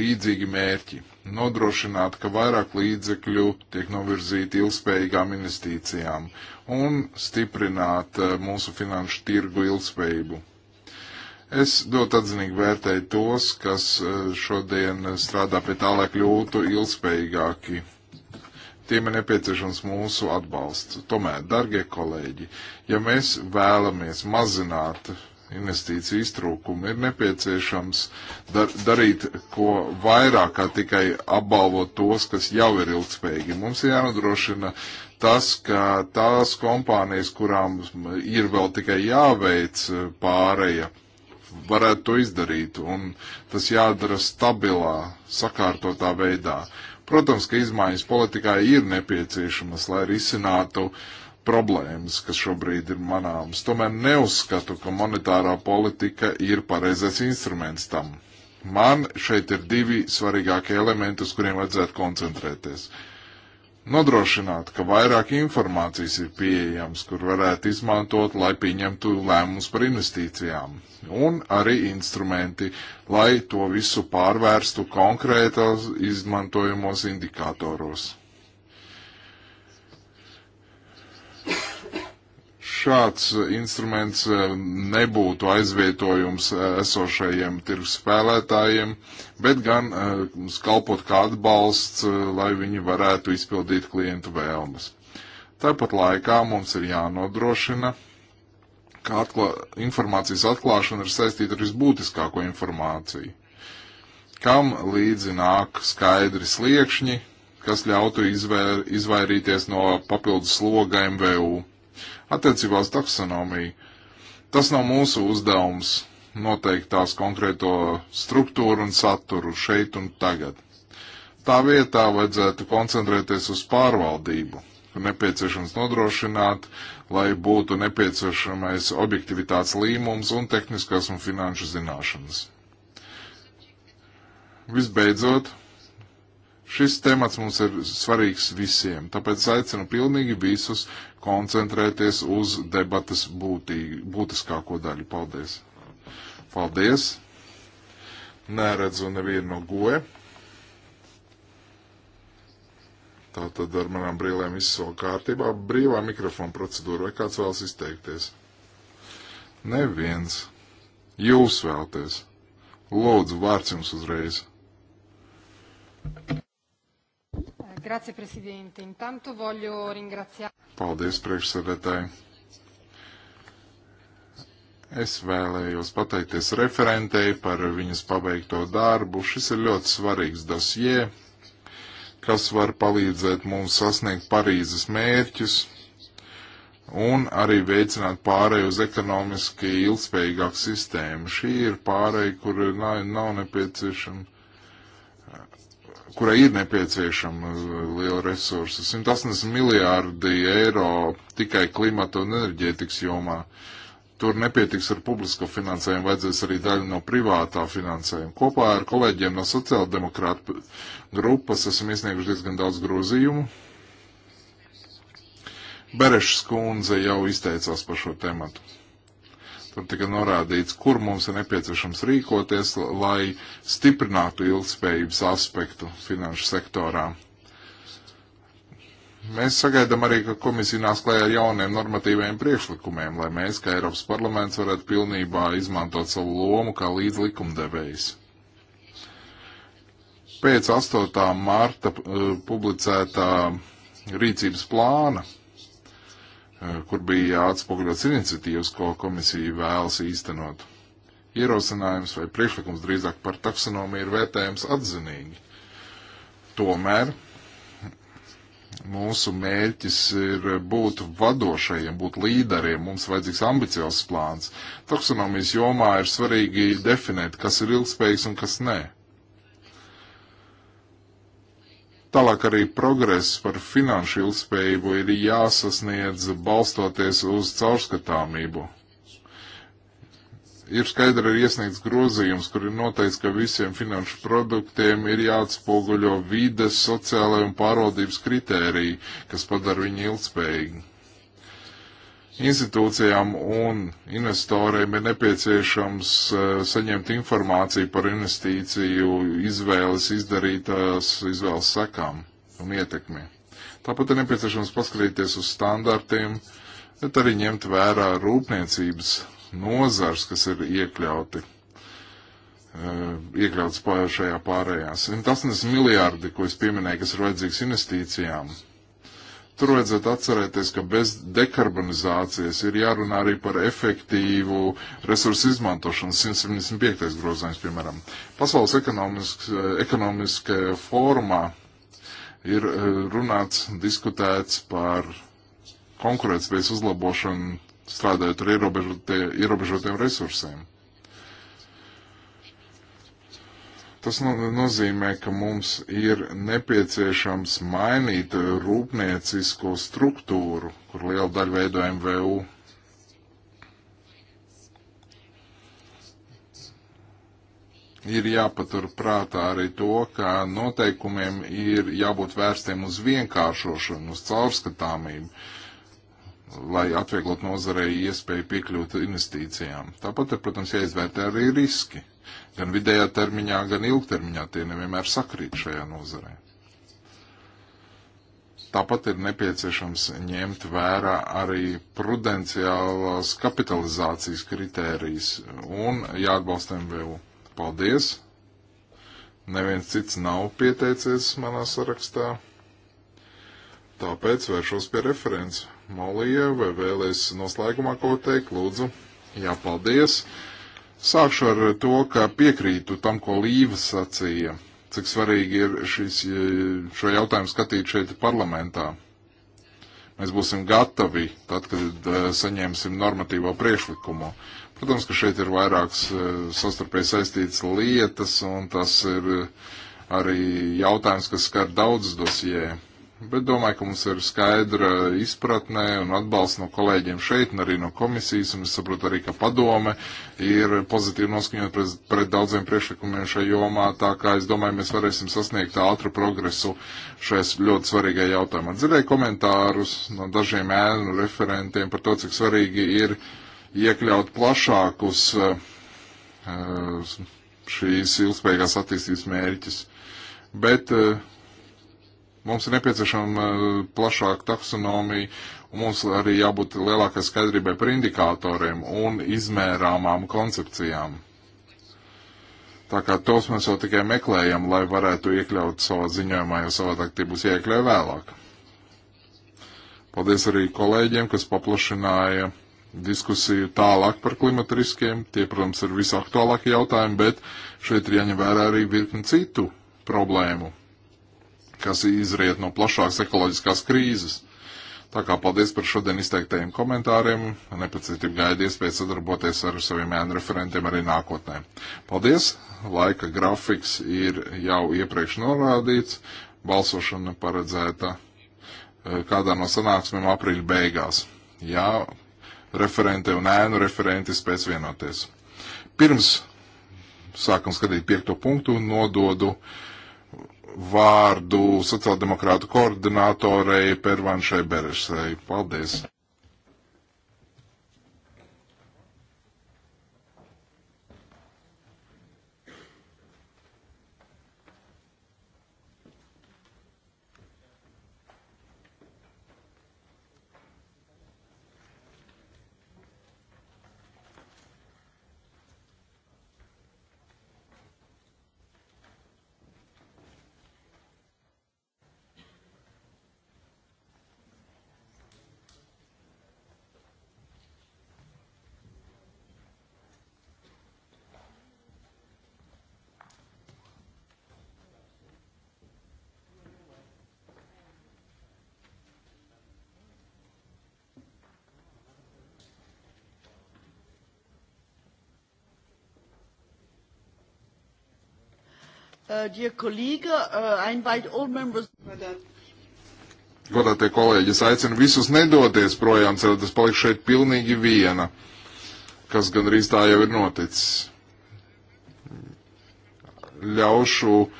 līdzīgi mērķi - nodrošināt, ka vairāk līdzekļu tiek novirzīti ilgspējīgām investīcijām un stiprināt eh, mūsu finanšu tirgu ilgspējību. Es ļoti atzinīgi vērtēju tos, kas eh, šodien strādā pie tā, lai kļūtu ilgspējīgāki. Tiem ir nepieciešams mūsu atbalsts. Tomēr, darbie kolēģi, ja mēs vēlamies mazināt investīciju iztrūkumu. Ir nepieciešams dar, darīt ko vairāk, kā tikai apbalvot tos, kas jau ir ilgspējīgi. Mums ir jānodrošina tas, ka tās kompānijas, kurām ir vēl tikai jāveic pāreja, varētu to izdarīt, un tas jādara stabilā, sakārtotā veidā. Protams, ka izmaiņas politikā ir nepieciešamas, lai risinātu uh, problēmas, kas šobrīd ir manāmas. Tomēr neuzskatu, ka monetārā politika ir pareizais instruments tam. Man šeit ir divi svarīgākie elementi, uz kuriem vajadzētu koncentrēties. Nodrošināt, ka vairāk informācijas ir pieejams, kur varētu izmantot, lai pieņemtu lēmumus par investīcijām, un arī instrumenti, lai to visu pārvērstu konkrētos izmantojumos indikatoros. šāds instruments e, nebūtu aizvietojums e, esošajiem tirgus spēlētājiem, bet gan e, kalpot kā atbalsts, lai viņi varētu izpildīt klientu vēlmes. Tāpat laikā mums ir jānodrošina, ka atklā, informācijas atklāšana ir saistīta ar visbūtiskāko informāciju, kam līdzi nāk skaidri sliekšņi, kas ļautu izvēr, izvairīties no papildus sloga MVU Attiecībā uz taksonomiju tas nav mūsu uzdevums noteikt tās konkrēto struktūru un saturu šeit un tagad. Tā vietā vajadzētu koncentrēties uz pārvaldību, kur nepieciešams nodrošināt, lai būtu nepieciešamais objektivitātes līmums un tehniskās un finanšu zināšanas. Visbeidzot, šis temats mums ir svarīgs visiem, tāpēc aicinu pilnīgi visus koncentrēties uz debatas būtī, būtiskāko daļu. Paldies! Paldies! Neredzu nevienu no goja. E. Tā tad ar manām brīlēm viss vēl kārtībā. Brīvā mikrofona procedūra. Vai kāds vēlas izteikties? Neviens. Jūs vēlties. Lūdzu, vārds jums uzreiz. Grazie, Presidente. Intanto voglio ringraziare. Paldies, priekšsēdētāji. Es vēlējos pateikties referentei par viņas pabeigto darbu. Šis ir ļoti svarīgs dosie, kas var palīdzēt mums sasniegt Parīzes mērķus un arī veicināt pārēju uz ekonomiski ilgspējīgāku sistēmu. Šī ir pārēja, kur nav, nav nepieciešama kurai ir nepieciešama uh, liela resursa. 180 miljārdi eiro tikai klimata un enerģētikas jomā. Tur nepietiks ar publisko finansējumu, vajadzēs arī daļu no privātā finansējuma. Kopā ar kolēģiem no sociāldemokrāta grupas esam iesnieguši diezgan daudz grozījumu. Berešs kundze jau izteicās par šo tematu. Tad tika norādīts, kur mums ir nepieciešams rīkoties, lai stiprinātu ilgspējības aspektu finanšu sektorā. Mēs sagaidām arī, ka komisija nāks klajā ar jauniem normatīviem priekšlikumiem, lai mēs, kā Eiropas parlaments, varētu pilnībā izmantot savu lomu kā līdzlikumdevējs. Pēc 8. marta eh, publicētā rīcības plāna Eh, kur bija atspoguļots iniciatīvas, ko komisija vēlas īstenot. Ierosinājums vai priekšlikums drīzāk par taksonomiju ir vērtējams atzinīgi. Tomēr mūsu mērķis ir būt vadošajiem, būt līderiem, mums vajadzīgs ambiciozs plāns. Taksonomijas jomā ir svarīgi definēt, kas ir ilgspējīgs un kas nē. Tālāk arī progress par finanšu ilgspējību ir jāsasniedz balstoties uz caurskatāmību. Ir skaidri arī iesniegts grozījums, kur ir noteikts, ka visiem finanšu produktiem ir jāatspoguļo vides, sociālai un pārvaldības kritēriji, kas padara viņu ilgspējīgi institūcijām un investoriem ir nepieciešams eh, saņemt informāciju par investīciju izvēles izdarītās izvēles sekām un ietekmi. Tāpat ir nepieciešams paskatīties uz standartiem, bet arī ņemt vērā rūpniecības nozars, kas ir iekļauti, eh, iekļauts šajā pārējās. 180 miljārdi, ko es pieminēju, kas ir vajadzīgs investīcijām Tur vajadzētu atcerēties, ka bez dekarbonizācijas ir jārunā arī par efektīvu resursu izmantošanu. 175. grozājums, piemēram. Pasaules ekonomiskajā fórumā ir eh, runāts, diskutēts par konkurētspējas uzlabošanu strādājot ar ierobežotiem resursiem. Tas nozīmē, ka mums ir nepieciešams mainīt rūpniecisko struktūru, kur liela daļa veido MVU. Ir jāpatur prātā arī to, ka noteikumiem ir jābūt vērstiem uz vienkāršošanu, uz caurskatāmību, lai atvieglot nozarei iespēju piekļūt investīcijām. Tāpat ir, protams, jāizvērtē arī riski Gan vidējā termiņā, gan ilgtermiņā tie nevienmēr sakrīt šajā nozarē. Tāpat ir nepieciešams ņemt vērā arī prudenciālās kapitalizācijas kritērijas un jāatbalsta MVU. Paldies! Neviens cits nav pieteicies manā sarakstā. Tāpēc vēršos pie referents. Malija, vai vēlēs noslēgumā ko teikt? Lūdzu, jāpaldies! paldies! Sākšu ar to, ka piekrītu tam, ko Līva sacīja, cik svarīgi ir šis, e, šo jautājumu skatīt šeit parlamentā. Mēs būsim gatavi tad, kad e, saņemsim normatīvo priešlikumu. Protams, ka šeit ir vairākas e, sastarpēji saistītas lietas, un tas ir arī jautājums, kas skar daudzas dosijai bet domāju, ka mums ir skaidra izpratnē un atbalsts no kolēģiem šeit un arī no komisijas, un es saprotu arī, ka padome ir pozitīvi noskaņot pret, pret daudziem priekšlikumiem šajā jomā, tā kā es domāju, mēs varēsim sasniegt ātru progresu šajās ļoti svarīgajā jautājumā. Dzirdēju komentārus no dažiem ēnu referentiem par to, cik svarīgi ir iekļaut plašākus eh, eh, šīs ilgspējīgās attīstības mērķus. Bet uh, Mums ir nepieciešama uh, plašāka taksonomija, un mums arī jābūt lielākai skaidrībai par indikatoriem un izmērāmām koncepcijām. Tā kā tos mēs jau tikai meklējam, lai varētu iekļaut savā ziņojumā, jo savādāk tie būs jāiekļauj vēlāk. Paldies arī kolēģiem, kas paplašināja diskusiju tālāk par klimata riskiem. Tie, protams, ir visaktuālākie jautājumi, bet šeit ir jāņem vērā arī virkni citu problēmu kas izriet no plašākas ekoloģiskās krīzes. Tā kā paldies par šodien izteiktajiem komentāriem. Nepacietību gaidu iespēju sadarboties ar saviem ēnu referentiem arī nākotnē. Paldies! Laika grafiks ir jau iepriekš norādīts. Balsošana paredzēta eh, kādā no sanāksmēm aprīļa beigās. Jā, referente un ēnu referenti spēs vienoties. Pirms sākam skatīt piekto punktu, nododu uh, vārdu sociāldemokrātu koordinātorei Pervanšai Beresai. Paldies! Uh, dear colleague, uh, I invite all members. Godātie kolēģi, es aicinu visus nedoties projām, cerot, es palikšu šeit pilnīgi viena, kas gandrīz tā jau ir noticis. Ļaušu uh,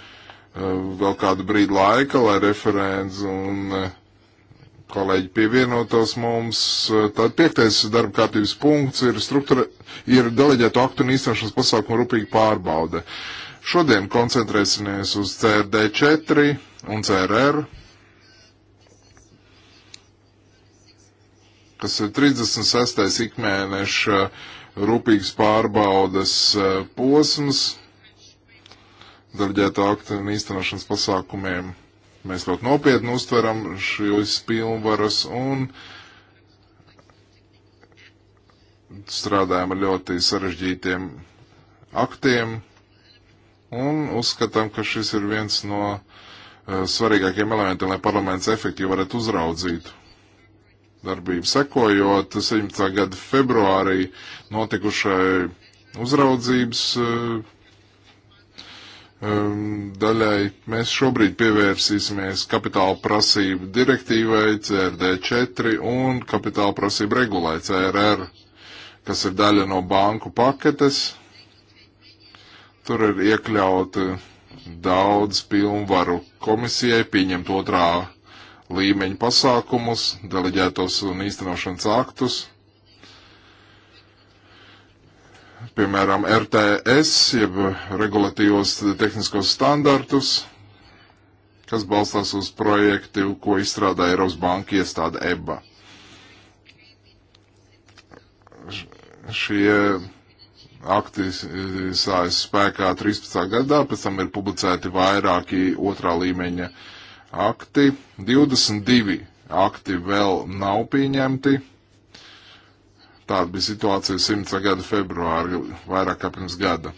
vēl kādu brīdu laika, lai referents un uh, kolēģi pievienotos mums. Uh, tad piektais darba kārtības punkts ir, struktūra, ir deleģēto aktu un īstenošanas pasākumu rūpīgi pārbaude. Uh, Šodien koncentrēsimies uz CRD4 un CRR, kas ir 36. ikmēneša rūpīgas pārbaudas e, posms darbģēta akta un īstenošanas pasākumiem. Mēs ļoti nopietni uztveram šīs pilnvaras un strādājam ar ļoti sarežģītiem aktiem, un uzskatām, ka šis ir viens no uh, eh, svarīgākiem elementiem, lai parlaments efektīvi varētu uzraudzīt darbību. Sekojot 17. gada februārī notikušai uzraudzības uh, daļai mēs šobrīd pievērsīsimies kapitāla prasību direktīvai CRD4 un kapitāla prasību regulai CRR, kas ir daļa no banku paketes, Tur ir iekļauta daudz pilnvaru komisijai pieņemt otrā līmeņa pasākumus, deleģētos un īstenošanas aktus. Piemēram, RTS, jeb regulatīvos tehniskos standartus, kas balstās uz projektu, ko izstrādā Eiropas Banka iestāde EBA. Šie akti sājas spēkā 13. gadā, pēc tam ir publicēti vairāki otrā līmeņa akti. 22 akti vēl nav pieņemti. Tāda bija situācija 100. gada februāra, vairāk kā pirms gada.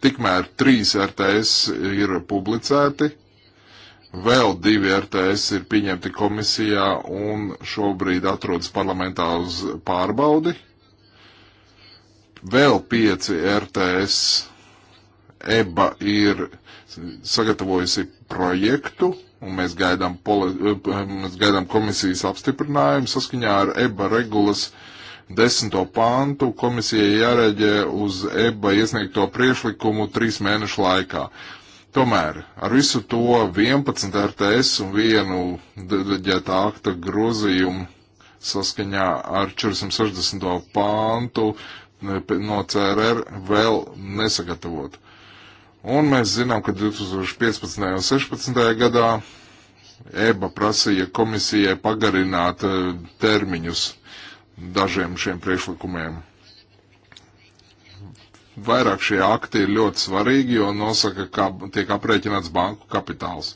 Tikmēr trīs RTS ir publicēti, vēl divi RTS ir pieņemti komisijā un šobrīd atrodas parlamentā uz pārbaudi Vēl pieci RTS EBA ir sagatavojusi projektu, un mēs gaidām, poli, eh, mēs gaidām komisijas apstiprinājumu saskaņā ar EBA regulas desmito pantu. Komisijai jārēģē uz EBA iesniegto priešlikumu trīs mēnešu laikā. Tomēr ar visu to 11 RTS un vienu deģēta akta grozījumu saskaņā ar 460. pāntu no CRR vēl nesagatavot. Un mēs zinām, ka 2015. un 2016. gadā EBA prasīja komisijai pagarināt e, termiņus dažiem šiem priekšlikumiem. Vairāk šie akti ir ļoti svarīgi, jo nosaka, kā tiek aprēķināts banku kapitāls.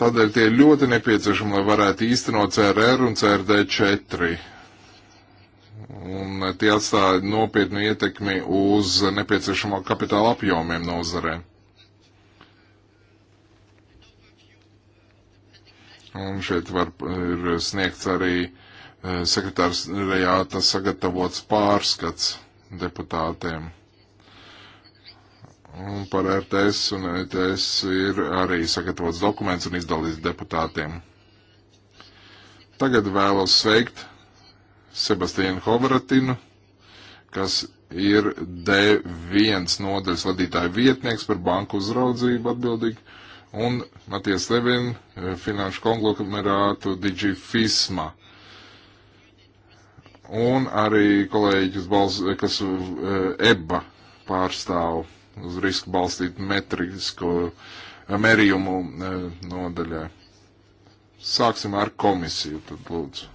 Tādēļ tie ir ļoti nepieciešami, lai varētu īstenot CRR un CRD 4 un tie atstāja nopietnu ietekmi uz nepieciešamo kapitāla apjomiem nozarē. Un šeit var ir sniegts arī e, sekretārs rejāta sagatavots pārskats deputātiem. Un par RTS un ETS ir arī sagatavots dokuments un izdalīts deputātiem. Tagad vēlos sveikt Sebastianu Hovaratinu, kas ir D1 nodaļas vadītāja vietnieks par banku uzraudzību atbildīgi, un Matijas Levin, eh, finanšu konglomerātu DG Fisma. Un arī kolēģis, balz, kas EBA eh, e pārstāv uz risku balstītu metrisko eh, mērījumu nodaļai. Sāksim ar komisiju, tad lūdzu.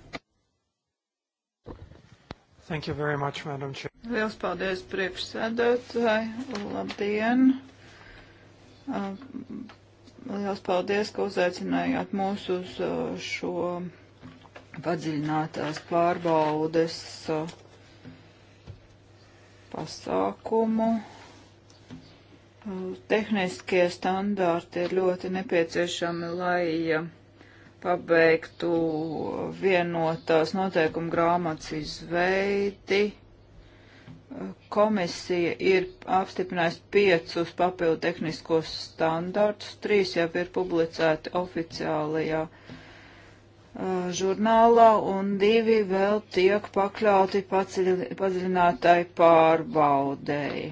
Thank you very much, Madam Chair. Liels paldies priekšsēdētāji. Labdien! Um, liels paldies, ka uzaicinājāt mūs uz uh, šo padziļinātās pārbaudes uh, pasākumu. Uh, tehniskie standārti ir ļoti nepieciešami, lai pabeigtu vienotās noteikumu grāmatas izveidi. Komisija ir apstiprinājusi piecus papildu tehniskos standartus, trīs jau ir publicēti oficiālajā uh, žurnālā un divi vēl tiek pakļauti padziļinātai pārbaudēji.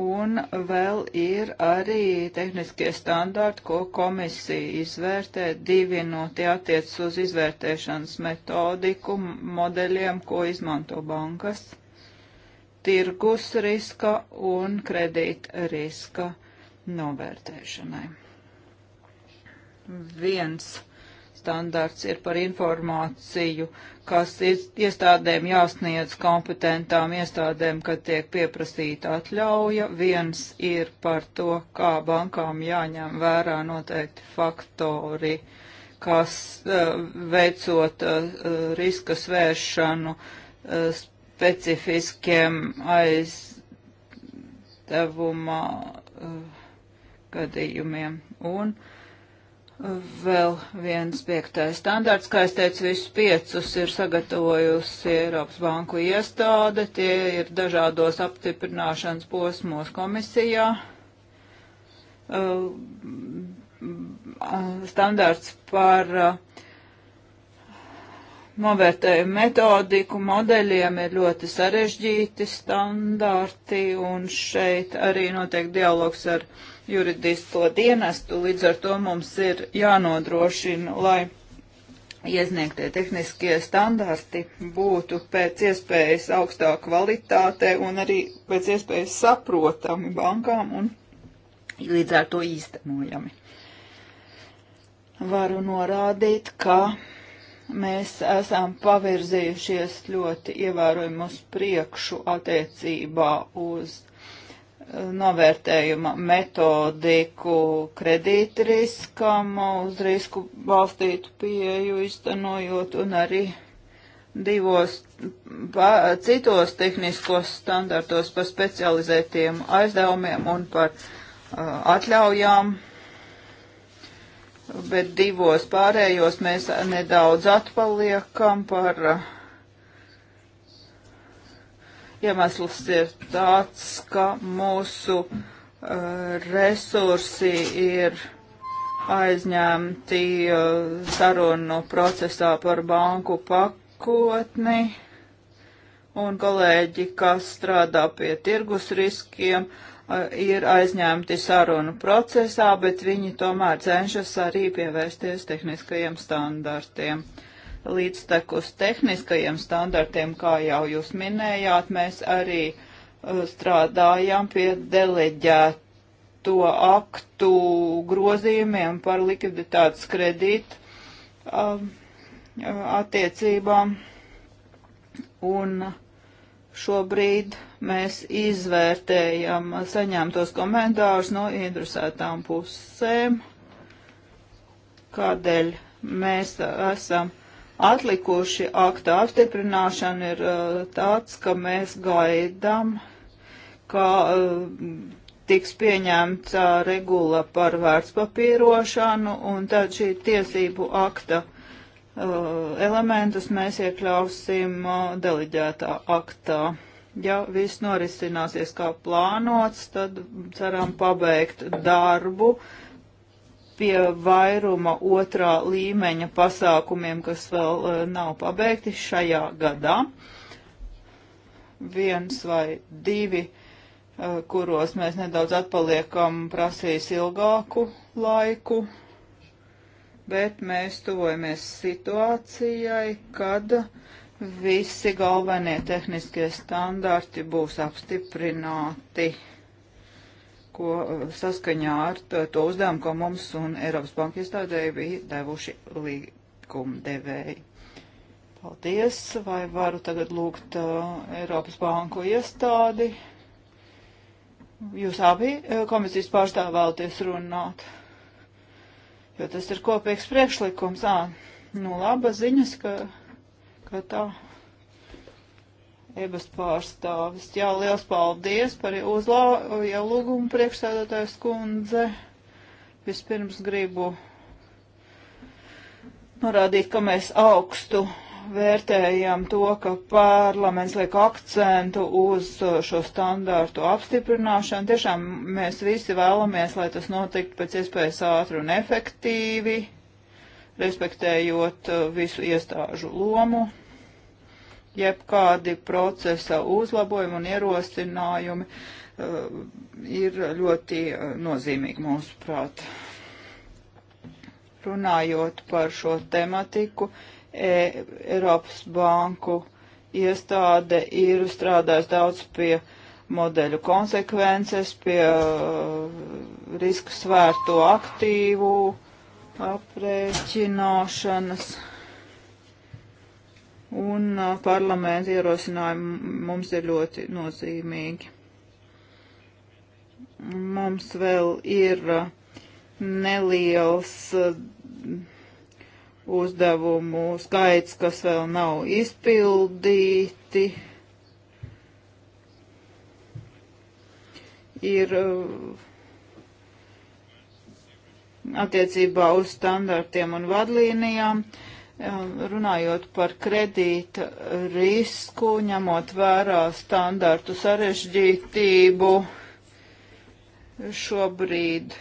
Un vēl ir arī tehniskie standarti, ko komisija izvērtē. Divi no tie attiecas uz izvērtēšanas metodiku modeļiem, ko izmanto bankas - tirgus riska un kredīta riska novērtēšanai. Viens standarts ir par informāciju, kas iestādēm jāsniedz kompetentām iestādēm, kad tiek pieprasīta atļauja. Viens ir par to, kā bankām jāņem vērā noteikti faktori, kas eh, veicot eh, riska svēršanu eh, specifiskiem aizdevuma gadījumiem. Un uh, Vēl viens piektais standarts, kā es teicu, visus piecus ir sagatavojusi Eiropas Banku iestāde. Tie ir dažādos apstiprināšanas posmos komisijā. Uh, standarts par uh, novērtējumu metodiku modeļiem ir ļoti sarežģīti standarti, un šeit arī notiek dialogs ar juridisko dienestu, līdz ar to mums ir jānodrošina, lai iesniegtie tehniskie standarti būtu pēc iespējas augstā kvalitātē un arī pēc iespējas saprotami bankām un līdz ar to īstenojami. Varu norādīt, ka mēs esam pavirzījušies ļoti ievērojami uz priekšu attiecībā uz novērtējuma metodiku kredītriskam, uz risku balstītu pieeju iztenojot un arī divos pa, citos tehniskos standartos par specializētiem aizdevumiem un par uh, atļaujām, bet divos pārējos mēs nedaudz atpaliekam par uh, Iemesls ir tāds, ka mūsu uh, resursi ir aizņemti uh, sarunu procesā par banku pakotni, un kolēģi, kas strādā pie tirgus riskiem, uh, ir aizņemti sarunu procesā, bet viņi tomēr cenšas arī pievērsties tehniskajiem standartiem. Uh, līdztekus tehniskajiem standartiem, kā jau jūs minējāt, mēs arī uh, strādājām pie deleģēto aktu grozījumiem par likviditātes kredītu uh, attiecībām. Un šobrīd mēs izvērtējam saņemtos komentārus no interesētām pusēm, kādēļ mēs esam Atlikuši akta apstiprināšana ir uh, tāds, ka mēs gaidām, ka uh, tiks pieņemta uh, regula par vērtspapīrošanu, un tad šī tiesību akta elementus mēs iekļausim deliģētā aktā. Ja viss norisināsies kā plānots, tad ceram pabeigt darbu pie vairuma otrā līmeņa pasākumiem, kas vēl uh, nav pabeigti šajā gadā. Viens vai divi, uh, kuros mēs nedaudz atpaliekam, prasīs ilgāku laiku, bet mēs tuvojamies situācijai, kad visi galvenie tehniskie standarti būs apstiprināti ko saskaņā ar to uzdevumu, ko mums un Eiropas Banka iestādēji bija devuši līgumdevēji. Paldies, vai varu tagad lūgt uh, Eiropas Banku iestādi? Jūs abi uh, komisijas pārstāv vēlaties runāt, jo tas ir kopīgs priekšlikums. Ā, nu laba ziņas, ka, ka tā ebas pārstāvis. Jā, liels paldies par uzlā, jau lūgumu priekšsēdētājs kundze. Vispirms gribu norādīt, ka mēs augstu vērtējam to, ka parlaments liek akcentu uz šo standārtu apstiprināšanu. Tiešām mēs visi vēlamies, lai tas notiktu pēc iespējas ātri un efektīvi, respektējot visu iestāžu lomu jebkādi procesa uzlabojumi un ierosinājumi uh, ir ļoti eh, nozīmīgi mūsu prāt. Runājot par šo tematiku, e Eiropas banku iestāde ir strādājusi daudz pie modeļu konsekvences, pie uh, risku svērto aktīvu aprēķināšanas. Uh, un parlamenta ierosinājumi mums ir ļoti nozīmīgi. Mums vēl ir neliels uzdevumu skaits, kas vēl nav izpildīti. Ir attiecībā uz standartiem un vadlīnijām. Uh, Um, runājot par kredīta risku, ņemot vērā standartu sarežģītību, šobrīd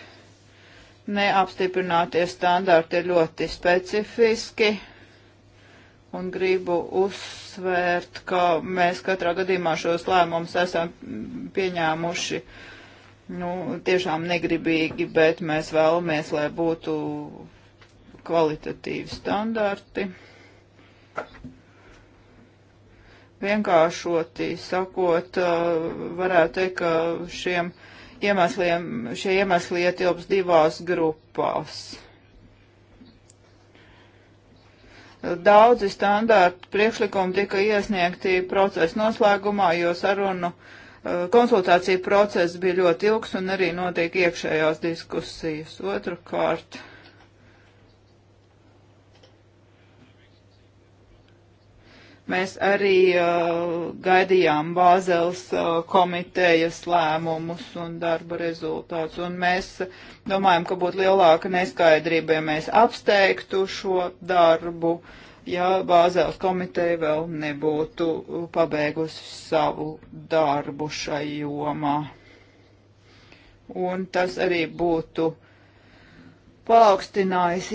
neapstiprinātie standarti ir ļoti specifiski. Un gribu uzsvērt, ka mēs katrā gadījumā šos lēmumus esam pieņēmuši nu, tiešām negribīgi, bet mēs vēlamies, lai būtu kvalitatīvi standarti. Vienkāršoti sakot, eh, varētu teikt, ka šiem iemesliem, šie iemesli ietilps divās grupās. Daudzi standārtu priekšlikumi tika iesniegti procesa noslēgumā, jo sarunu eh, konsultāciju process bija ļoti ilgs un arī notiek iekšējās diskusijas. Otrakārt, Mēs arī uh, gaidījām Bāzeles uh, komitejas lēmumus un darba rezultātus, un mēs domājam, ka būtu lielāka neskaidrība, ja mēs apsteigtu šo darbu, ja Bāzeles komiteja vēl nebūtu pabeigusi savu darbu šai jomā. Un tas arī būtu uh, paaugstinājis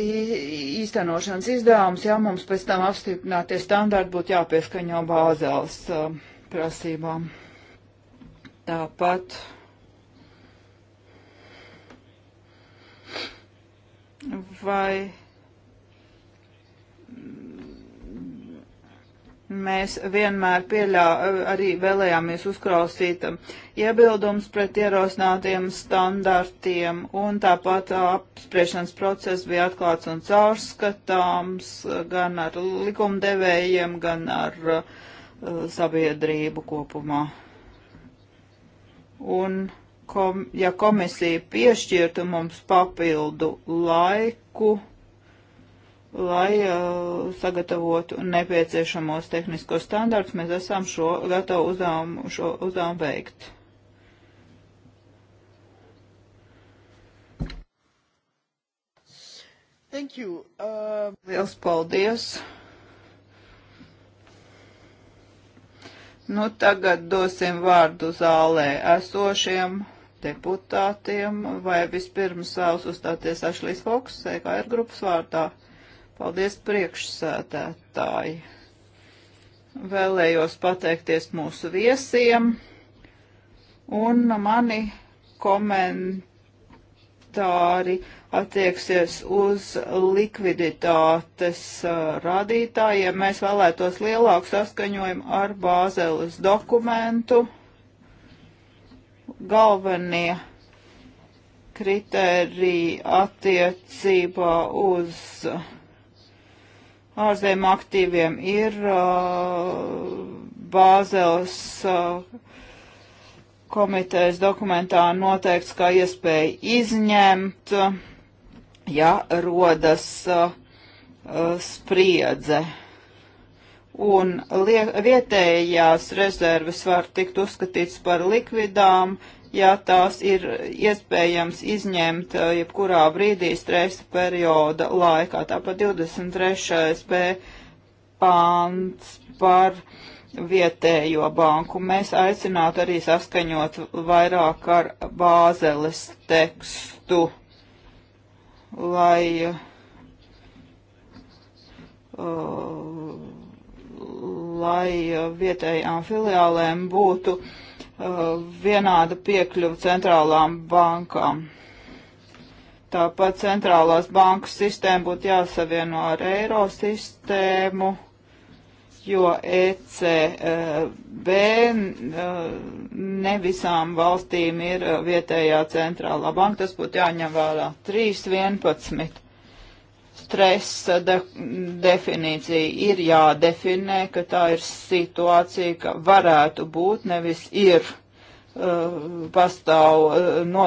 īstenošanas izdevumus, ja mums pēc tam apstiprinātie standarti būtu jāpieskaņo bāzēls uh, um, prasībām. Tāpat vai Mēs vienmēr pieļā, arī vēlējāmies uzkrausīt iebildums pret ierosinātiem standartiem, un tāpat apspriešanas process bija atklāts un caurskatāms gan ar likumdevējiem, gan ar uh, sabiedrību kopumā. Un, kom, ja komisija piešķirtu mums papildu laiku, lai uh, sagatavotu nepieciešamos tehniskos standārts. Mēs esam šo gatavu uzdevumu, šo uzdevumu veikt. Thank you. Uh... Liels paldies. Nu, tagad dosim vārdu zālē esošiem deputātiem, vai vispirms vēlas uzstāties Ašlīs Foks, EKR grupas vārdā. Paldies priekšsēdētāji. Vēlējos pateikties mūsu viesiem un mani komentāri attieksies uz likviditātes uh, rādītājiem. Mēs vēlētos lielāku saskaņojumu ar Bāzeles dokumentu. Galvenie kritēriji attiecībā uz uh, ārzem aktīviem ir uh, Bāzels uh, komitejas dokumentā noteikts, kā iespēja izņemt, ja rodas uh, spriedze. Un vietējās rezerves var tikt uzskatīts par likvidām, uh, ja tās ir iespējams izņemt eh, jebkurā brīdī stresa perioda laikā. Tāpat 23. b pāns par vietējo banku. Mēs aicinātu arī saskaņot vairāk ar bāzeles tekstu, lai. Uh, lai eh, vietējām filiālēm būtu uh, Eh, vienāda piekļuva centrālām bankām. Tāpat centrālās bankas sistēma būtu jāsavieno ar eiro sistēmu, jo ECB eh, ne visām valstīm ir eh, vietējā centrālā banka. Tas būtu jāņem vērā 3.11 stresa de definīcija ir jādefinē, ka tā ir situācija, ka varētu būt, nevis ir uh, pastāv uh, no,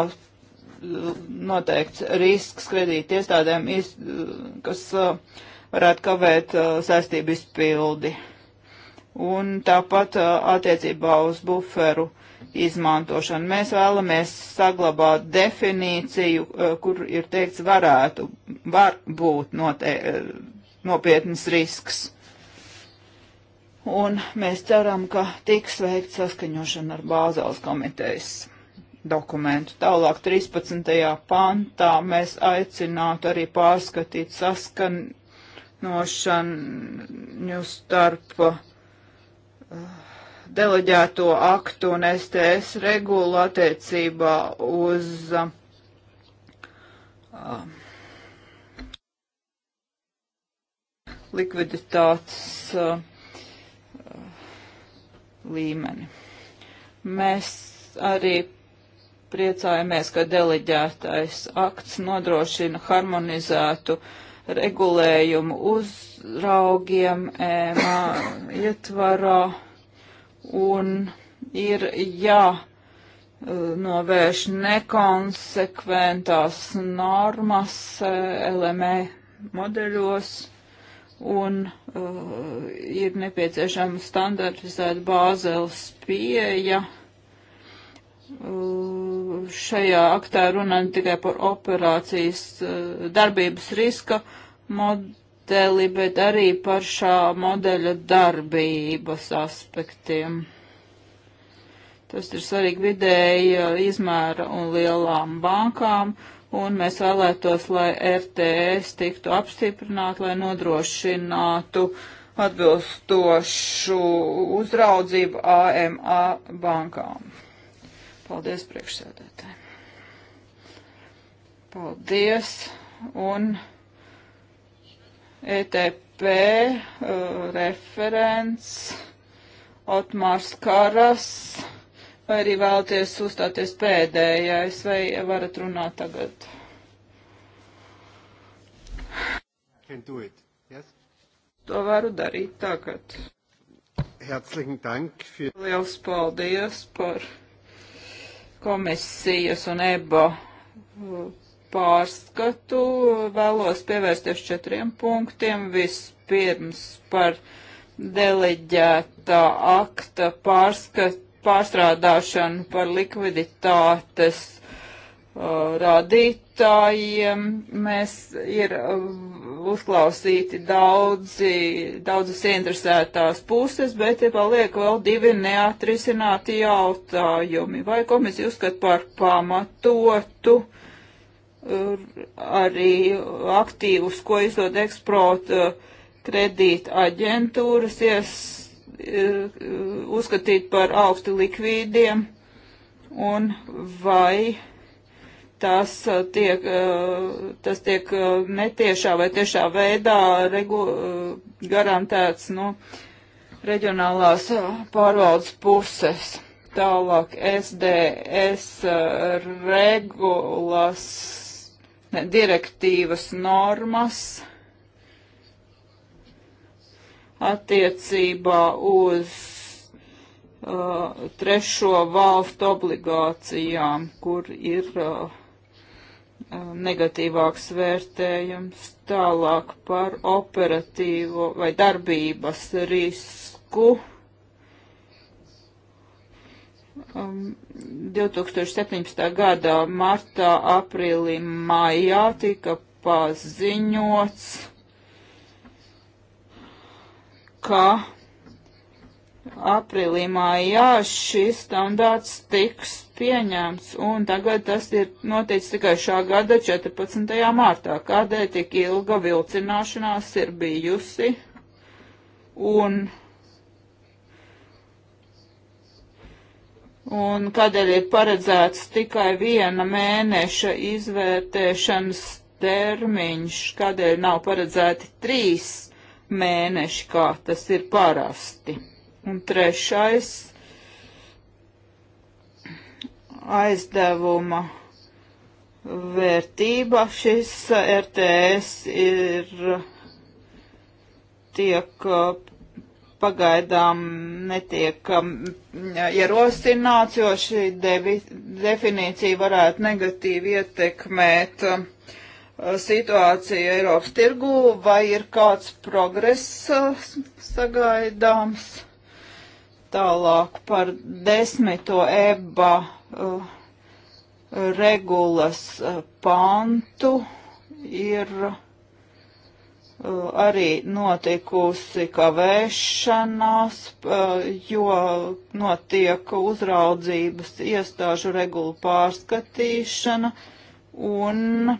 noteikts risks kredīt iestādēm, iz, uh, kas uh, varētu kavēt uh, saistību izpildi un tāpat attiecībā uz buferu izmantošanu. Mēs vēlamies saglabāt definīciju, kur ir teikts varētu, var būt note, nopietnas risks. Un mēs ceram, ka tiks veikt saskaņošana ar Bāzēlas komitejas dokumentu. Tālāk 13. pantā mēs aicinātu arī pārskatīt saskaņošanu starp uh, deleģēto aktu un STS regulu attiecībā uz uh, likviditātes uh, līmeni. Mēs arī priecājamies, ka deleģētais akts nodrošina harmonizētu uh, regulējumu uzraugiem ēmā ietvarā un ir jā novērš nekonsekventās normas LME e modeļos un uh, ir nepieciešama standartizēta bāzeles pieeja. Uh, šajā aktā runa ne tikai par operācijas eh, darbības riska modeli, bet arī par šā modeļa darbības aspektiem. Tas ir svarīgi vidēja izmēra un lielām bankām, un mēs vēlētos, lai RTS tiktu apstiprināt, lai nodrošinātu atbilstošu uzraudzību AMA bankām. Paldies priekšsēdētājiem. Paldies. Un ETP uh, referents Otmārs Karas. Vai arī vēlaties uzstāties pēdējais, vai varat runāt tagad? Yes? To varu darīt tagad. Herzlichen Dank. Für... Liels paldies par komisijas un EBA pārskatu vēlos pievērsties četriem punktiem. Vispirms par deleģētā akta pārskat, pārstrādāšanu par likviditātes uh, rādītājiem. Mēs ir uh, uzklausīti daudzi, daudzas interesētās puses, bet te paliek vēl divi neatrisināti jautājumi. Vai komisija uzskata par pamatotu arī aktīvus, ko izdod eksporta uh, kredīta aģentūras, ies, uh, uzskatīt par augsti likvīdiem un vai Uh, uh, tas tiek, tas uh, tiek netiešā vai tiešā veidā regu, garantēts no nu, reģionālās pārvaldes puses. Tālāk SDS regulas ne, direktīvas normas attiecībā uz uh, trešo valstu obligācijām, kur ir uh, negatīvāks vērtējums tālāk par operatīvo vai darbības risku. Um, 2017. gadā martā, aprīlī, maijā tika paziņots, ka aprīlī, maijā šis standārts tiks pieņemts, un tagad tas ir noticis tikai šā gada 14. martā. Kādēļ tik ilga vilcināšanās ir bijusi? Un, un kādēļ ir paredzēts tikai viena mēneša izvērtēšanas termiņš? Kādēļ nav paredzēti trīs mēneši, kā tas ir parasti? Un trešais aizdevuma vērtība. Šis RTS ir tiek pagaidām netiek um, ierosināts, jo šī devi, definīcija varētu negatīvi ietekmēt um, situāciju Eiropas tirgū, vai ir kāds progress uh, sagaidāms tālāk par desmito EBA uh, regulas uh, pantu ir uh, arī notikusi kavēšanās, uh, jo notiek uzraudzības iestāžu regulu pārskatīšana, un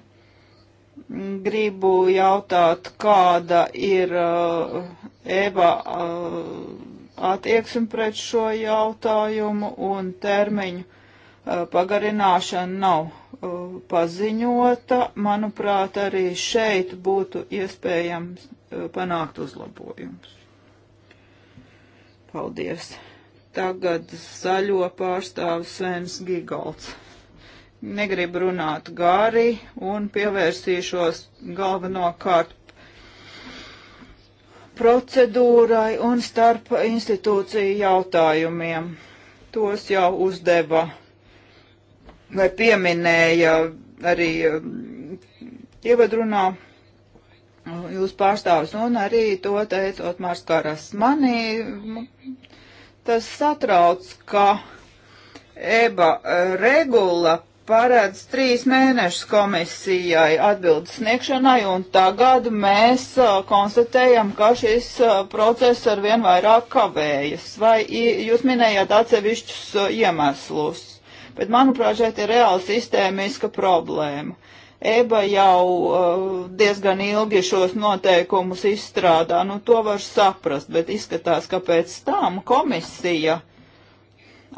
gribu jautāt, kāda ir uh, Eva attieksme pret šo jautājumu un termiņu pagarināšana nav paziņota. Manuprāt, arī šeit būtu iespējams panākt uzlabojums. Paldies! Tagad zaļo pārstāvu Svens Gigalds. Negribu runāt gari un pievērsīšos galvenokārt procedūrai un starp institūciju jautājumiem. Tos jau uzdeva vai pieminēja arī um, ievadrunā jūs pārstāvis, un arī to teica Otmārs Karas. Manī tas satrauc, ka EBA regula paredz trīs mēnešus komisijai atbildes sniegšanai, un tagad mēs uh, konstatējam, ka šis uh, process ar vien vairāk kavējas. Vai jūs minējāt atsevišķus uh, iemeslus? Bet, manuprāt, šeit ir reāla sistēmiska problēma. EBA jau uh, diezgan ilgi šos noteikumus izstrādā, nu to var saprast, bet izskatās, ka pēc tam komisija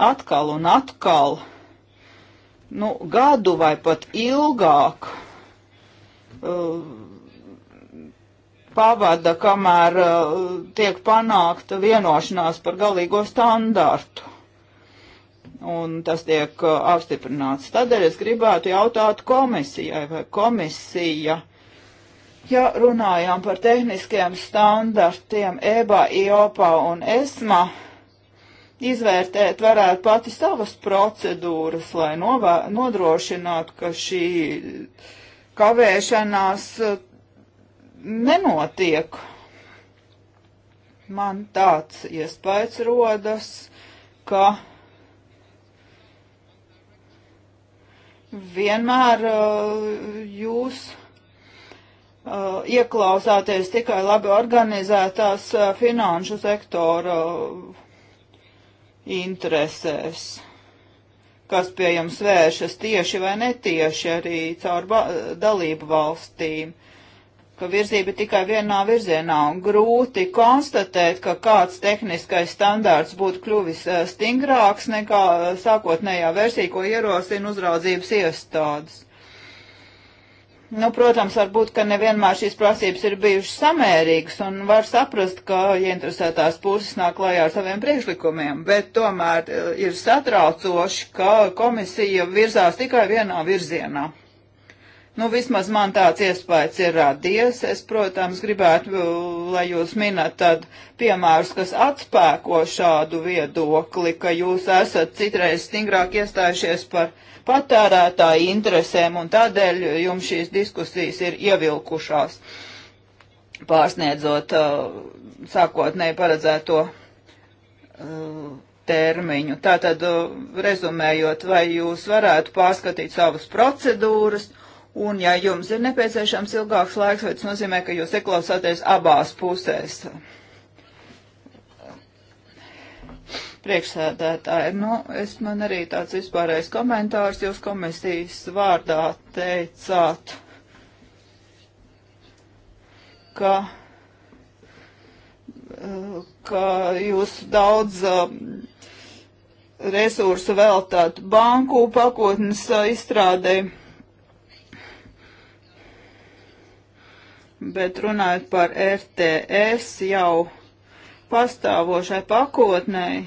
atkal un atkal, nu gadu vai pat ilgāk, uh, pavada, kamēr uh, tiek panākta vienošanās par galīgo standārtu un tas tiek uh, apstiprināts. Tādēļ es gribētu jautāt komisijai, vai komisija, ja runājām par tehniskiem standartiem EBA, IOPA un ESMA, izvērtēt varētu pati savas procedūras, lai novā, nodrošinātu, ka šī kavēšanās uh, nenotiek. Man tāds iespējas rodas, ka vienmēr uh, jūs uh, ieklausāties tikai labi organizētās uh, finanšu sektora interesēs, kas pie jums vēršas tieši vai netieši arī caur dalību valstīm. Uh, ka virzība tikai vienā virzienā un grūti konstatēt, ka kāds tehniskais standārts būtu kļuvis eh, stingrāks nekā eh, sākotnējā versija, ko ierosina uzraudzības iestādes. Nu, protams, varbūt, ka nevienmēr šīs prasības ir bijušas samērīgas un var saprast, ka ieinteresētās puses nāk klājā ar saviem priekšlikumiem, bet tomēr eh, ir satraucoši, ka komisija virzās tikai vienā virzienā. Nu, vismaz man tāds iespējas ir radies. Es, protams, gribētu, lai jūs minat tad piemērus, kas atspēko šādu viedokli, ka jūs esat citreiz stingrāk iestājušies par patērētāju interesēm un tādēļ jums šīs diskusijas ir ievilkušās, pārsniedzot uh, sākotnēji paredzēto uh, termiņu. Tātad, uh, rezumējot, vai jūs varētu pārskatīt savas procedūras, Un, ja jums ir nepieciešams ilgāks laiks, vai tas nozīmē, ka jūs ieklausāties abās pusēs? Priekšsēdētāji, nu, es man arī tāds vispārējais komentārs, jūs komisijas vārdā teicāt, ka, ka jūs daudz um, resursu veltāt banku pakotnes uh, izstrādēju bet runājot par RTS jau pastāvošai pakotnei,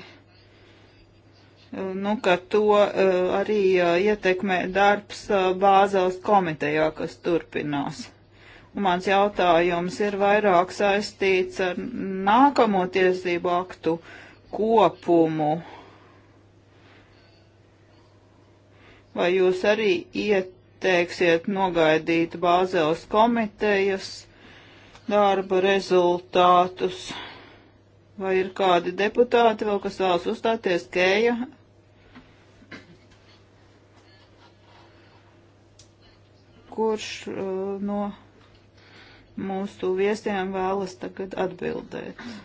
nu, ka to uh, arī uh, ietekmē darbs uh, Bāzels komitejā, kas turpinās. Un mans jautājums ir vairāk saistīts ar nākamo tiesību aktu kopumu. Vai jūs arī iet ieteiksiet nogaidīt Bāzeles komitejas darba rezultātus? Vai ir kādi deputāti vēl, kas vēlas uzstāties? Kēja? Kurš uh, no mūsu viesiem vēlas tagad atbildēt? Mm.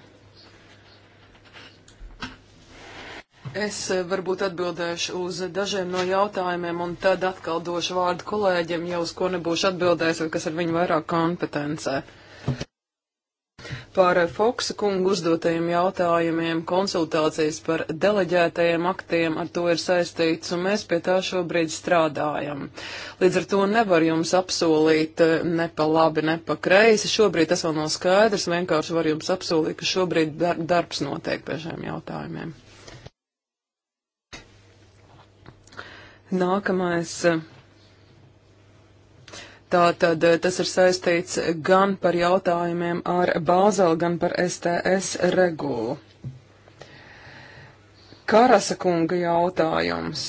Es eh, varbūt atbildēšu uz dažiem no jautājumiem, un tad atkal došu vārdu kolēģiem, ja uz ko nebūšu atbildējis, vai kas ar viņu vairāk kompetencē. Par eh, Foksa kungu uzdotajiem jautājumiem konsultācijas par deleģētajiem aktiem ar to ir saistīts, un mēs pie tā šobrīd strādājam. Līdz ar to nevar jums apsolīt eh, ne pa labi, ne pa kreisi. Šobrīd tas vēl nav skaidrs, vienkārši var jums apsolīt, ka šobrīd darbs notiek pie šiem jautājumiem. Nākamais. Eh, tātad eh, tas ir saistīts gan par jautājumiem ar Bāzeli, gan par STS regulu. Karasa kunga jautājums.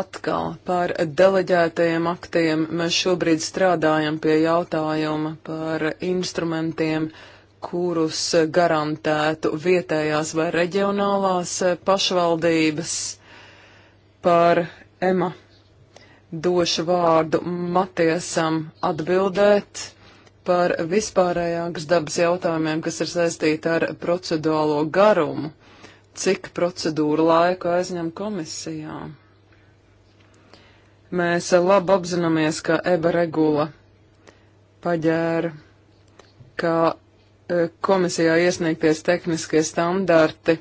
Atkal par deleģētajiem aktiem mēs šobrīd strādājam pie jautājuma par instrumentiem, kurus garantētu vietējās vai reģionālās eh, pašvaldības par Ema. Došu vārdu Matiesam atbildēt par vispārējākas dabas jautājumiem, kas ir saistīti ar procedūro garumu, cik procedūra laika aizņem komisijā. Mēs labi apzināmies, ka EBA regula paģēra, ka eh, komisijā iesniegties tehniskie standarti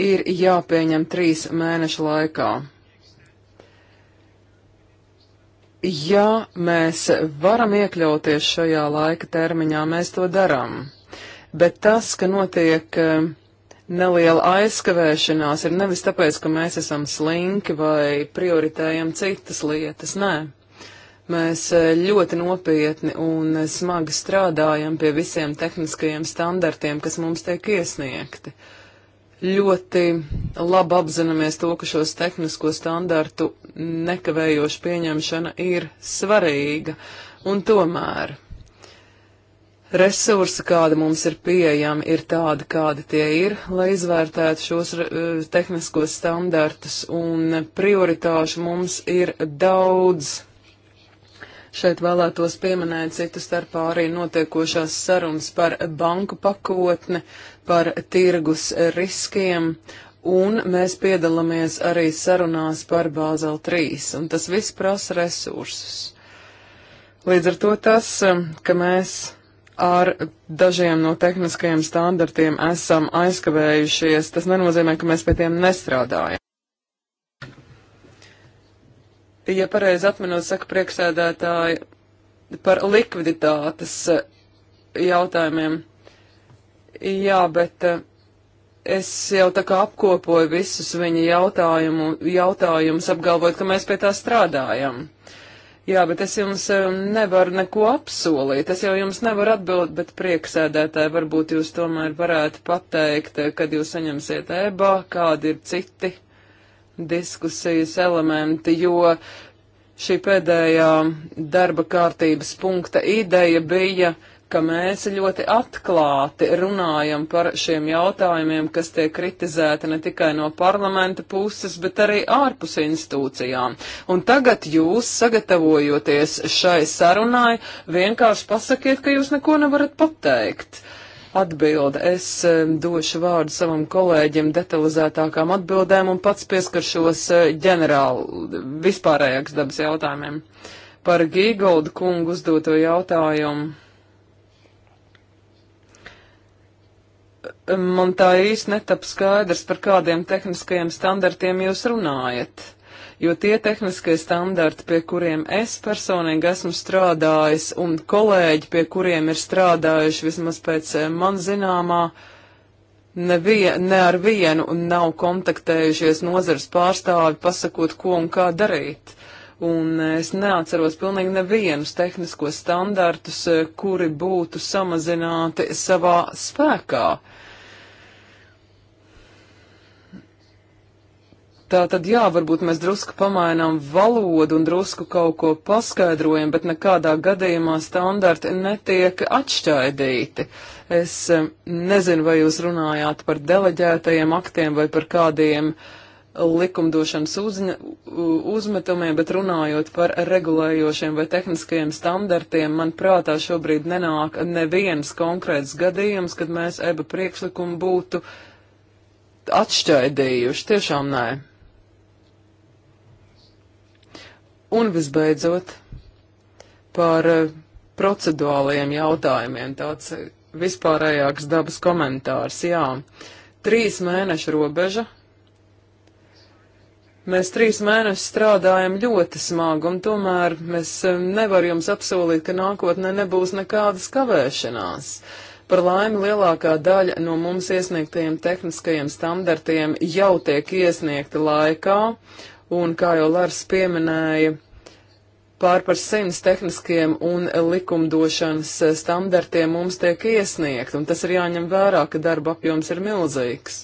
ir jāpieņem trīs mēnešu laikā. Ja mēs varam iekļauties šajā laika termiņā, mēs to darām. Bet tas, ka notiek eh, neliela aizkavēšanās, ir nevis tāpēc, ka mēs esam slinki vai prioritējam citas lietas, nē. Mēs eh, ļoti nopietni un smagi strādājam pie visiem tehniskajiem standartiem, kas mums tiek iesniegti. Uh, ļoti labi apzināmies to, ka šos tehnisko standartu nekavējoša pieņemšana ir svarīga, un tomēr resursi, kādi mums ir pieejami, ir tādi, kādi tie ir, lai izvērtētu šos uh, tehniskos standartus, un prioritāšu mums ir daudz. Šeit vēlētos pieminēt citu starpā arī notiekošās sarunas par banku pakotni, uh, par tirgus riskiem. Un mēs piedalāmies arī sarunās par Bāzeli 3, un tas viss prasa resursus. Līdz ar to tas, um, ka mēs ar dažiem no tehniskajiem standartiem esam aizkavējušies, tas nenozīmē, ka mēs pie tiem nestrādājam. Ja pareizi atminot, saka priekšsēdētāji par likviditātes uh, jautājumiem. Jā, bet eh, es jau tā kā apkopoju visus viņa jautājumu, jautājumus, apgalvojot, ka mēs pie tā strādājam. Jā, bet es jums eh, nevaru neko apsolīt. Es jau jums nevaru atbildēt, bet prieksēdētāji varbūt jūs tomēr varētu pateikt, eh, kad jūs saņemsiet ebā, kādi ir citi diskusijas elementi, jo šī pēdējā darba kārtības punkta ideja bija uh, ka mēs ļoti atklāti runājam par šiem jautājumiem, kas tiek kritizēti ne tikai no parlamenta puses, bet arī ārpus institūcijām. Un tagad jūs, sagatavojoties šai sarunai, vienkārši pasakiet, ka jūs neko nevarat pateikt. Atbilde. Es došu vārdu savam kolēģim detalizētākām atbildēm un pats pieskaršos e, ģenerālu vispārējāks dabas jautājumiem. Par Gīgoldu kungu uzdoto jautājumu man tā īsti netap skaidrs, par kādiem tehniskajiem standartiem jūs runājat. Jo tie tehniskie standarti, pie kuriem es personīgi esmu strādājis, un kolēģi, pie kuriem ir strādājuši vismaz pēc eh, man zināmā, nebija, ne ar vienu un nav kontaktējušies nozars pārstāvi, pasakot, ko un kā darīt. Un eh, es neatceros pilnīgi nevienus tehniskos standartus, eh, kuri būtu samazināti savā spēkā. Uh, Tā tad jā, varbūt mēs drusku pamainām valodu un drusku kaut ko paskaidrojam, bet nekādā gadījumā standarti netiek atšķaidīti. Es e, nezinu, vai jūs runājāt par deleģētajiem aktiem vai par kādiem likumdošanas uzņa, uzmetumiem, bet runājot par regulējošiem vai tehniskajiem standartiem, man prātā šobrīd nenāk neviens konkrēts gadījums, kad mēs eba priekšlikumu būtu atšķaidījuši. Tiešām nē. Un visbeidzot, par eh, procedūrāliem jautājumiem tāds eh, vispārējāks dabas komentārs. Jā, trīs mēnešu robeža. Mēs trīs mēnešus strādājam ļoti smagi, un tomēr mēs eh, nevaram jums apsolīt, ka nākotnē nebūs nekādas kavēšanās. Par laimi lielākā daļa no mums iesniegtajiem tehniskajiem standartiem jau tiek iesniegta laikā, un, kā jau Lars pieminēja, pār par simts tehniskiem un likumdošanas eh, standartiem mums tiek iesniegt, un tas ir jāņem vērā, ka darba apjoms ir milzīgs.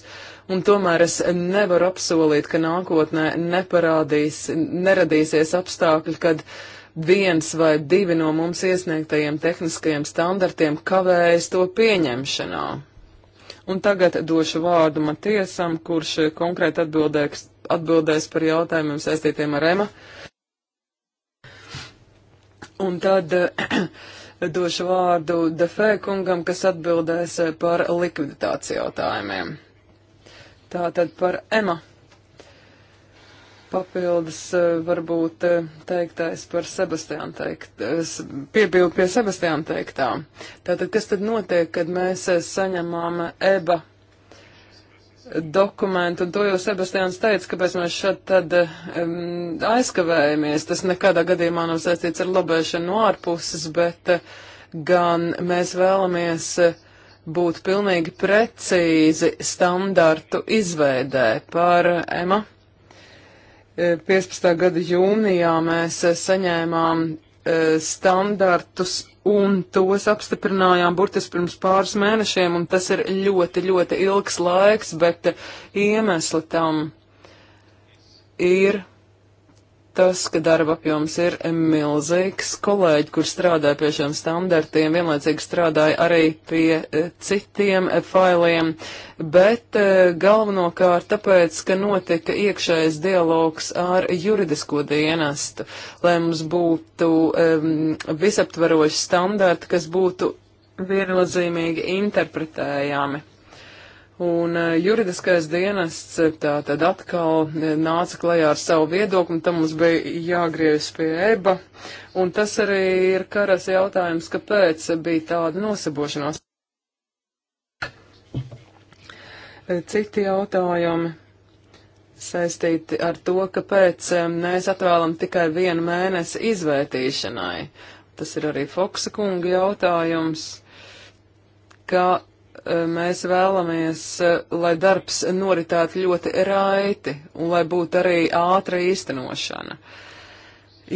Un tomēr es nevaru apsolīt, ka nākotnē neparādīs, neradīsies apstākļi, kad viens vai divi no mums iesniegtajiem tehniskajiem standartiem kavējas to pieņemšanā. Un tagad došu vārdu Matiesam, kurš konkrēti atbildēs, atbildēs par jautājumiem saistītiem ar Rema. Un tad eh, došu vārdu Defē kungam, kas atbildēs par likviditāciju jautājumiem. Tātad par Ema papildus eh, varbūt eh, teiktais par Sebastiānu teikt, eh, piebildu pie Sebastiāna teiktā. Tātad, kas tad notiek, kad mēs saņemam EBA e dokumentu, un to jau Sebastiāns teica, kāpēc mēs šeit tad um, aizkavējamies. Tas nekādā gadījumā nav saistīts ar lobēšanu no ārpuses, bet gan mēs vēlamies būt pilnīgi precīzi standartu izveidē par EMA. E um, 15. gada jūnijā mēs eh, saņēmām eh, standartus un tos apstiprinājām burtiski pirms pāris mēnešiem, un tas ir ļoti, ļoti ilgs laiks, bet iemesli tam ir tas, ka darba apjoms ir milzīgs. Kolēģi, kur strādāja pie šiem standartiem, vienlaicīgi strādāja arī pie e, citiem e, failiem, bet e, galvenokārt tāpēc, ka notika iekšējais dialogs ar juridisko dienestu, lai mums būtu visaptveroši standarti, kas būtu viennozīmīgi interpretējami. Un eh, juridiskais dienests eh, tā tad atkal eh, nāca klajā ar savu viedokli, un tam mums bija jāgriežas pie eba. Un tas arī ir karas jautājums, kāpēc bija tāda nosabošanās. Citi jautājumi saistīti ar to, kāpēc mēs atvēlam tikai vienu mēnesi izvērtīšanai. Tas ir arī Foksa kunga jautājums, ka mēs vēlamies, eh, lai darbs noritētu ļoti raiti un lai būtu arī ātra īstenošana.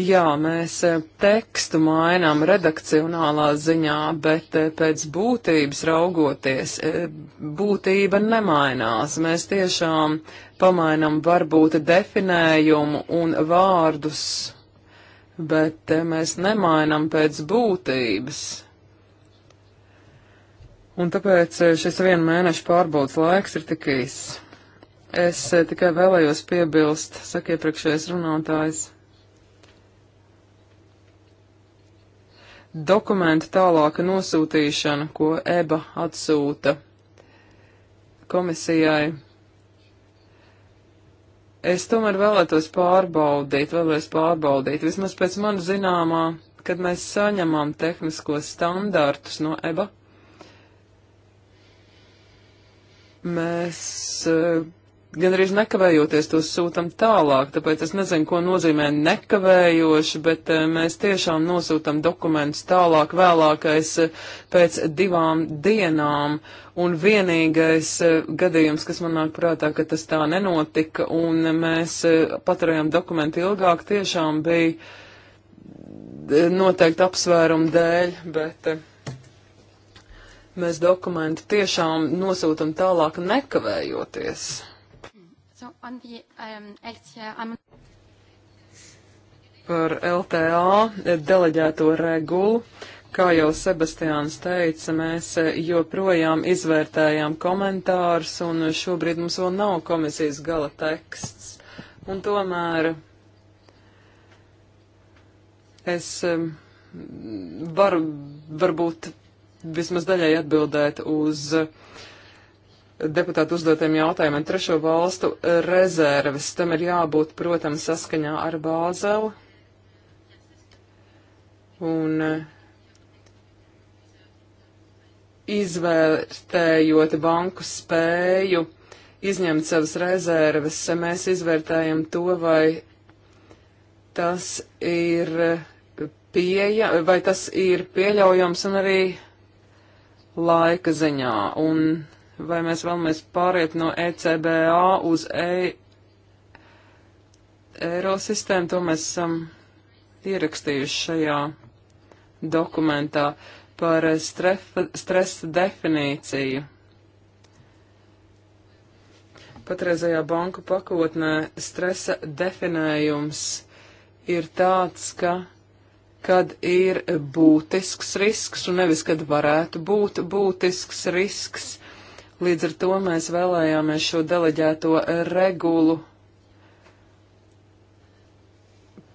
Jā, mēs eh, tekstu mainām redakcionālā ziņā, bet eh, pēc būtības raugoties, būtība nemainās. Mēs tiešām pamainam varbūt definējumu un vārdus, bet mēs nemainam pēc būtības. Un tāpēc eh, šis viena mēneša pārbaudas laiks ir tik īss. Es eh, tikai vēlējos piebilst, saka iepriekšējais runātājs. Dokumentu tālāka nosūtīšana, ko EBA atsūta komisijai. Es tomēr vēlētos pārbaudīt, vēlēs pārbaudīt, vismaz pēc man zināmā, kad mēs saņemam tehniskos standartus no EBA mēs e, gan arī nekavējoties tos sūtam tālāk, tāpēc es nezinu, ko nozīmē nekavējoši, bet e, mēs tiešām nosūtam dokumentus tālāk vēlākais e, pēc divām dienām. Un vienīgais gadījums, kas man nāk prātā, ka tas tā nenotika, un mēs paturējām dokumentu ilgāk, tiešām bija noteikti apsvērumu dēļ, bet mēs dokumentu tiešām nosūtam tālāk nekavējoties. So the, um, LTA, um... Par LTA eh, deleģēto regulu, kā jau Sebastiāns teica, mēs eh, joprojām izvērtējām komentārus un šobrīd mums vēl nav komisijas gala teksts. Un tomēr es eh, varu varbūt vismaz daļai atbildēt uz deputātu uzdotiem jautājumiem. Trešo valstu rezerves tam ir jābūt, protams, saskaņā ar Bāzeli. Un eh, izvērtējot banku spēju izņemt savas rezerves, mēs izvērtējam to, vai tas ir eh, pieeja, vai tas ir pieļaujams un arī laika ziņā, un vai mēs vēlamies pāriet no ECBA uz e eiro sistēmu, to mēs esam ierakstījuši šajā dokumentā par strefa, stresa definīciju. Patreizajā banku pakotnē stresa definējums ir tāds, ka kad ir būtisks risks un nevis, kad varētu būt būtisks risks. Līdz ar to mēs vēlējāmies šo deleģēto regulu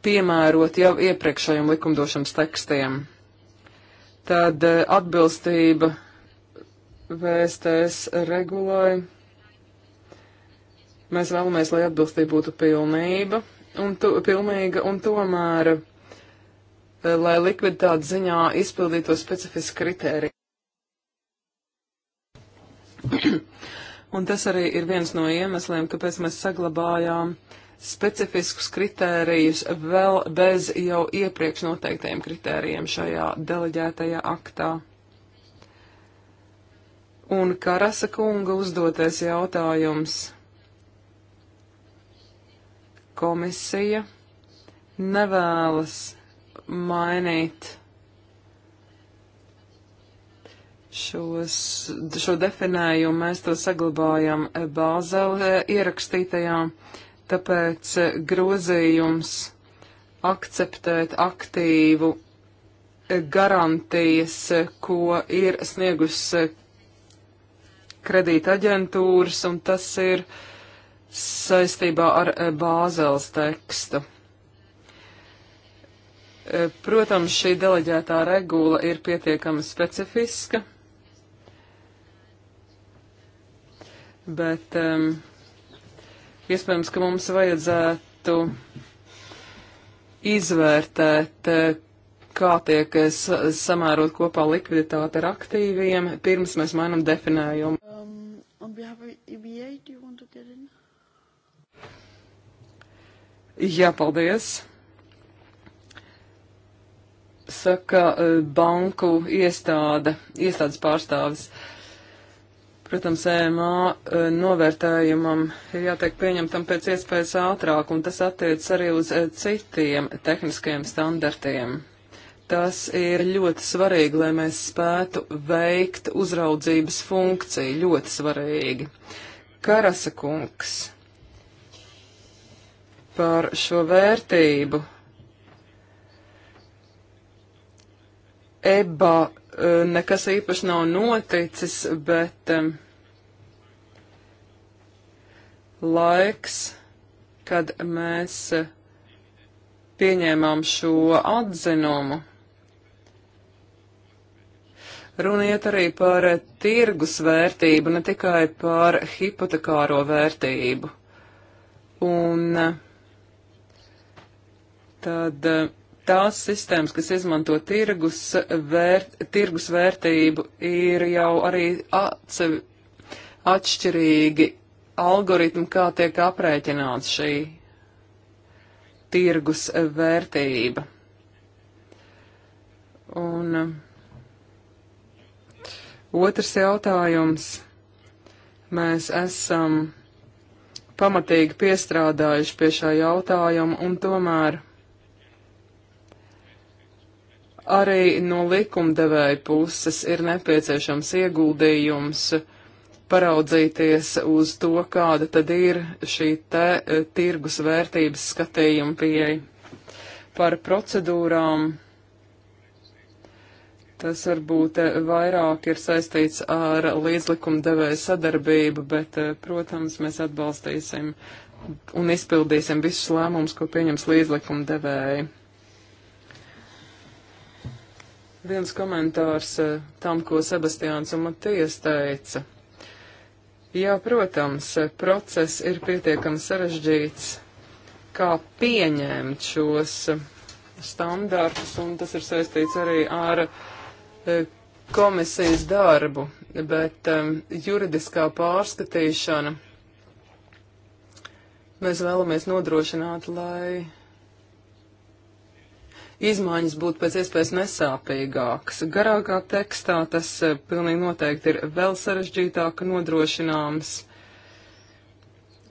piemērot jau iepriekšējiem likumdošanas tekstiem. Tad eh, atbilstība VSTS regulai. Mēs vēlamies, lai atbilstība būtu pilnība un tu, pilnīga, un tomēr Eh, lai likviditātes ziņā izpildītu specifiski kriteriji. Un tas arī ir viens no iemesliem, kāpēc mēs saglabājām specifiskus kritērijus vēl bez jau iepriekš noteiktajiem kritērijiem šajā deleģētajā aktā. Un Karasa kunga uzdoties jautājums. Komisija nevēlas mainīt šos, šo definējumu, mēs to saglabājam Bāzelē ierakstītajā, tāpēc grozījums akceptēt aktīvu garantijas, ko ir sniegusi kredīta aģentūras, un tas ir saistībā ar Bāzeles tekstu. E, protams, šī deleģētā regula ir pietiekami specifiska, bet um, iespējams, ka mums vajadzētu izvērtēt, e, kā tiek samērot kopā likviditāte ar aktīviem, pirms mēs mainam definējumu. Um, EBA, e Jā, paldies saka eh, banku iestāde, iestādes pārstāvis. Protams, EMA eh, novērtējumam ir jātiek pieņemtam pēc iespējas ātrāk, un tas attiecas arī uz eh, citiem tehniskajiem standartiem. Tas ir ļoti svarīgi, lai mēs spētu veikt uzraudzības funkciju. Ļoti svarīgi. Karasa kungs par šo vērtību EBA e, nekas īpaši nav noticis, bet um, laiks, kad mēs e, pieņēmām šo atzinumu. Runiet arī par tirgus vērtību, ne tikai par hipotekāro vērtību. Un e, tad uh, tās sistēmas, kas izmanto tirgus, vērt, tirgus vērtību, ir jau arī atsevi, atšķirīgi algoritmi, kā tiek aprēķināts šī tirgus vērtība. Un um, otrs jautājums. Mēs esam pamatīgi piestrādājuši pie šā jautājuma un tomēr Arī no likumdevēja puses ir nepieciešams ieguldījums paraudzīties uz to, kāda tad ir šī te eh, tirgus vērtības skatījuma pieeja par procedūrām. Tas varbūt eh, vairāk ir saistīts ar līdzlikumdevēja sadarbību, bet, eh, protams, mēs atbalstīsim un izpildīsim visus lēmumus, ko pieņems līdzlikumdevēji. Viens komentārs eh, tam, ko Sebastiāns un Matijas teica. Jā, protams, eh, process ir pietiekami sarežģīts, kā pieņemt šos eh, standartus, un tas ir saistīts arī ar komisijas darbu, bet um, juridiskā pārskatīšana mēs vēlamies nodrošināt, lai izmaiņas būtu pēc iespējas nesāpīgākas. Garākā tekstā tas eh, pilnīgi noteikti ir vēl sarežģītāk nodrošināms.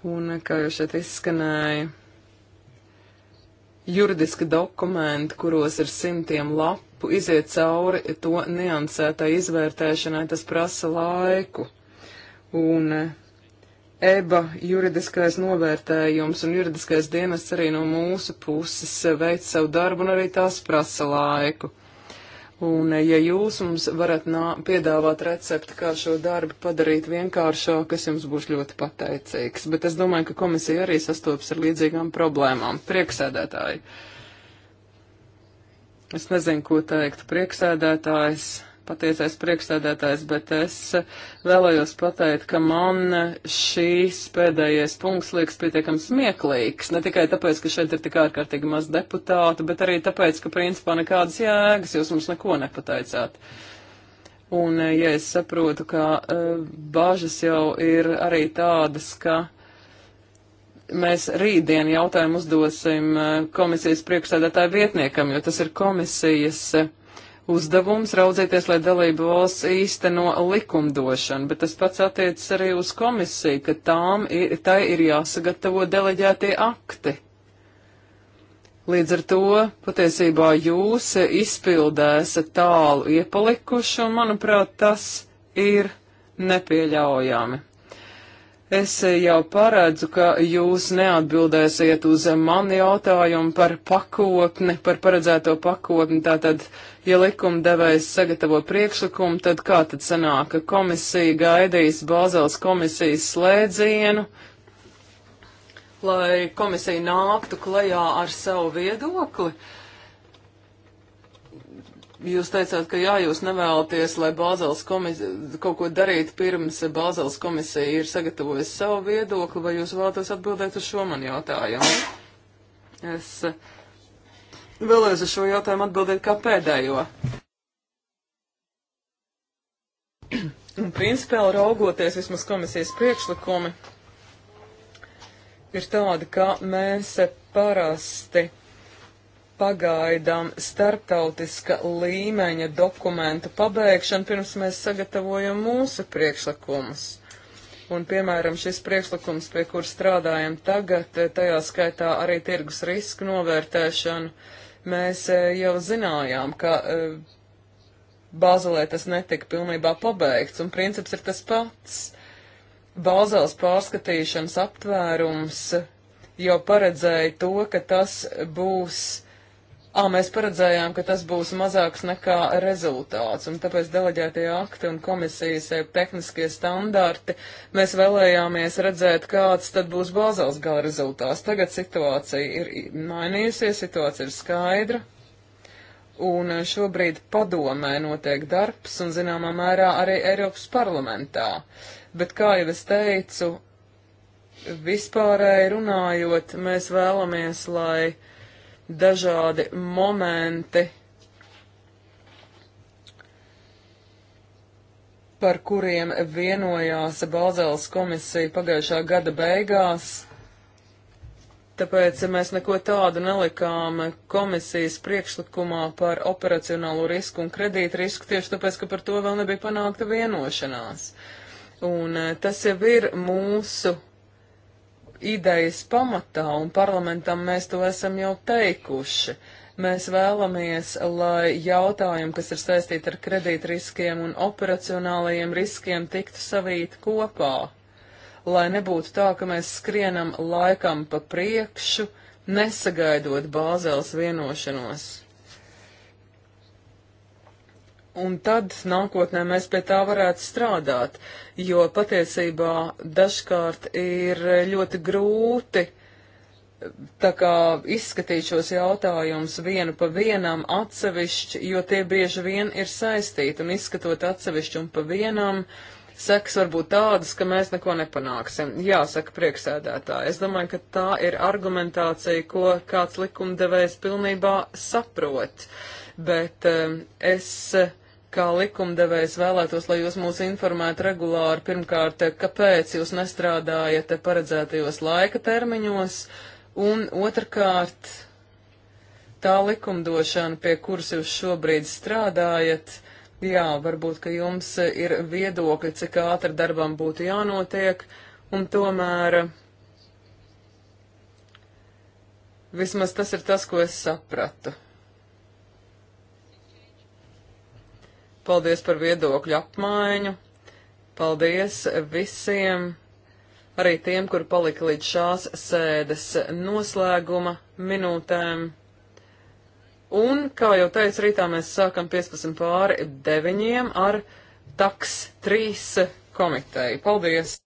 Un, eh, kā jau šeit izskanēja, juridiski dokumenti, kuros ir simtiem lapu, iziet cauri to niansētai izvērtēšanai, tas prasa laiku. Un eh, EBA juridiskais novērtējums un juridiskais dienests arī no mūsu puses veic savu darbu un arī tās prasa laiku. Un ja jūs mums varat nā, piedāvāt recepti, kā šo darbu padarīt vienkāršāku, es jums būšu ļoti pateicīgs. Bet es domāju, ka komisija arī sastopas ar līdzīgām problēmām. Prieksēdētāji. Es nezinu, ko teikt. Prieksēdētājs patiesais priekšstādātājs, bet es vēlējos pateikt, ka man šīs pēdējais punkts liekas pietiekami smieklīgs. Ne tikai tāpēc, ka šeit ir tik ārkārtīgi maz deputātu, bet arī tāpēc, ka principā nekādas jēgas jūs mums neko nepateicāt. Un, eh, ja es saprotu, ka uh, eh, bāžas jau ir arī tādas, ka mēs rītdien jautājumu uzdosim eh, komisijas priekšstādātāju vietniekam, jo tas ir komisijas. Uh, uzdevums raudzīties, lai dalību valsts īsteno likumdošanu, bet tas pats attiecas arī uz komisiju, ka tām ir, tai ir jāsagatavo deleģētie akti. Līdz ar to patiesībā jūs izpildē esat tālu iepalikuši, un manuprāt, tas ir nepieļaujami. Es jau paredzu, ka jūs neatbildēsiet uz mani jautājumu par pakotni, par paredzēto pakotni, tātad Ja likumdevējs sagatavo priekšlikumu, tad kā tad sanāk, ka komisija gaidīs Bāzels komisijas slēdzienu, lai komisija nāktu klajā ar savu viedokli? Jūs teicāt, ka jā, jūs nevēlaties, lai Bāzels komisija kaut ko darītu pirms Bāzels komisija ir sagatavojusi savu viedokli, vai jūs vēlaties atbildēt uz šo man jautājumu? Es uh, Vēlreiz uz šo jautājumu atbildēt kā pēdējo. Un principāli raugoties vismaz komisijas priekšlikumi, ir tāda, ka mēs parasti pagaidām starptautiska līmeņa dokumentu pabeigšanu, pirms mēs sagatavojam mūsu priekšlikumus. Un, piemēram, šis priekšlikums, pie kur strādājam tagad, tajā skaitā arī tirgus risku novērtēšanu Mēs e, jau zinājām, ka e, Bāzelē tas netika pilnībā pabeigts, un princips ir tas pats. Bāzels pārskatīšanas aptvērums jau paredzēja to, ka tas būs ā, mēs paredzējām, ka tas būs mazāks nekā rezultāts, un tāpēc deleģētie akti un komisijas eh, tehniskie standarti mēs vēlējāmies redzēt, kāds tad būs bāzels gala rezultāts. Tagad situācija ir mainījusies, situācija ir skaidra. Un eh, šobrīd padomē notiek darbs un zināmā mērā arī Eiropas parlamentā. Bet, kā jau es teicu, vispārēji runājot, mēs vēlamies, lai dažādi momenti, par kuriem vienojās Bāzeles komisija pagājušā gada beigās. Tāpēc mēs neko tādu nelikām komisijas priekšlikumā par operacionālo risku un kredītu risku, tieši tāpēc, ka par to vēl nebija panākta vienošanās. Un eh, tas jau ir mūsu idejas pamatā, un parlamentam mēs to esam jau teikuši. Mēs vēlamies, lai jautājumi, kas ir saistīti ar kredītriskiem un operacionālajiem riskiem, tiktu savīti kopā, lai nebūtu tā, ka mēs skrienam laikam pa priekšu, nesagaidot bāzēls vienošanos un tad nākotnē mēs pie tā varētu strādāt, jo patiesībā dažkārt ir ļoti grūti tā kā izskatīt šos jautājumus vienu pa vienam atsevišķi, jo tie bieži vien ir saistīti un izskatot atsevišķi un pa vienam. Seks var būt tādas, ka mēs neko nepanāksim. Jā, saka prieksēdētāji. Es domāju, ka tā ir argumentācija, ko kāds likumdevējs pilnībā saprot. Bet eh, es kā likumdevējs vēlētos, lai jūs mūs informētu regulāri, pirmkārt, kāpēc jūs nestrādājat paredzētajos laika termiņos, un otrkārt, tā likumdošana, pie kuras jūs šobrīd strādājat, jā, varbūt, ka jums ir viedokļi, cik ātri darbam būtu jānotiek, un tomēr vismaz tas ir tas, ko es sapratu. Paldies par viedokļu apmaiņu. Paldies visiem, arī tiem, kur palika līdz šās sēdes noslēguma minūtēm. Un, kā jau teicu, rītā mēs sākam 15 pāri 9 ar taks 3 komiteju. Paldies!